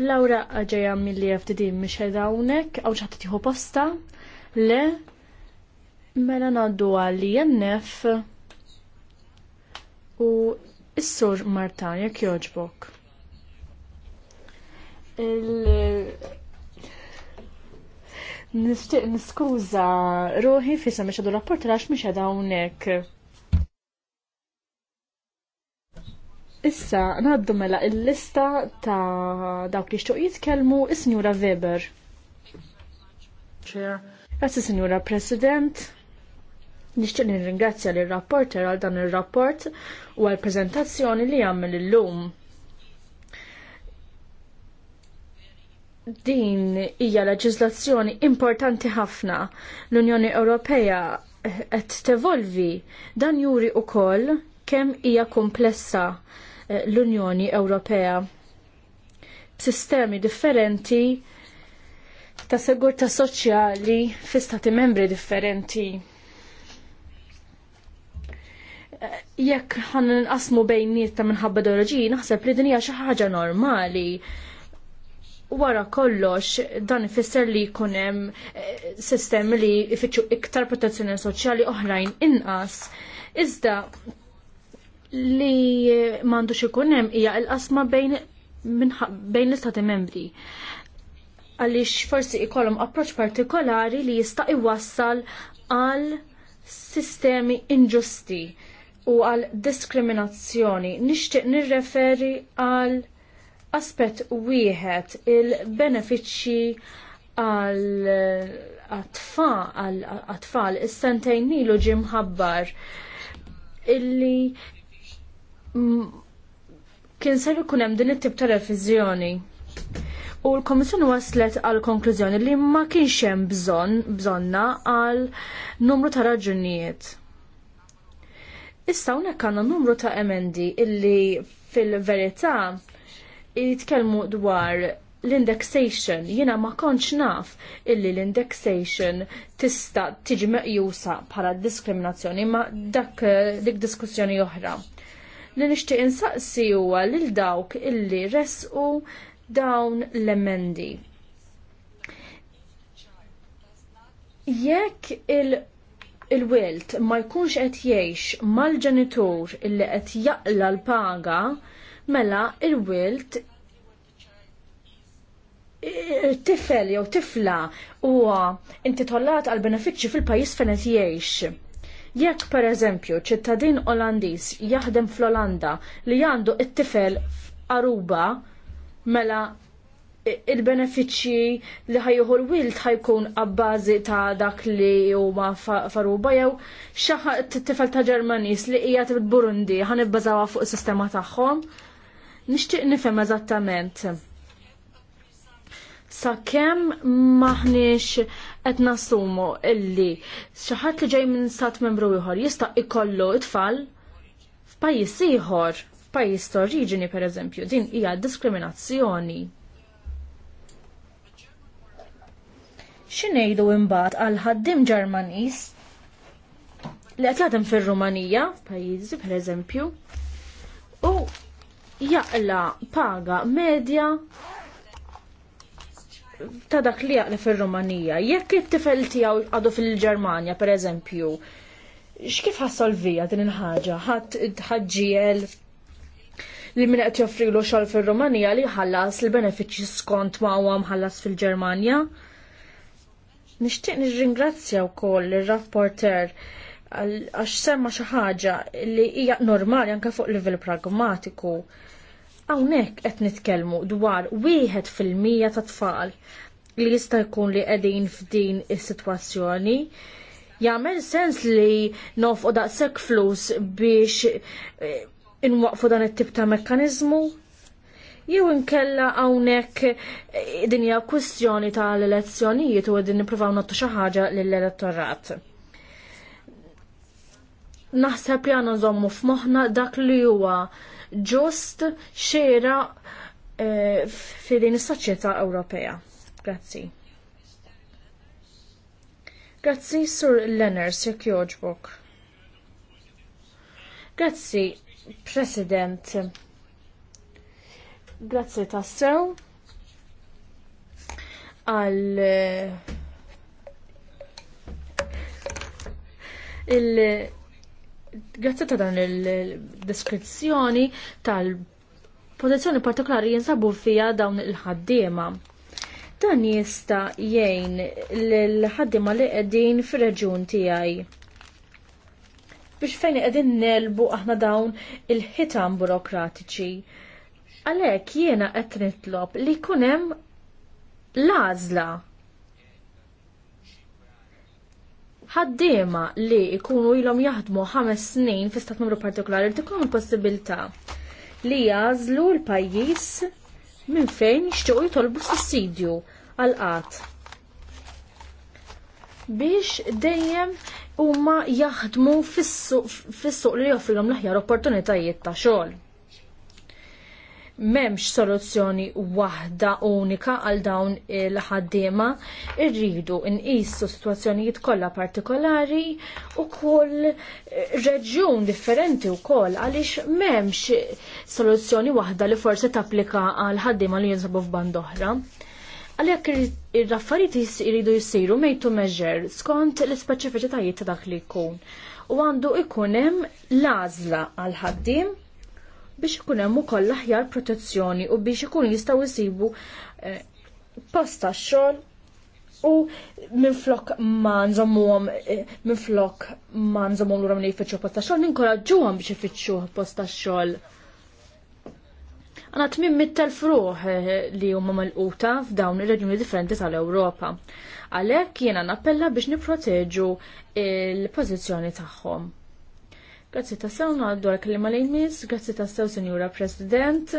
Laura għagġeja mill-li FDD miex dawnek, għaw ċaħti tiħu posta, le, mela naddu għalli jennef u s sur Marta, jekk joġbok? Il... Nishtiq niskuża ruħi fisa miex għadu rapport hawnhekk. Issa, naddu mela il-lista ta' dawk li xtuq jitkellmu is-Sinjura Weber. Grazie, Sinjura President. Nixtieq nirringrazzja lir rapporter għal dan ir-rapport u għall preżentazzjoni li jagħmel illum. din hija leġiżlazzjoni importanti ħafna. L-Unjoni Ewropea qed tevolvi dan juri wkoll kemm hija komplessa l-Unjoni Ewropea. Sistemi differenti ta' segurta soċjali fi stati membri differenti jekk ħan nqasmu bejniet ta' minħabba ideoloġiji, naħseb li dinija xi ħaġa normali. Wara kollox dan ifisser li jkun hemm eh, sistemi li jfittxu iktar protezzjoni soċjali oħrajn inqas. Iżda li mandu xikunem hija il-qasma bejn bejn l-istati membri. Għalix forsi ikollhom approċ partikolari li jista' iwassal għal sistemi inġusti u għal diskriminazzjoni. Nixtieq nirreferi għal aspett wieħed il-benefiċċji għal għatfall, għal għatfall, is-sentejn ilu ġimħabbar illi Mm, kien ser ikun hemm din it-tip ta' reviżjoni. U l-Komissjoni waslet għal konklużjoni li ma kienx hemm bżonn bżonna għal numru ta' raġunijiet. Issa hawnhekk għandna numru ta' emendi illi fil-verità jitkellmu dwar l-indexation jiena ma konċ naf illi l-indexation tista' tiġi meqjusa bħala diskriminazzjoni ma dak dik diskussjoni oħra li nixtieq insaqsi huwa lil dawk illi resqu dawn l-emendi. Jekk il- il-wilt ma jkunx qed jgħix mal-ġenitur illi qed jaqla l-paga, mela il-wilt tifel jew tifla huwa intitolat għal benefiċċju fil-pajjiż fejn qed jgħix Jekk pereżempju ċittadin Olandiż jaħdem fl-Olanda li għandu it-tifel f'Aruba mela il-benefiċċji li ħajjuħu l-wilt ħajkun għabbażi ta' dak li huma faruba jew xaħa t-tifel ta' Ġermanis li hija t-Burundi ħanibbażawha fuq is-sistema tagħhom. Nixtieq nifhem eżattament sakemm maħniex qed nassumu illi xaħat li ġej minn stat membru ieħor jista' ikollu tfal f'pajjiż ieħor, f'pajjiż ta' oriġini pereżempju, din hija diskriminazzjoni. X'ingħidu imbat għal ħaddiem Ġermaniż li qed jagħdem fir-Rumanija, f'pajjiżi pereżempju, u jaqla paga medja ta' dak li jaqle fil-Rumanija, jekk it-tifel tiegħu għadu fil-Ġermanja, per eżempju, x'kif ħassolvija din il-ħaġa? Ħadd ħaġġiel li min qed joffrilu xogħol fir-Rumanija li ħallas il-benefiċċji skont ma għam ħallas fil-Ġermanja. Nixtieq nirringrazzja wkoll ir-rapporter għax semma xi ħaġa li hija normali anke fuq livell pragmatiku. Hawnhekk qed nitkellmu dwar wieħed fil-mija ta' tfal li jista' jkun li qegħdin f'din is-sitwazzjoni. Jagħmel sens li nofqu daqshekk flus biex eh, inwaqfu dan it-tip ta' mekkaniżmu? jew inkella hawnhekk eh, din hija kwistjoni tal-elezzjonijiet u qegħdin nippruvaw nagħtu xi ħaġa lill-elettorat. Naħseb li għandna nżommu f'moħħna dak li huwa ġust xera eh, fil-din is-soċjetà Ewropea. Grazzi. Grazzi Sur Lenner, jekk joġbok. Grazzi, President. Grazzi tassew għal eh, il Grazzi ta' dan il-deskrizzjoni tal-pozizjoni partikolari jinsabu fija dawn il-ħaddiema. Dan jista' jgħin l-ħaddiema li qegħdin fir-reġjun tiegħi biex fejn qegħdin nelbu aħna dawn il-ħitam burokratiċi. Għalhekk jiena qed nitlob li jkun hemm l-għażla ħaddiema li jkunu ilhom jaħdmu ħames snin fi stat numru partikolari tikom il-possibilità li jażlu l-pajjiż minn fejn jixtiequ jitolbu sussidju għal qatt. Biex dejjem huma jaħdmu fis-suq li joffrilhom l-aħjar opportunitajiet ta' xogħol memx soluzzjoni waħda unika għal dawn il-ħaddiema, irridu nqisu situazzjonijiet kollha partikolari u kull eh, reġjun differenti wkoll għaliex memx soluzzjoni waħda li forsi tapplika għal ħaddiema li jinsabu f'band oħra. Għalhekk ir-raffariet iridu jsiru mejtu measure skont l-ispeċifiċitajiet ta' dak li jkun u għandu ikun hemm l-għażla għal ħaddiem biex ikun hemm ukoll aħjar protezzjoni u biex ikun jistgħu jsibu eh, tax xogħol u minflok ma nżommuhom eh, minflok ma nżommuhom lura minn jfittxu tax xogħol ninkoraġġuhom biex ifittxu posta xogħol. Għana tmim mit tal fruħ eh, li huma mal-quta f'dawn ir-reġjuni differenti tal-Ewropa. Għalhekk jiena nappella biex nipproteġu il-pożizzjoni tagħhom. Grazzi ta' sew għaddu għal kelima lejn mis, grazzi ta' sew Sinjura President.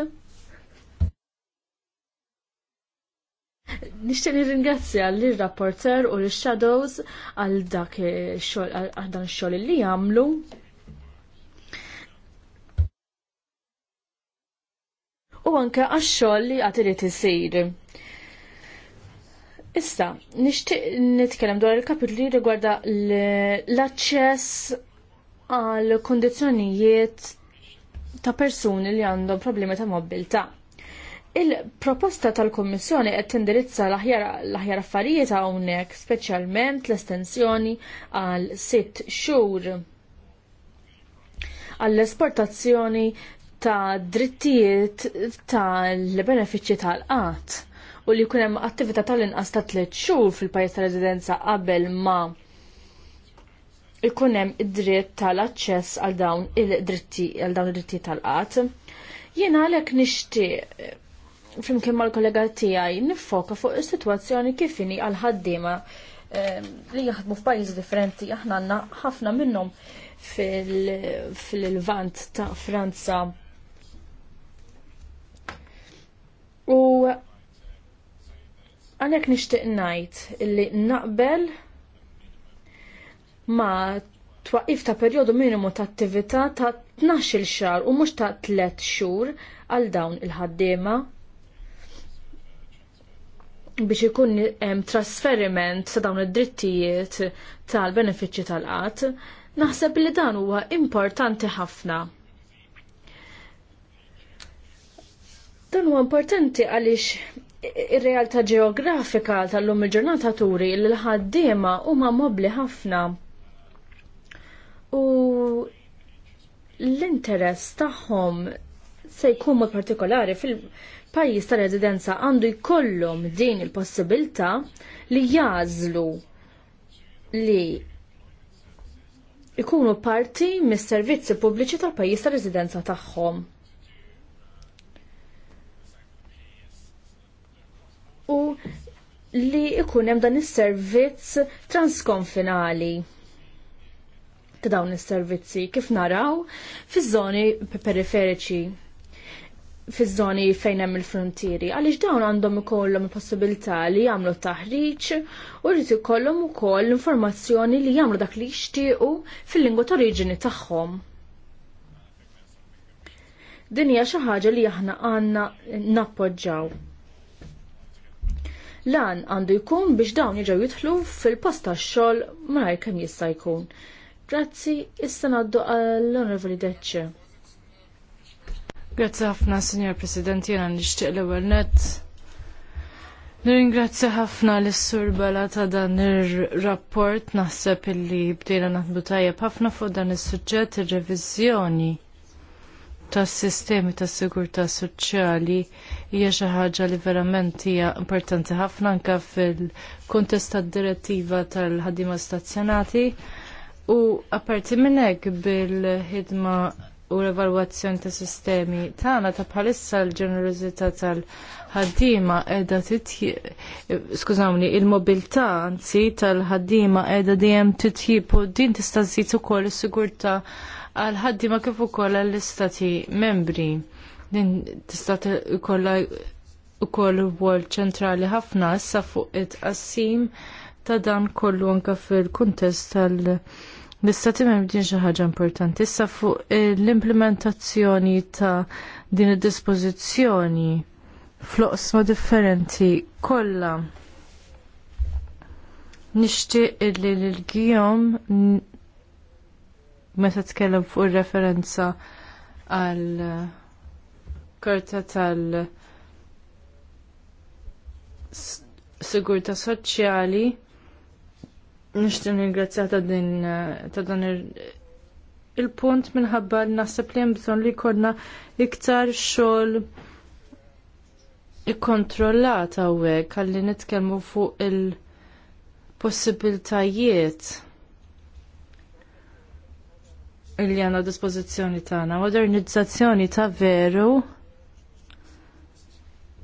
Nixtieq nirringrazzja l rapporter u l-Shadows għal dak għal dan ix-xogħol li jagħmlu. U anke għax-xogħol li għad irid isir. Issa, nixtieq nitkellem dwar il kapitli rigward l-aċċess għal kondizjonijiet ta' persuni li għandhom problemi ta' mobilta. Il-proposta tal-Kommissjoni qed tindirizza l-aħjar affarijiet hawnhekk, speċjalment l-estensjoni għal sitt xhur għall-esportazzjoni ta' drittijiet tal-benefiċċji tal-qatt u li jkun hemm attività tal-inqas ta' tliet xhur fil-pajjiż ta' residenza qabel ma' ikun hemm id-dritt tal-aċċess għal dawn il-dritti għal dawn id-dritti tal qat Jiena għalhekk nixtieq flimkien mal-kollega tiegħi niffoka fuq is-sitwazzjoni kif inhi għal ħaddiema ehm, li jaħdmu f'pajjiżi differenti aħna għandna ħafna minnhom fil-vant ta' Franza. U għalhekk nixtieq ngħid li naqbel ma' twaqif ta' perjodu minimu ta' attività ta' 12 xar u mhux ta' 3 xhur għal dawn il-ħaddiema biex ikun hemm trasferiment sa' dawn id-drittijiet tal-benefiċċji tal-qatt, naħseb li dan huwa importanti ħafna. Dan huwa importanti għaliex ir-realtà ġeografika tal-lum il-ġurnata turi li l-ħaddiema huma mobbli ħafna u l-interess tagħhom se jkun mod partikolari fil-pajjiż ta' residenza għandu jkollhom din il-possibilità li jażlu li ikunu parti mis-servizzi pubbliċi tal-pajjiż ta' residenza tagħhom. U li ikun hemm dan is-servizz transkonfinali ta' dawn is-servizzi kif naraw fiż-żoni periferiċi fiż-żoni fejn hemm il-frontieri għaliex dawn għandhom ikollhom il-possibilità li jagħmlu taħriġ u jrid ikollhom ukoll l informazzjoni li jagħmlu dak li jixtiequ fil-lingwa ta' oriġini tagħhom. Din hija xi ħaġa li aħna għandna nappoġġaw. Lan għandu jkun biex dawn jiġu jidħlu fil-post tax-xogħol malajr kemm jista' jkun. Grazzi, issa naddu għall-Onorevoli Deċċe. Grazzi ħafna, Signor President, jena nixtieq l-ewwel nett. Nirringrazzja ħafna l-Sur Bala ta' dan ir-rapport naħseb illi bdejna naħdmu tajjeb ħafna fuq dan is-suġġett ir-reviżjoni tas-sistemi tas sigurtà soċjali hija xi ħaġa li verament hija importanti ħafna anke fil-kuntest tad-direttiva tal-ħaddiema stazzjonati U apparti minn hekk bil-ħidma u l-evalwazzjoni ta' sistemi tagħna ta' bħalissa l-ġenerożità tal ħaddima qiegħda skużawni il-mobilità anzi tal ħaddima qiegħda dijem titjib u din tista' żżid ukoll is-sigurtà għal ħaddima kif ukoll għall-istati membri. Din tista' ikollha ukoll rwol ċentrali ħafna issa fuq it-qassim ta' dan kollu anke fil-kuntest tal- Nista' mem din xi ħaġa importanti issa fuq eh, l-implementazzjoni ta' din id-dispożizzjoni fl-oqsma differenti kollha. Nixtieq illi l-gijom meta tkellem fuq ir-referenza għal eh, karta tal sigurta soċjali Nishtin ringrazzja ta' din ta' dan il-punt minħabba naħseb li bżonn li jkollna iktar xogħol ikkontrollata hawnhekk għalli nitkellmu fuq il-possibiltajiet illi għandna dispożizzjoni tagħna. Modernizzazzjoni ta' veru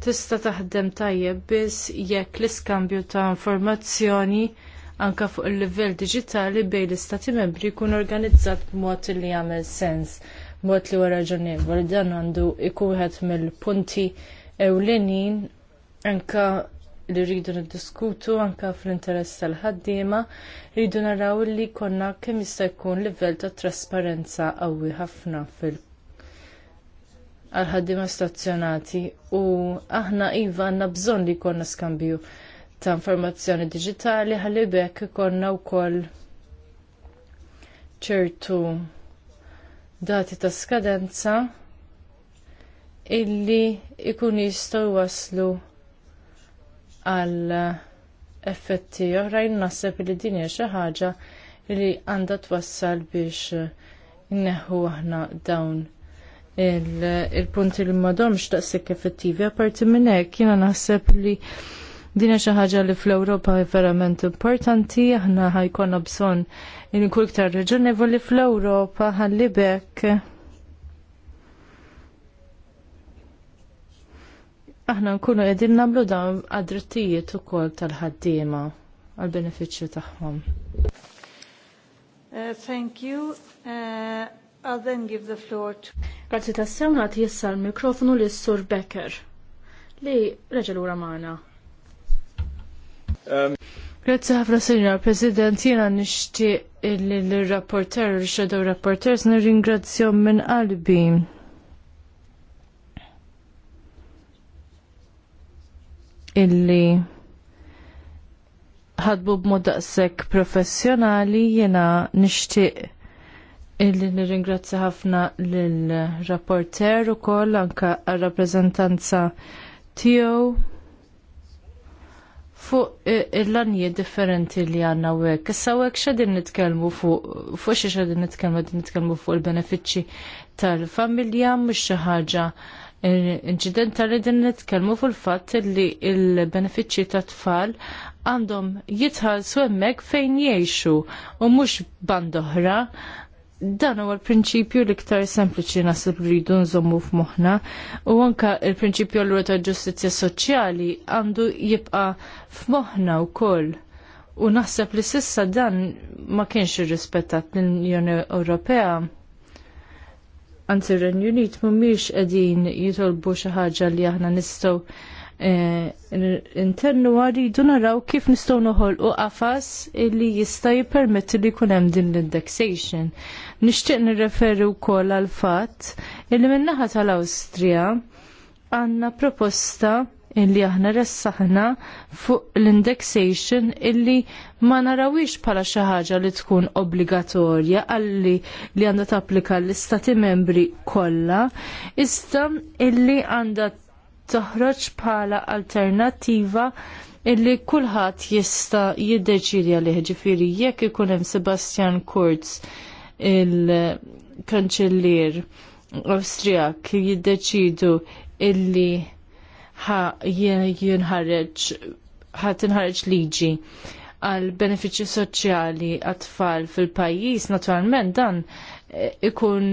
tista' taħdem tajjeb biss jekk l-iskambju ta' informazzjoni anka fuq il-livell diġitali bejn l-istati membri jkun organizzat b'mod li jagħmel sens, b'mod li wara ġonevol dan għandu ikuħed mill-punti ewlenin anka li rridu niddiskutu anka fl-interess tal-ħaddiema, rridu naraw li konna kemm jista' jkun livell ta' trasparenza qawwi ħafna fil għal ħaddiema stazzjonati u aħna iva għandna bżonn li jkollna skambju ta' informazzjoni digitali ħalli bekk ikonna wkoll ċertu dati ta' skadenza illi ikun jistgħu waslu għal effetti oħrajn naħseb li din hija xi ħaġa li għandha twassal biex inneħħu aħna dawn il-punti il li m'għadhomx daqshekk effettivi apparti minn hekk jiena naħseb li Dina xi ħaġa li fl-Ewropa verament importanti, aħna ħajkonna bżonn in kull iktar raġunevoli fl-Ewropa ħalli bekk. Aħna nkunu qegħdin nagħmlu dawn għad-drittijiet ukoll tal-ħaddiema għal-benefiċċju tagħhom. Uh, thank you. Uh, I'll then give the floor to... Grazzi tassew nagħti jissa l-mikrofonu lis sur Becker li reġel ura maħna. Um, Grazie ħafna Sinjor President, jiena nixtieq il-rapporter, il-shadow rapporters, nirringrazzjom minn qalbi. Illi ħadbu b'mod daqshekk professjonali jiena nixtieq illi nirringrazzja ħafna lill rapporter ukoll anke għar-rappreżentanza tiegħu fuq eh, il-lanijiet differenti li għanna u għek. Issa u għek xadin nitkelmu fuq, fuq xie xadin nitkelmu, din nitkelmu fuq il-benefiċi tal-familja, mux xaħġa eh, inċidentali din nitkelmu fuq il-fat li il-benefiċi ta' tfal għandhom su emmek fejn jiexu u mux bandoħra. oħra dan huwa l-prinċipju l-iktar sempliċi nasib rridu nżommu f'moħħna u anka l-prinċipju l ta' ġustizzja soċjali għandu jibqa' f'moħħna wkoll. U naħseb li sissa dan ma kienx irrispettat l-Unjoni Ewropea. Anzi, r-Renju Unit mhumiex qegħdin jitolbu xi ħaġa li aħna nistgħu Eh, internu għaridu naraw kif nistgħu noħolqu qafas li jista' jippermetti li jkun hemm din l-indexation. Nixtieq nirreferi wkoll għal fatt illi min-naħa tal-Awstrija għandna proposta illi aħna ressaħna fuq l-indexation illi ma narawix pala xi ħaġa li tkun obbligatorja għalli li għandha tapplika l-istati membri kollha, iżda illi għandha toħroġ bħala alternattiva illi kulħadd jista' jiddeċidi għalih ġifieri jekk ikun hemm Sebastian Kurz il-kanċellier Awstrijak jiddeċidu illi ħa jinħarreġ ħa tinħarreġ liġi għal benefiċċji soċjali għat-tfal fil-pajjiż naturalment dan eh, ikun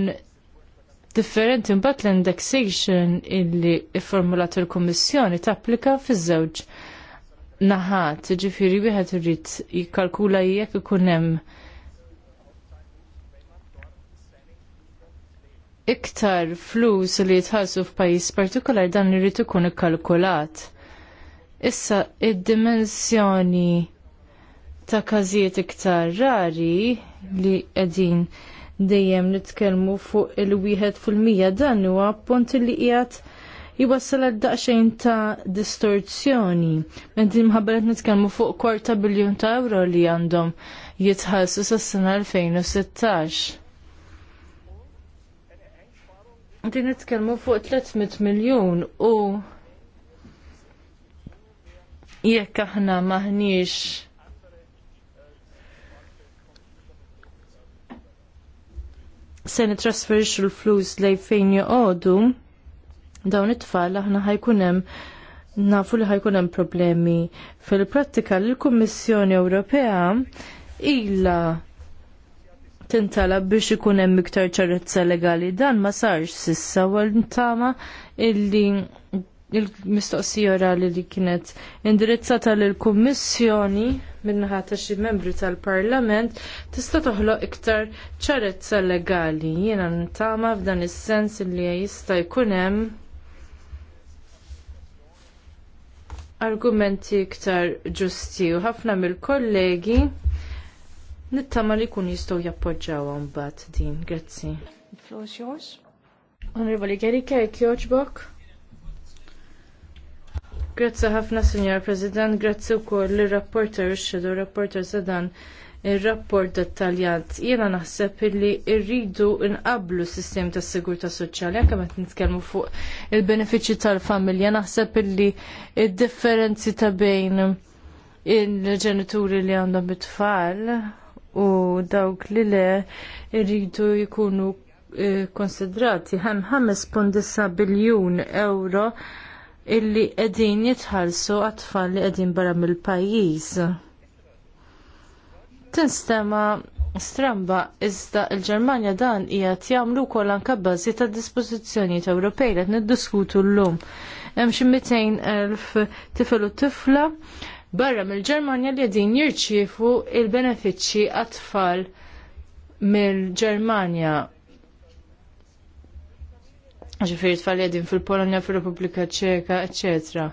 differenti mbagħad l-indexation illi formulat il-Kummissjoni tapplika fiż-żewġ naħat, ġifiri wieħed irrid jikkalkula jekk ikun hemm iktar flus li jitħallsu f'pajjiż partikolar dan irrid ikun ikkalkulat. Issa id-dimensjoni ta' każijiet iktar rari li qegħdin dejjem nitkellmu fuq il-wieħed fil-mija dan huwa punt li qiegħed jwassal għal daqsxejn ta' distorzjoni. Menti mħabbaret nitkellmu fuq kwarta biljun ta' euro li għandhom jitħallsu sas-sena 2016. Din nitkellmu fuq 300 miljun u jekk aħna maħniex se nitrasferixxu l-flus lejn fejn joqogħdu dawn it-tfal aħna ħajkun hemm nafu li ħajkun hemm problemi. Fil-prattika l-Kummissjoni Ewropea ilha tintalab biex ikun hemm iktar ċarezza legali dan ma sarx sissa u ntama illi il-mistoqsija li li kienet indirizzata l kummissjoni minnaħa ħata xi membri tal-Parlament tista' toħloq iktar ċarezza legali. Jiena ntama f'dan is-sens li jista' jkun hemm argumenti iktar ġusti u ħafna mill-kollegi nittama li kun jistgħu jappoġġaw mbagħad din. Grazzi. Floor is yours. Onorevoli Gerike, Kjoċbok. Grazzi ħafna, Sinjor President, grazzi wkoll lir-rapporter u x-shadow rapporter sedan ir-rapport dettaljat. Jiena naħseb illi rridu nqabblu s-sistem ta' sigurtà soċjali anke meta nitkellmu fuq il-benefiċċji tal-familja naħseb illi id-differenzi ta' bejn il-ġenituri li għandhom it-tfal u dawk li le rridu jkunu eh, konsidrati hemm ħames biljun euro illi qegħdin jitħallsu għat-tfal li qegħdin barra mill-pajjiż. Tinstema stramba iżda l-Ġermanja dan hija jagħmlu wkoll anke bbażi ta' dispożizzjonijiet Ewropej qed niddiskutu llum. Hemm xi elf tifel u tifla barra mill-Ġermanja li qegħdin jirċievu l benefiċċji għat-tfal mill-Ġermanja ġifiri tfal fil-Polonja, fil-Repubblika Ċeka, etc.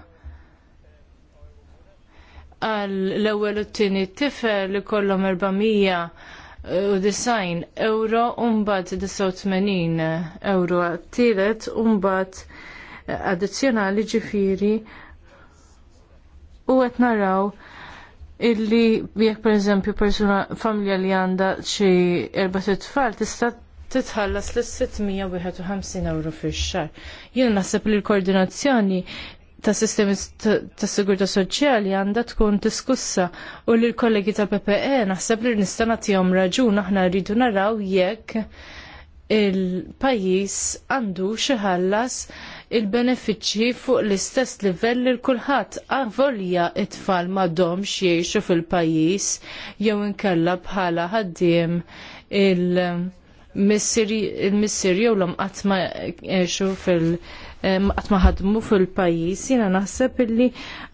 Għal l-ewwel u t-tieni tifel li kollhom 400 eh, u design euro umbat 89 euro t-tielet umbat addizzjonali ġifiri u qed naraw illi jekk per eżempju persuna familja li għandha xi erba' tfal tista' titħallas l-651 euro fix-xar. Jien naħseb li l-koordinazzjoni ta' sistemi ta' sigurta soċjali għandha tkun diskussa u li l-kollegi ta' PPE naħseb li nista' nagħtihom raġun aħna rridu naraw jekk il-pajjiż għandu ħallas il-benefiċċji fuq l-istess livell li kulħadd avolja it-tfal m'għadhomx jgħixu fil-pajjiż jew inkella bħala ħaddiem il- il-missiri jew l-om għatma eħxu fil- għatma eh, ħadmu fil-pajis, jina naħseb illi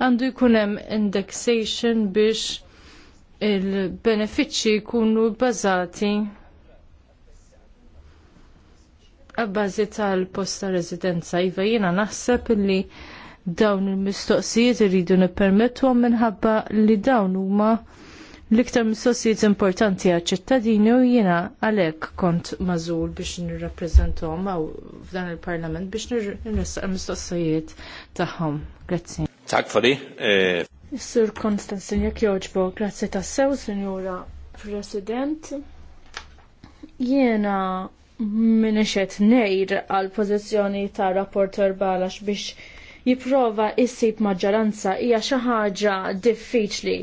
għandu jkunem indexation biex il-benefiċi jkunu bazati għabbażi tal-posta residenza. Iva jina naħseb illi dawn il-mistoqsijiet irridu nippermettu minħabba li dawn huma ma l-iktar mistoqsijiet importanti għal ċittadini u jiena għalhekk kont mażul biex nirrappreżentahom għaw f'dan il-Parlament biex nirressaq mistoqsijiet tagħhom. Grazzi. Tak fadi. Eh, Sur Konstantin jekk joġbo, grazzi tassew, Sinjura President. Jiena minixet nejr għal pożizzjoni ta' rapporter Balax biex jipprova jissib maġġoranza hija xi ħaġa diffiċli.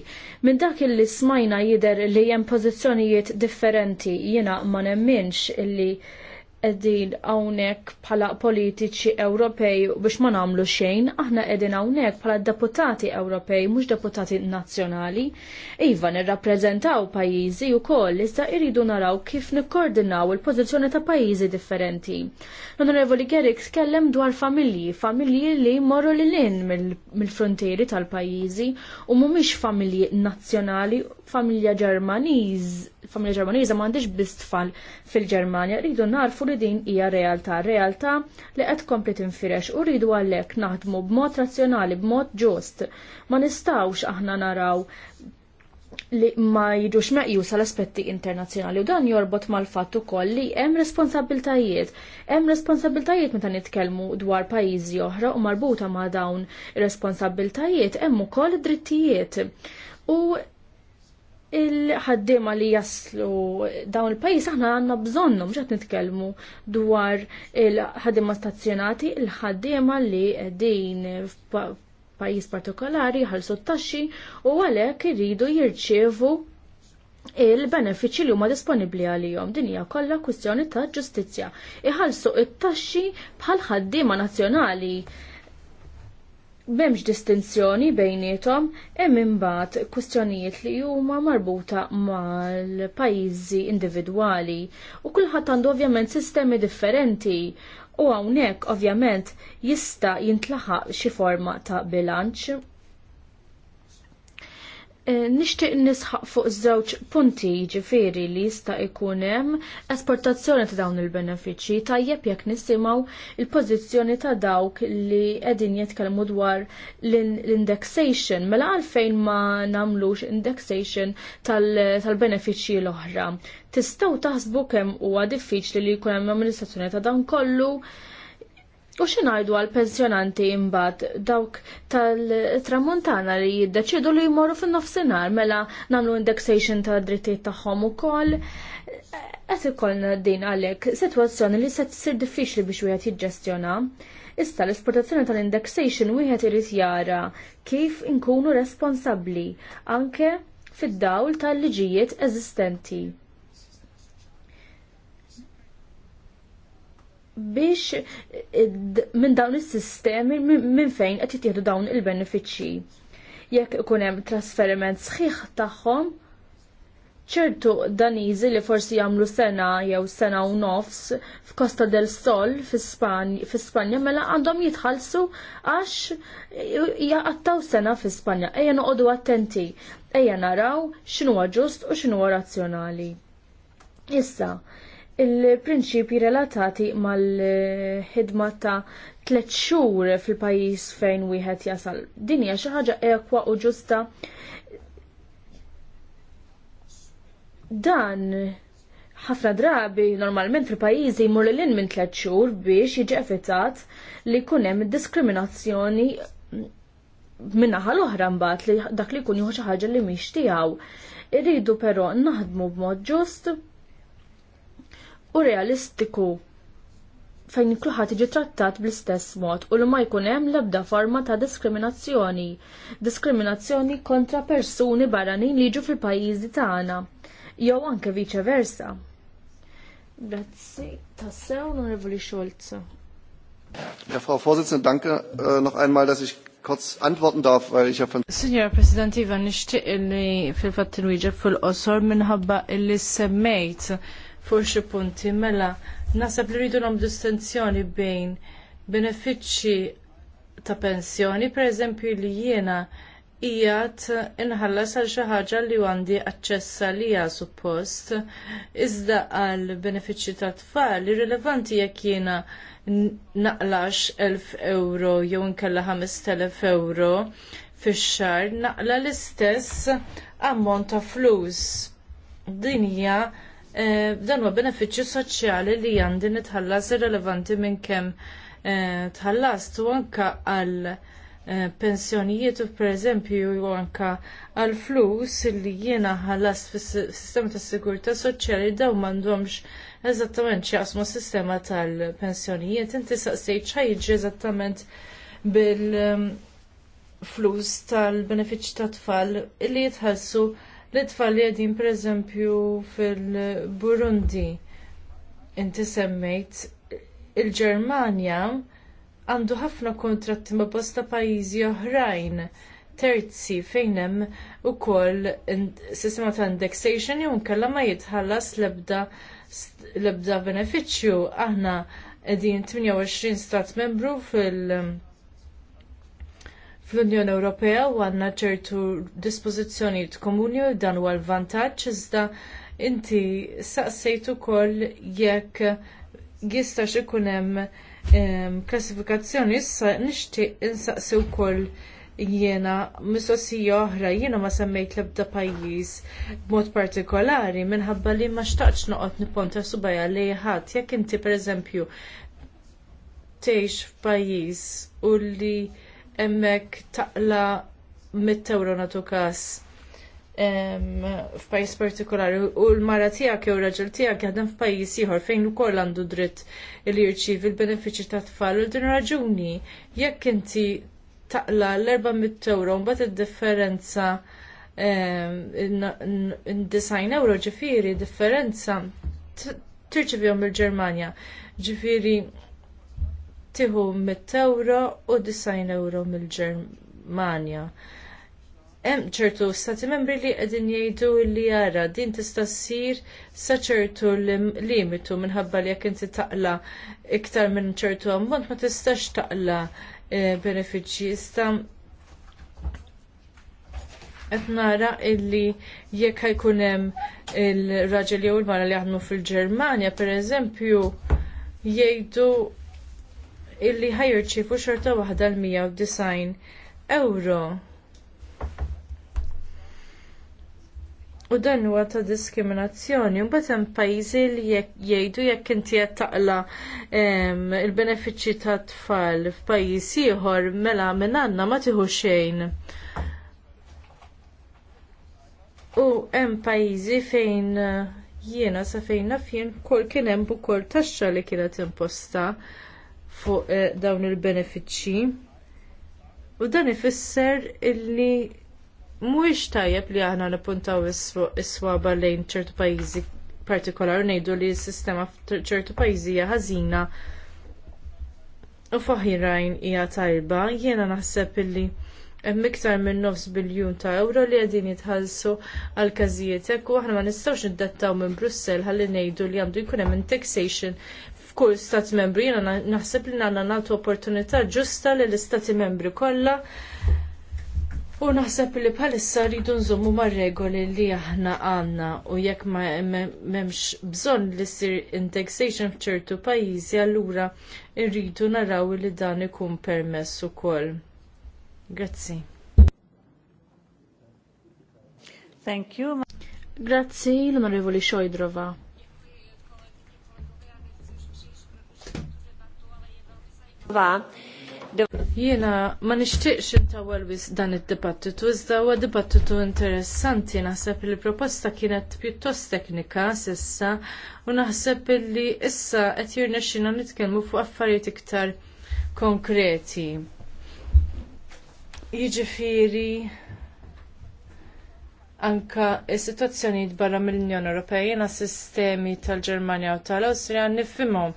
Minn dak li smajna jidher li hemm pożizzjonijiet differenti jiena ma nemminx illi edin għawnek pala politiċi Ewropej biex ma namlu xejn, aħna edin għawnek pala deputati Ewropej, mux deputati nazjonali. Iva nirrapprezentaw pajizi u koll, iżda irridu naraw kif nikkoordinaw il-pozizjoni ta' pajizi differenti. L-Onorevoli Gerik tkellem dwar familji, familji li morru li lin mill-frontieri tal-pajizi u mumiex familji nazjonali, familja Ġermaniż familja Ġermaniża m'għandix biss tfal fil-Ġermanja, rridu narfu li din hija realtà, realtà li qed kompli tinfirex u rridu għalhekk naħdmu b'mod razzjonali, b'mod ġust. Ma nistgħux aħna naraw li ma jiġux meqjus għal aspetti internazzjonali u dan jorbot mal-fatt ukoll li hemm responsabiltajiet. Hemm responsabiltajiet meta nitkellmu dwar pajjiżi oħra u marbuta ma' dawn responsabiltajiet hemm ukoll drittijiet. U il-ħaddima li jaslu dawn il-pajis aħna għanna bżonnu, mġat nitkelmu dwar il-ħaddima stazzjonati, il-ħaddima li din pajis partikolari ħalsu t-taxxi u għalek irridu jirċevu il-benefiċi li huma disponibbli għalihom din hija kollha kwistjoni ta' ġustizzja. Iħallsu it-taxxi bħal ħaddiema nazzjonali Bemx distinzjoni bejnietom hemm imbagħad kwistjonijiet li huma marbuta mal-pajjiżi individwali u kulħadd għandu ovvjament sistemi differenti u hawnhekk ovvjament jista' jintlaħaq xi forma ta' bilanċ. Eh, Nishtiq nisħaq fuq żewġ punti ġifiri li jista' jkun hemm esportazzjoni ta' dawn il-benefiċċji tajjeb jekk nisimgħu il-pożizzjoni ta' dawk li qegħdin jitkellmu dwar l-indexation mela għalfejn ma nagħmlux indexation tal-benefiċċji l-oħra. Tistgħu taħsbu kemm huwa diffiċli li jkun hemm amministrazzjoni ta' dawn kollu U xinajdu għal pensjonanti imbat dawk tal-tramontana li jiddeċidu li jmorru fin nofsinhar mela namlu indexation ta' drittijiet tagħhom ukoll. Qed ikollna din għalhekk sitwazzjoni li se tsir diffiċli biex wieħed jiġġestjona. Issa l-esportazzjoni tal-indexation wieħed irid jara kif inkunu responsabbli anke fid-dawl tal-liġijiet eżistenti. biex eh, minn dawn is-sistemi minn fejn qed jittieħdu dawn il-benefiċċji. Jekk ikun hemm trasferiment sħiħ tagħhom, ċertu Daniżi li forsi jagħmlu sena jew sena u nofs f'Costa del Sol fl-Spanja mela għandhom jitħallsu għax jaqattaw sena fl-Spanja. Ejja noqogħdu attenti, ejja naraw x'inhuwa ġust u x'inhuwa razzjonali. Issa, il-prinċipji relatati mal-ħidma ta' tliet xhur fil-pajjiż fejn wieħed jasal. Din hija xi ħaġa ekwa u ġusta. Dan ħafna drabi normalment fil-pajjiżi jmur lil minn tliet xhur biex jiġi effettat li jkun hemm diskriminazzjoni naħa l-oħra mbagħad li dak li jkun jieħu xi ħaġa li mhix tiegħu. Irridu però naħdmu b'mod ġust u realistiku fejn kulħadd iġi trattat bl-istess mod u l ma jkun hemm l-ebda forma ta' diskriminazzjoni, diskriminazzjoni kontra persuni barranin li jiġu fil-pajjiżi tagħna, jew anke versa. Grazzi, tassew l-Onorevoli Schulz. Ja, Frau Vorsitzende, danke äh, noch einmal, dass ich kurz antworten darf, weil ich ja von... Signor President Ivan, nishtiq illi fil-fat il fil-qosor minħabba illi semmejt fuq xi punti mela naħseb li rridu nagħmlu distinzjoni bejn benefiċċji ta' pensjoni, pereżempju li jiena hija inħallas għal xi ħaġa li għandi aċċess għalija suppost, iżda għal benefiċċji tat tfal irrilevanti jekk jiena naqlax 1000 euro jew nkella 5000 euro fix-xahar naqla l-istess ammont ta' flus. Din hija Eh, dan huwa benefiċċju soċjali li għandi nitħallas irrelevanti minn kemm eh, tħallast u anka għal eh, pensjonijiet u eżempju u anka għal flus li jiena ħallast fis-sistema tas-sigurtà soċjali dawn m'għandhomx eżattament x'jaqsmu s-sistema tal-pensjonijiet. Inti saqsejt ħajġi eżattament bil mm, flus tal-benefiċċju tat-tfal li jitħallsu L-itfall li għedin pereżempju fil-Burundi inti semmejt il-Ġermanja għandu ħafna kuntratti ma' bosta pajjiżi oħrajn terzi fejn hemm ukoll sistema ta' indexation jew nkella ma jitħallas l-ebda l-ebda benefiċċju aħna qegħdin 28 stat membru fil- fl-Unjoni Ewropea u għandna ċertu dispożizzjonijiet komuni u dan huwa l-vantaġġ iżda inti staqsejt ukoll jekk jistax ikun hemm klassifikazzjoni issa nixtieq insaqsi wkoll jiena mistoqsija oħra jiena ma semmejt l-ebda pajjiż b'mod partikolari minħabba li ma xtaqx noqgħod nipponta subajja li ħadd jekk inti pereżempju tgħix f'pajjiż u li emmek taqla mit-tewro natu kas f'pajis partikolari u l-mara tiegħek jew raġel tiegħek jaħdem f'pajjiż ieħor fejn ukoll għandu dritt li jirċievi l-benefiċċji ta' tfal u din raġuni jekk inti taqla l erba mit euro mbagħad id-differenza in design euro ġifieri differenza tirċivihom il-Ġermanja. Ġifieri tieħu 100 euro u 90 euro mill-Ġermanja. Hemm ċertu stati membri li qegħdin jgħidu li jara din tista' ssir sa ċertu limitu minħabba li jekk inti taqla iktar minn ċertu ammont ma tistax taqla e, benefiċċji. Sta' qed nara illi jekk ħajkun hemm il-raġel jew il-mara li jaħdmu fil-Ġermanja pereżempju jgħidu illi ħajrċifu xorta waħda l-190 euro. U dan huwa ta' diskriminazzjoni, u hemm pajjiżi li jgħidu jekk inti qed taqla il-benefiċċji tat tfal f'pajjiż ieħor mela minn għandna ma tieħu xejn. U hemm pajjiżi fejn eh, jiena sa fejn naf jien kien hemm ukoll taxxa li kienet imposta fuq eh, dawn il-benefiċċji. U dan ifisser illi mhuwiex tajjeb li aħna nippuntaw is-swaba lejn ċertu pajjiżi partikolar ngħidu li s-sistema f'ċertu pajjiżi hija ħażina u f'oħrajn hija tajba, jiena naħseb illi hemm iktar minn nofs biljun ta' euro li qegħdin jitħallsu għal każijiet hekk u aħna ma nistgħux niddettaw minn Brussell ħalli ngħidu li għandu jkun hemm taxation f'kull stat membru jiena naħseb li għandna nagħtu opportunità ġusta lill istati membri kollha U naħseb li bħalissa rridu nżommu mar-regoli li aħna għandna u jekk ma m'hemmx bżonn li ssir indexation f'ċertu pajjiżi allura rridu naraw li dan ikun permess ukoll. Grazzi. Thank you. Grazzi l-Onorevoli Xojdrova. Jiena ma nixtieqx intawel wis dan id-dibattitu, iżda huwa dibattitu interessanti naħseb li proposta kienet pjuttost teknika sissa u naħseb li issa qed jirnexxina nitkellmu fuq affarijiet iktar konkreti. Jiġifieri anka s sitwazzjonijiet barra mill-Unjoni Ewropea jiena s sistemi tal-Ġermanja u tal-Awstrija nifhimhom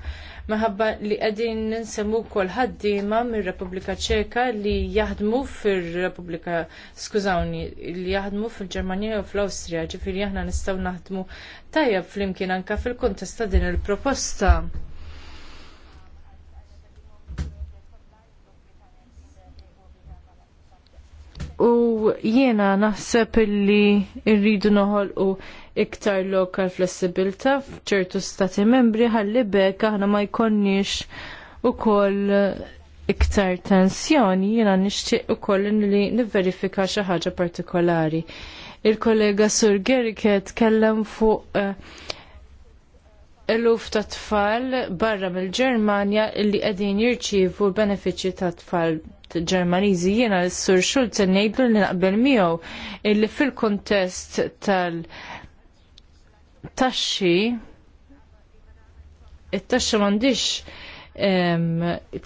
maħabba li qegħdin ninsemmu wkoll ħaddiema mir-Repubblika Ċeka li jaħdmu fir-Repubblika skużawni li jaħdmu fil-Ġermanija u fl-Awstrija, ġifiri aħna nistgħu naħdmu tajjeb flimkien anke fil-kuntest ta' din il-proposta. u jiena naħseb illi rridu noħolqu iktar lokal flessibilta f'ċertu stati membri ħalli bekk aħna ma jkonniex ukoll iktar tensjoni jiena nixtieq ukoll li nivverifika xi ħaġa partikolari. Il-kollega Sur Gerike kellem fuq eh, eluf ta' tfal barra mill-Ġermanja li qegħdin jirċievu l-benefiċċji ta' tfal Ġermaniżi jiena l-Sur Schulze ngħidlu li naqbel miegħu illi fil-kuntest tal- taxxi it taxxi m'għandix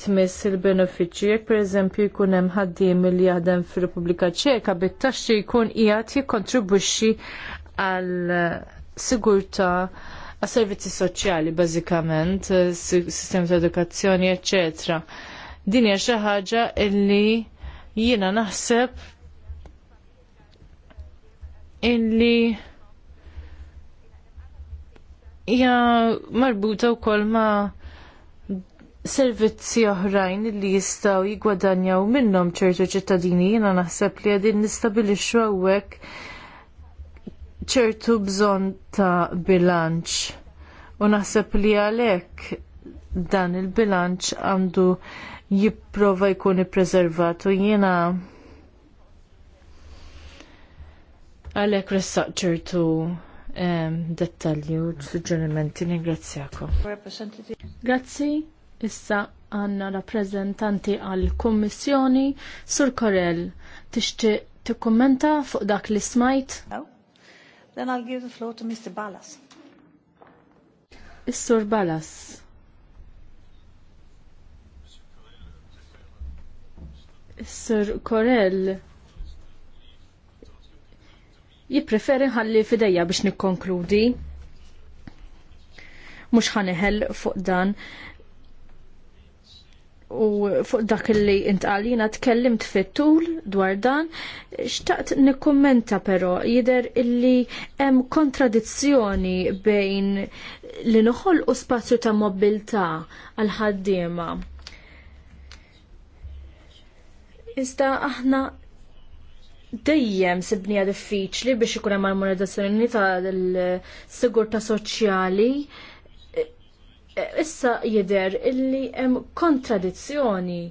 tmiss il-benefiċċju jekk pereżempju jkun hemm ħaddiem li jaħdem fir-Repubblika Ċeka bit-taxxi jkun qiegħed jikkontribwixxi għal sigurtà għas servizzi soċjali bażikament, sistema ta' edukazzjoni, eċċetera. Din hija xi ħaġa illi jiena naħseb illi hija marbuta wkoll ma' servizzi oħrajn li jistgħu jigwadanjaw minnhom ċertu ċittadini jiena naħseb li qegħdin nistabilixxu hawnhekk ċertu bżonn ta' bilanċ. U naħseb li għalhekk dan il-bilanċ għandu jipprova jkun ippreservat u jiena għalhekk ressaq ċertu dettalji u suġġerimenti ningrazzjakom. Grazzi, issa għanna rappresentanti għal-Kommissjoni Sur Korel tixti t-kommenta fuq dak li smajt? Then I'll give the floor to Mr. Ballas. Is-Sur Ballas. Sir Corell, jippreferi ħalli fidejja biex nikkonkludi. Mhux ħaneħel fuq dan u fuq dak li intqalina tkellimt fit-tul dwar dan, xtaqt nikkummenta però jider illi hemm kontradizzjoni bejn li noħol u spazju ta' mobilità għal ħaddiema. Iżda aħna dejjem sibnija diffiċli biex ikun hemm armonizzazzjoni tal-sigurtà soċjali. E, e, issa jidher illi hemm kontradizzjoni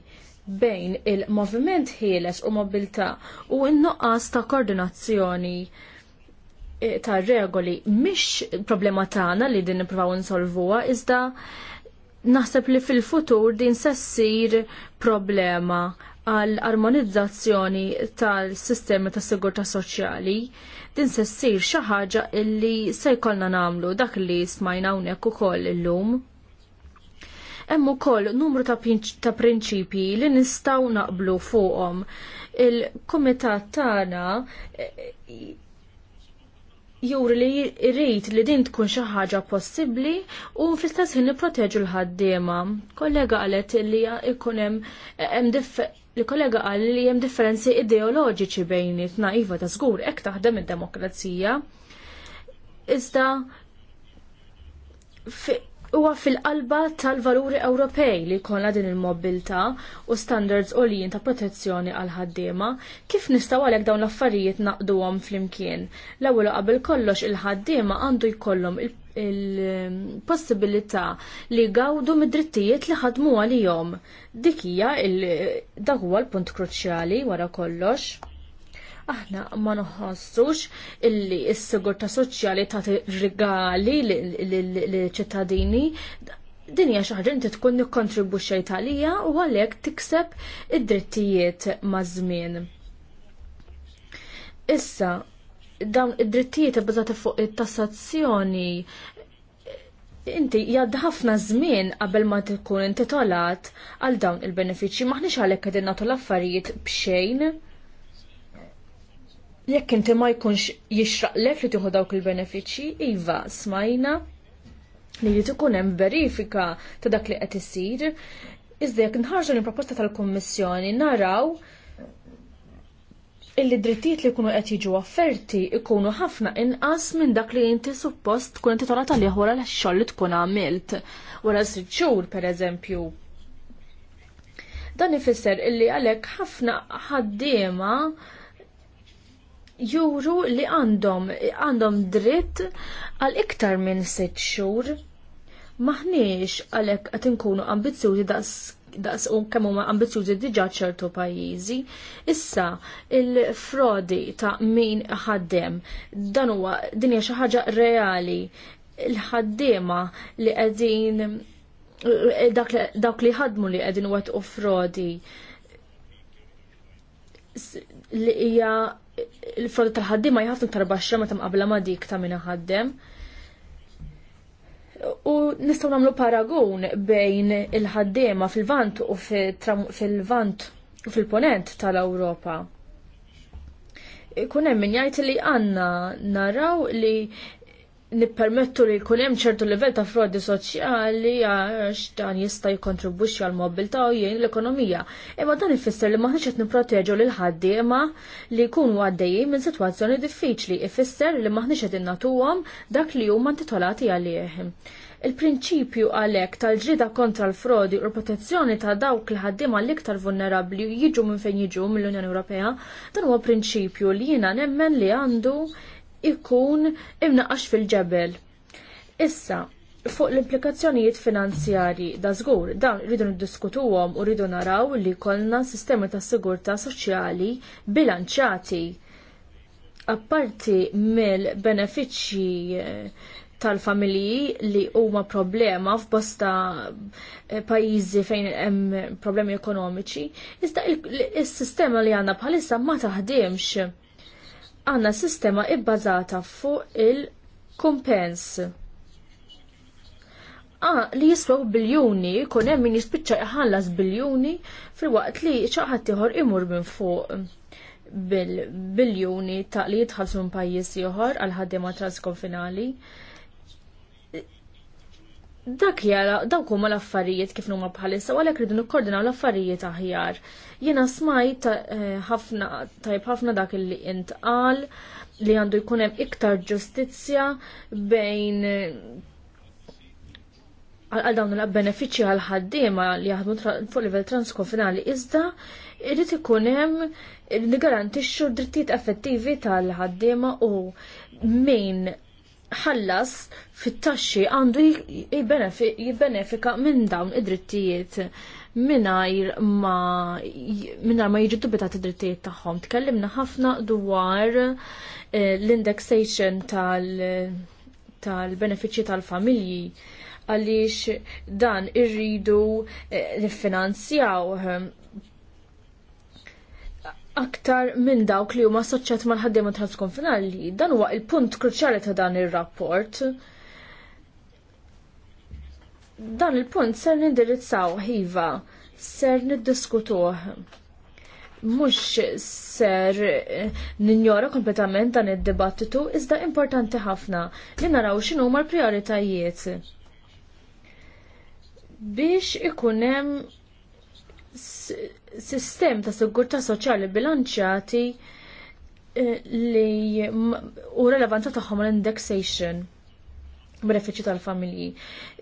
bejn il-moviment ħieles u mobilità u n-nuqqas ta' koordinazzjoni e, ta' regoli mhix problema tagħna li din nippruvaw insolvuha iżda naħseb li fil-futur din se ssir problema għal armonizzazzjoni tal-sistemi tas sigurtà soċjali din se ssir xi ħaġa illi se jkollna nagħmlu dak li smajna hawnhekk ukoll illum. Hemm ukoll numru ta', ta prinċipji li nistgħu naqblu fuqhom. Il-kumitat tagħna eh, juri li jrid li din tkun xi ħaġa possibbli u fl-istess ħin nipproteġu l-ħaddiema. Kollega qalet li jkun hemm li kollega qal li hemm differenzi ideoloġiċi bejn it naiva ta' żgur hekk taħdem id-demokrazija. Iżda huwa fil-qalba tal-valuri Ewropej li jkollna din il mobilta u standards għolijin ta' protezzjoni għal ħaddiema, kif nistgħu għalhekk dawn l-affarijiet naqduhom flimkien. L-ewwel qabel kollox il-ħaddiema għandu jkollhom il il-possibilità li gawdu mid-drittijiet li ħadmu għalihom. Dik hija dak huwa l-punt kruċjali wara kollox. Aħna ma noħossux illi s-sigurta soċjali ta' rigali l-ċittadini din hija xi ħaġa inti tkun nikkontribwixxej talija u għalhekk tikseb id-drittijiet maż-żmien. Issa, dawn id-drittijiet bbażati fuq it-tassazzjoni inti jgħadda ħafna żmien qabel ma tkun intitolat għal dawn il-benefiċċji maħniex għalhekk qegħdin nagħtu l-affarijiet b'xejn. Jekk inti ma jkunx jixraqlek li tieħu dawk il-benefiċċji, iva smajna li li tkun hemm verifika ta' dak li qed isir, iżda jekk nħarġu l-proposta tal-Kummissjoni naraw illi drittijiet li jkunu qed jiġu offerti ikunu ħafna inqas minn dak li inti suppost tkun inti torata li wara l-xogħol li tkun għamilt wara sitt xhur pereżempju. Dan ifisser illi għalhekk ħafna ħaddiema juru li għandhom għandhom dritt għal iktar minn sitt xhur. Maħniex għalhekk qed inkunu ambizzjużi daqs daqs u kemmu huma ambizjużi diġà ċertu pajjiżi. Issa il-frodi ta' min ħaddem dan huwa din hija xi ħaġa reali il-ħaddiema li qegħdin dawk li ħadmu li qegħdin wettqu frodi li hija il-frodi tal-ħaddiema jħafna iktar baxxa meta mqabbla ma' dik ta' min ħaddem. U nistgħu nagħmlu paragun bejn il-ħaddiema fil-vant u fil-vant u fil-ponent tal-Ewropa. Kun hemm min jgħid li għandna naraw li nippermettu li jkun hemm ċertu livell ta' frodi soċjali għax dan jista' jikkontribwixxi għal mobilità u jgħin l-ekonomija. Imma dan ifisser li maħniex qed nipproteġu lil ħaddiema li jkunu għaddejjin minn sitwazzjoni diffiċli, ifisser li maħniex qed innatuhom dak li huma ntitolati għalih. Il-prinċipju għalhekk tal-ġrida kontra l-frodi u l-protezzjoni ta' dawk li ħaddiema l-iktar vulnerabbli jiġu minn fejn jiġu mill-Unjoni Ewropea, dan huwa prinċipju li jiena nemmen li għandu ikun imnaqax fil-ġebel. Issa, fuq l-implikazzjonijiet finanzjarji da żgur dan rridu niddiskutuhom u rridu naraw li jkollna sistemi ta' sigurtà soċjali bilanċati. Apparti mill-benefiċċji eh, tal-familji li huma problema f'bosta eh, pajjiżi fejn hemm problemi ekonomiċi, iżda is-sistema li għandna bħalissa ma taħdimx għandna sistema ibbażata fuq il-kumpens. Ah, li jiswew biljuni, konem hemm min jispiċċa iħallas biljuni filwaqt li ċaħat ieħor imur minn fuq bil-biljuni ta' li jitħallsu minn pajjiż ieħor għal ħaddiema transkonfinali. finali dak jara, dawk huma l-affarijiet kif numa bħalissa, u għalek ridu nikkoordinaw l-affarijiet aħjar. Jena smajt eh, ħafna tajb ħafna dak li intqal li għandu jkun hemm iktar ġustizzja bejn eh, għal dawn l benefiċċji għal ħaddiema li jaħdmu fuq livell transkonfinali iżda irrid ikun li garantixxu drittijiet effettivi tal-ħaddiema u min ħallas fit-taxxi għandu jibbenefika minn dawn id-drittijiet minnajr ma minnajr ma jiġu dubitat id-drittijiet tagħhom. Tkellimna ħafna dwar eh, l-indexation tal-benefiċċji tal-familji għaliex dan irridu eh, nifinanzjaw aktar minn dawk li huma soċċat mal-ħaddiema transkonfinali. Dan huwa il-punt kruċjali ta' dan ir-rapport. Dan il-punt ser nindirizzaw ħiva, ser niddiskutuh. Mhux ser eh, ninjora kompletament dan id-dibattitu, iżda importanti ħafna li naraw x'inhu l prijoritajiet biex ikun hemm sistem ta' sigurtà soċjali bilanċjati eh, li u relevanza tagħhom l-indexation b'refiċi tal-familji.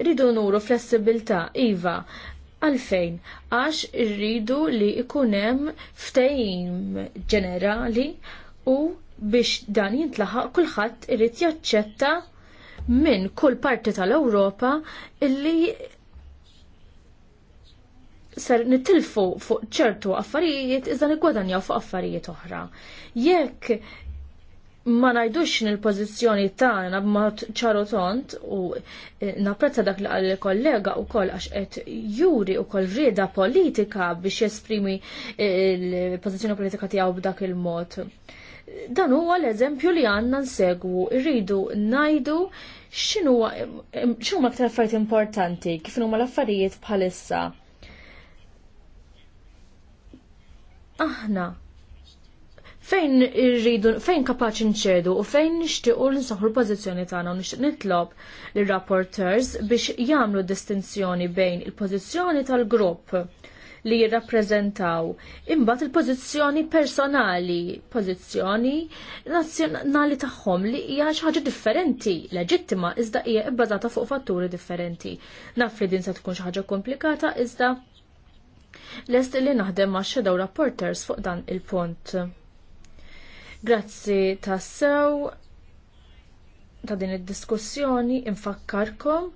Rridu nuru flessibilità, iva, għalfejn, għax irridu li ikunem ftejim ġenerali u biex dan jintlaħaq kulħadd irid jaċċetta minn kull parti tal-Ewropa illi ser nitilfu fuq ċertu affarijiet iżda nigwadanjaw fuq affarijiet oħra. Jekk ma najdux nil-pozizjoni tagħna b'mod ċarotont u eh, napprezza dak li qal kollega u koll għax qed juri u koll rida politika biex jesprimi eh, il-pozizjoni politika tiegħu b'dak il-mod. Dan huwa l-eżempju li għandna nsegwu, rridu najdu x'inhuwa eh, x'huma aktar affarijiet importanti, kif huma l-affarijiet bħalissa aħna fejn irridu, fejn kapaċi nċedu u fejn nixtiequ l pożizzjoni tagħna u nixtieq nitlob lir-rapporteurs biex jagħmlu distinzjoni bejn il-pożizzjoni tal-grupp li jirrappreżentaw imbagħad il-pożizzjoni personali, pożizzjoni nazzjonali tagħhom li hija xi ħaġa differenti, leġittima iżda hija bbażata fuq fatturi differenti. Naf li din se tkun xi ħaġa komplikata iżda lest li naħdem ma' Shadow Rapporters fuq dan il-punt. Grazzi tassew ta' din id-diskussjoni infakkarkom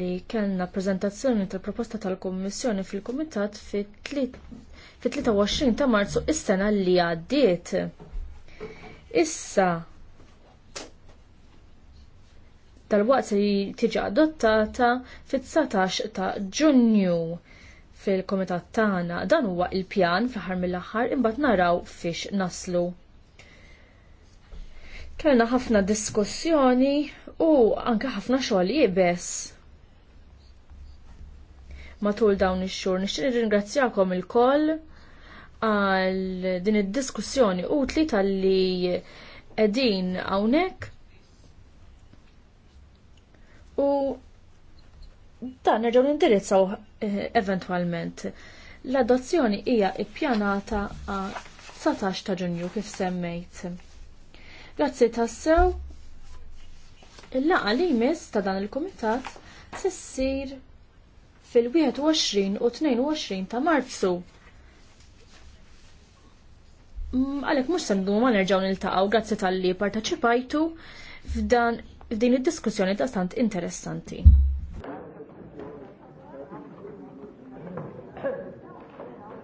li kellna prezentazzjoni tal-proposta tal-Kommissjoni fil-Kumitat fit-23 ta' Marzu is-sena li għaddiet. Issa tal-waqt li tiġi adottata fit-19 ta' Ġunju fil-komitat tagħna dan huwa il-pjan fl-aħħar mill-aħħar imbagħad naraw fiex naslu. Kellna ħafna diskussjoni u anke ħafna xogħol jibes. Matul dawn ix-xhur nixtieq nirringrazzjakom il-koll għal din id-diskussjoni utli tal-li qegħdin hawnhekk u dan nerġgħu nindirizzaw Eh, eventwalment. L-adozzjoni hija ppjanata għal 17 ta' Ġunju kif semmejt. Grazzi tassew il-laqa li jmiss ta' dan il-Kumitat se ssir fil-21 u 22 ta' Marzu. Mm, għalek mux sendu ma nerġaw nil-taqaw grazzi tal-li parteċipajtu f'dan f'din id-diskussjoni ta' stant interessanti.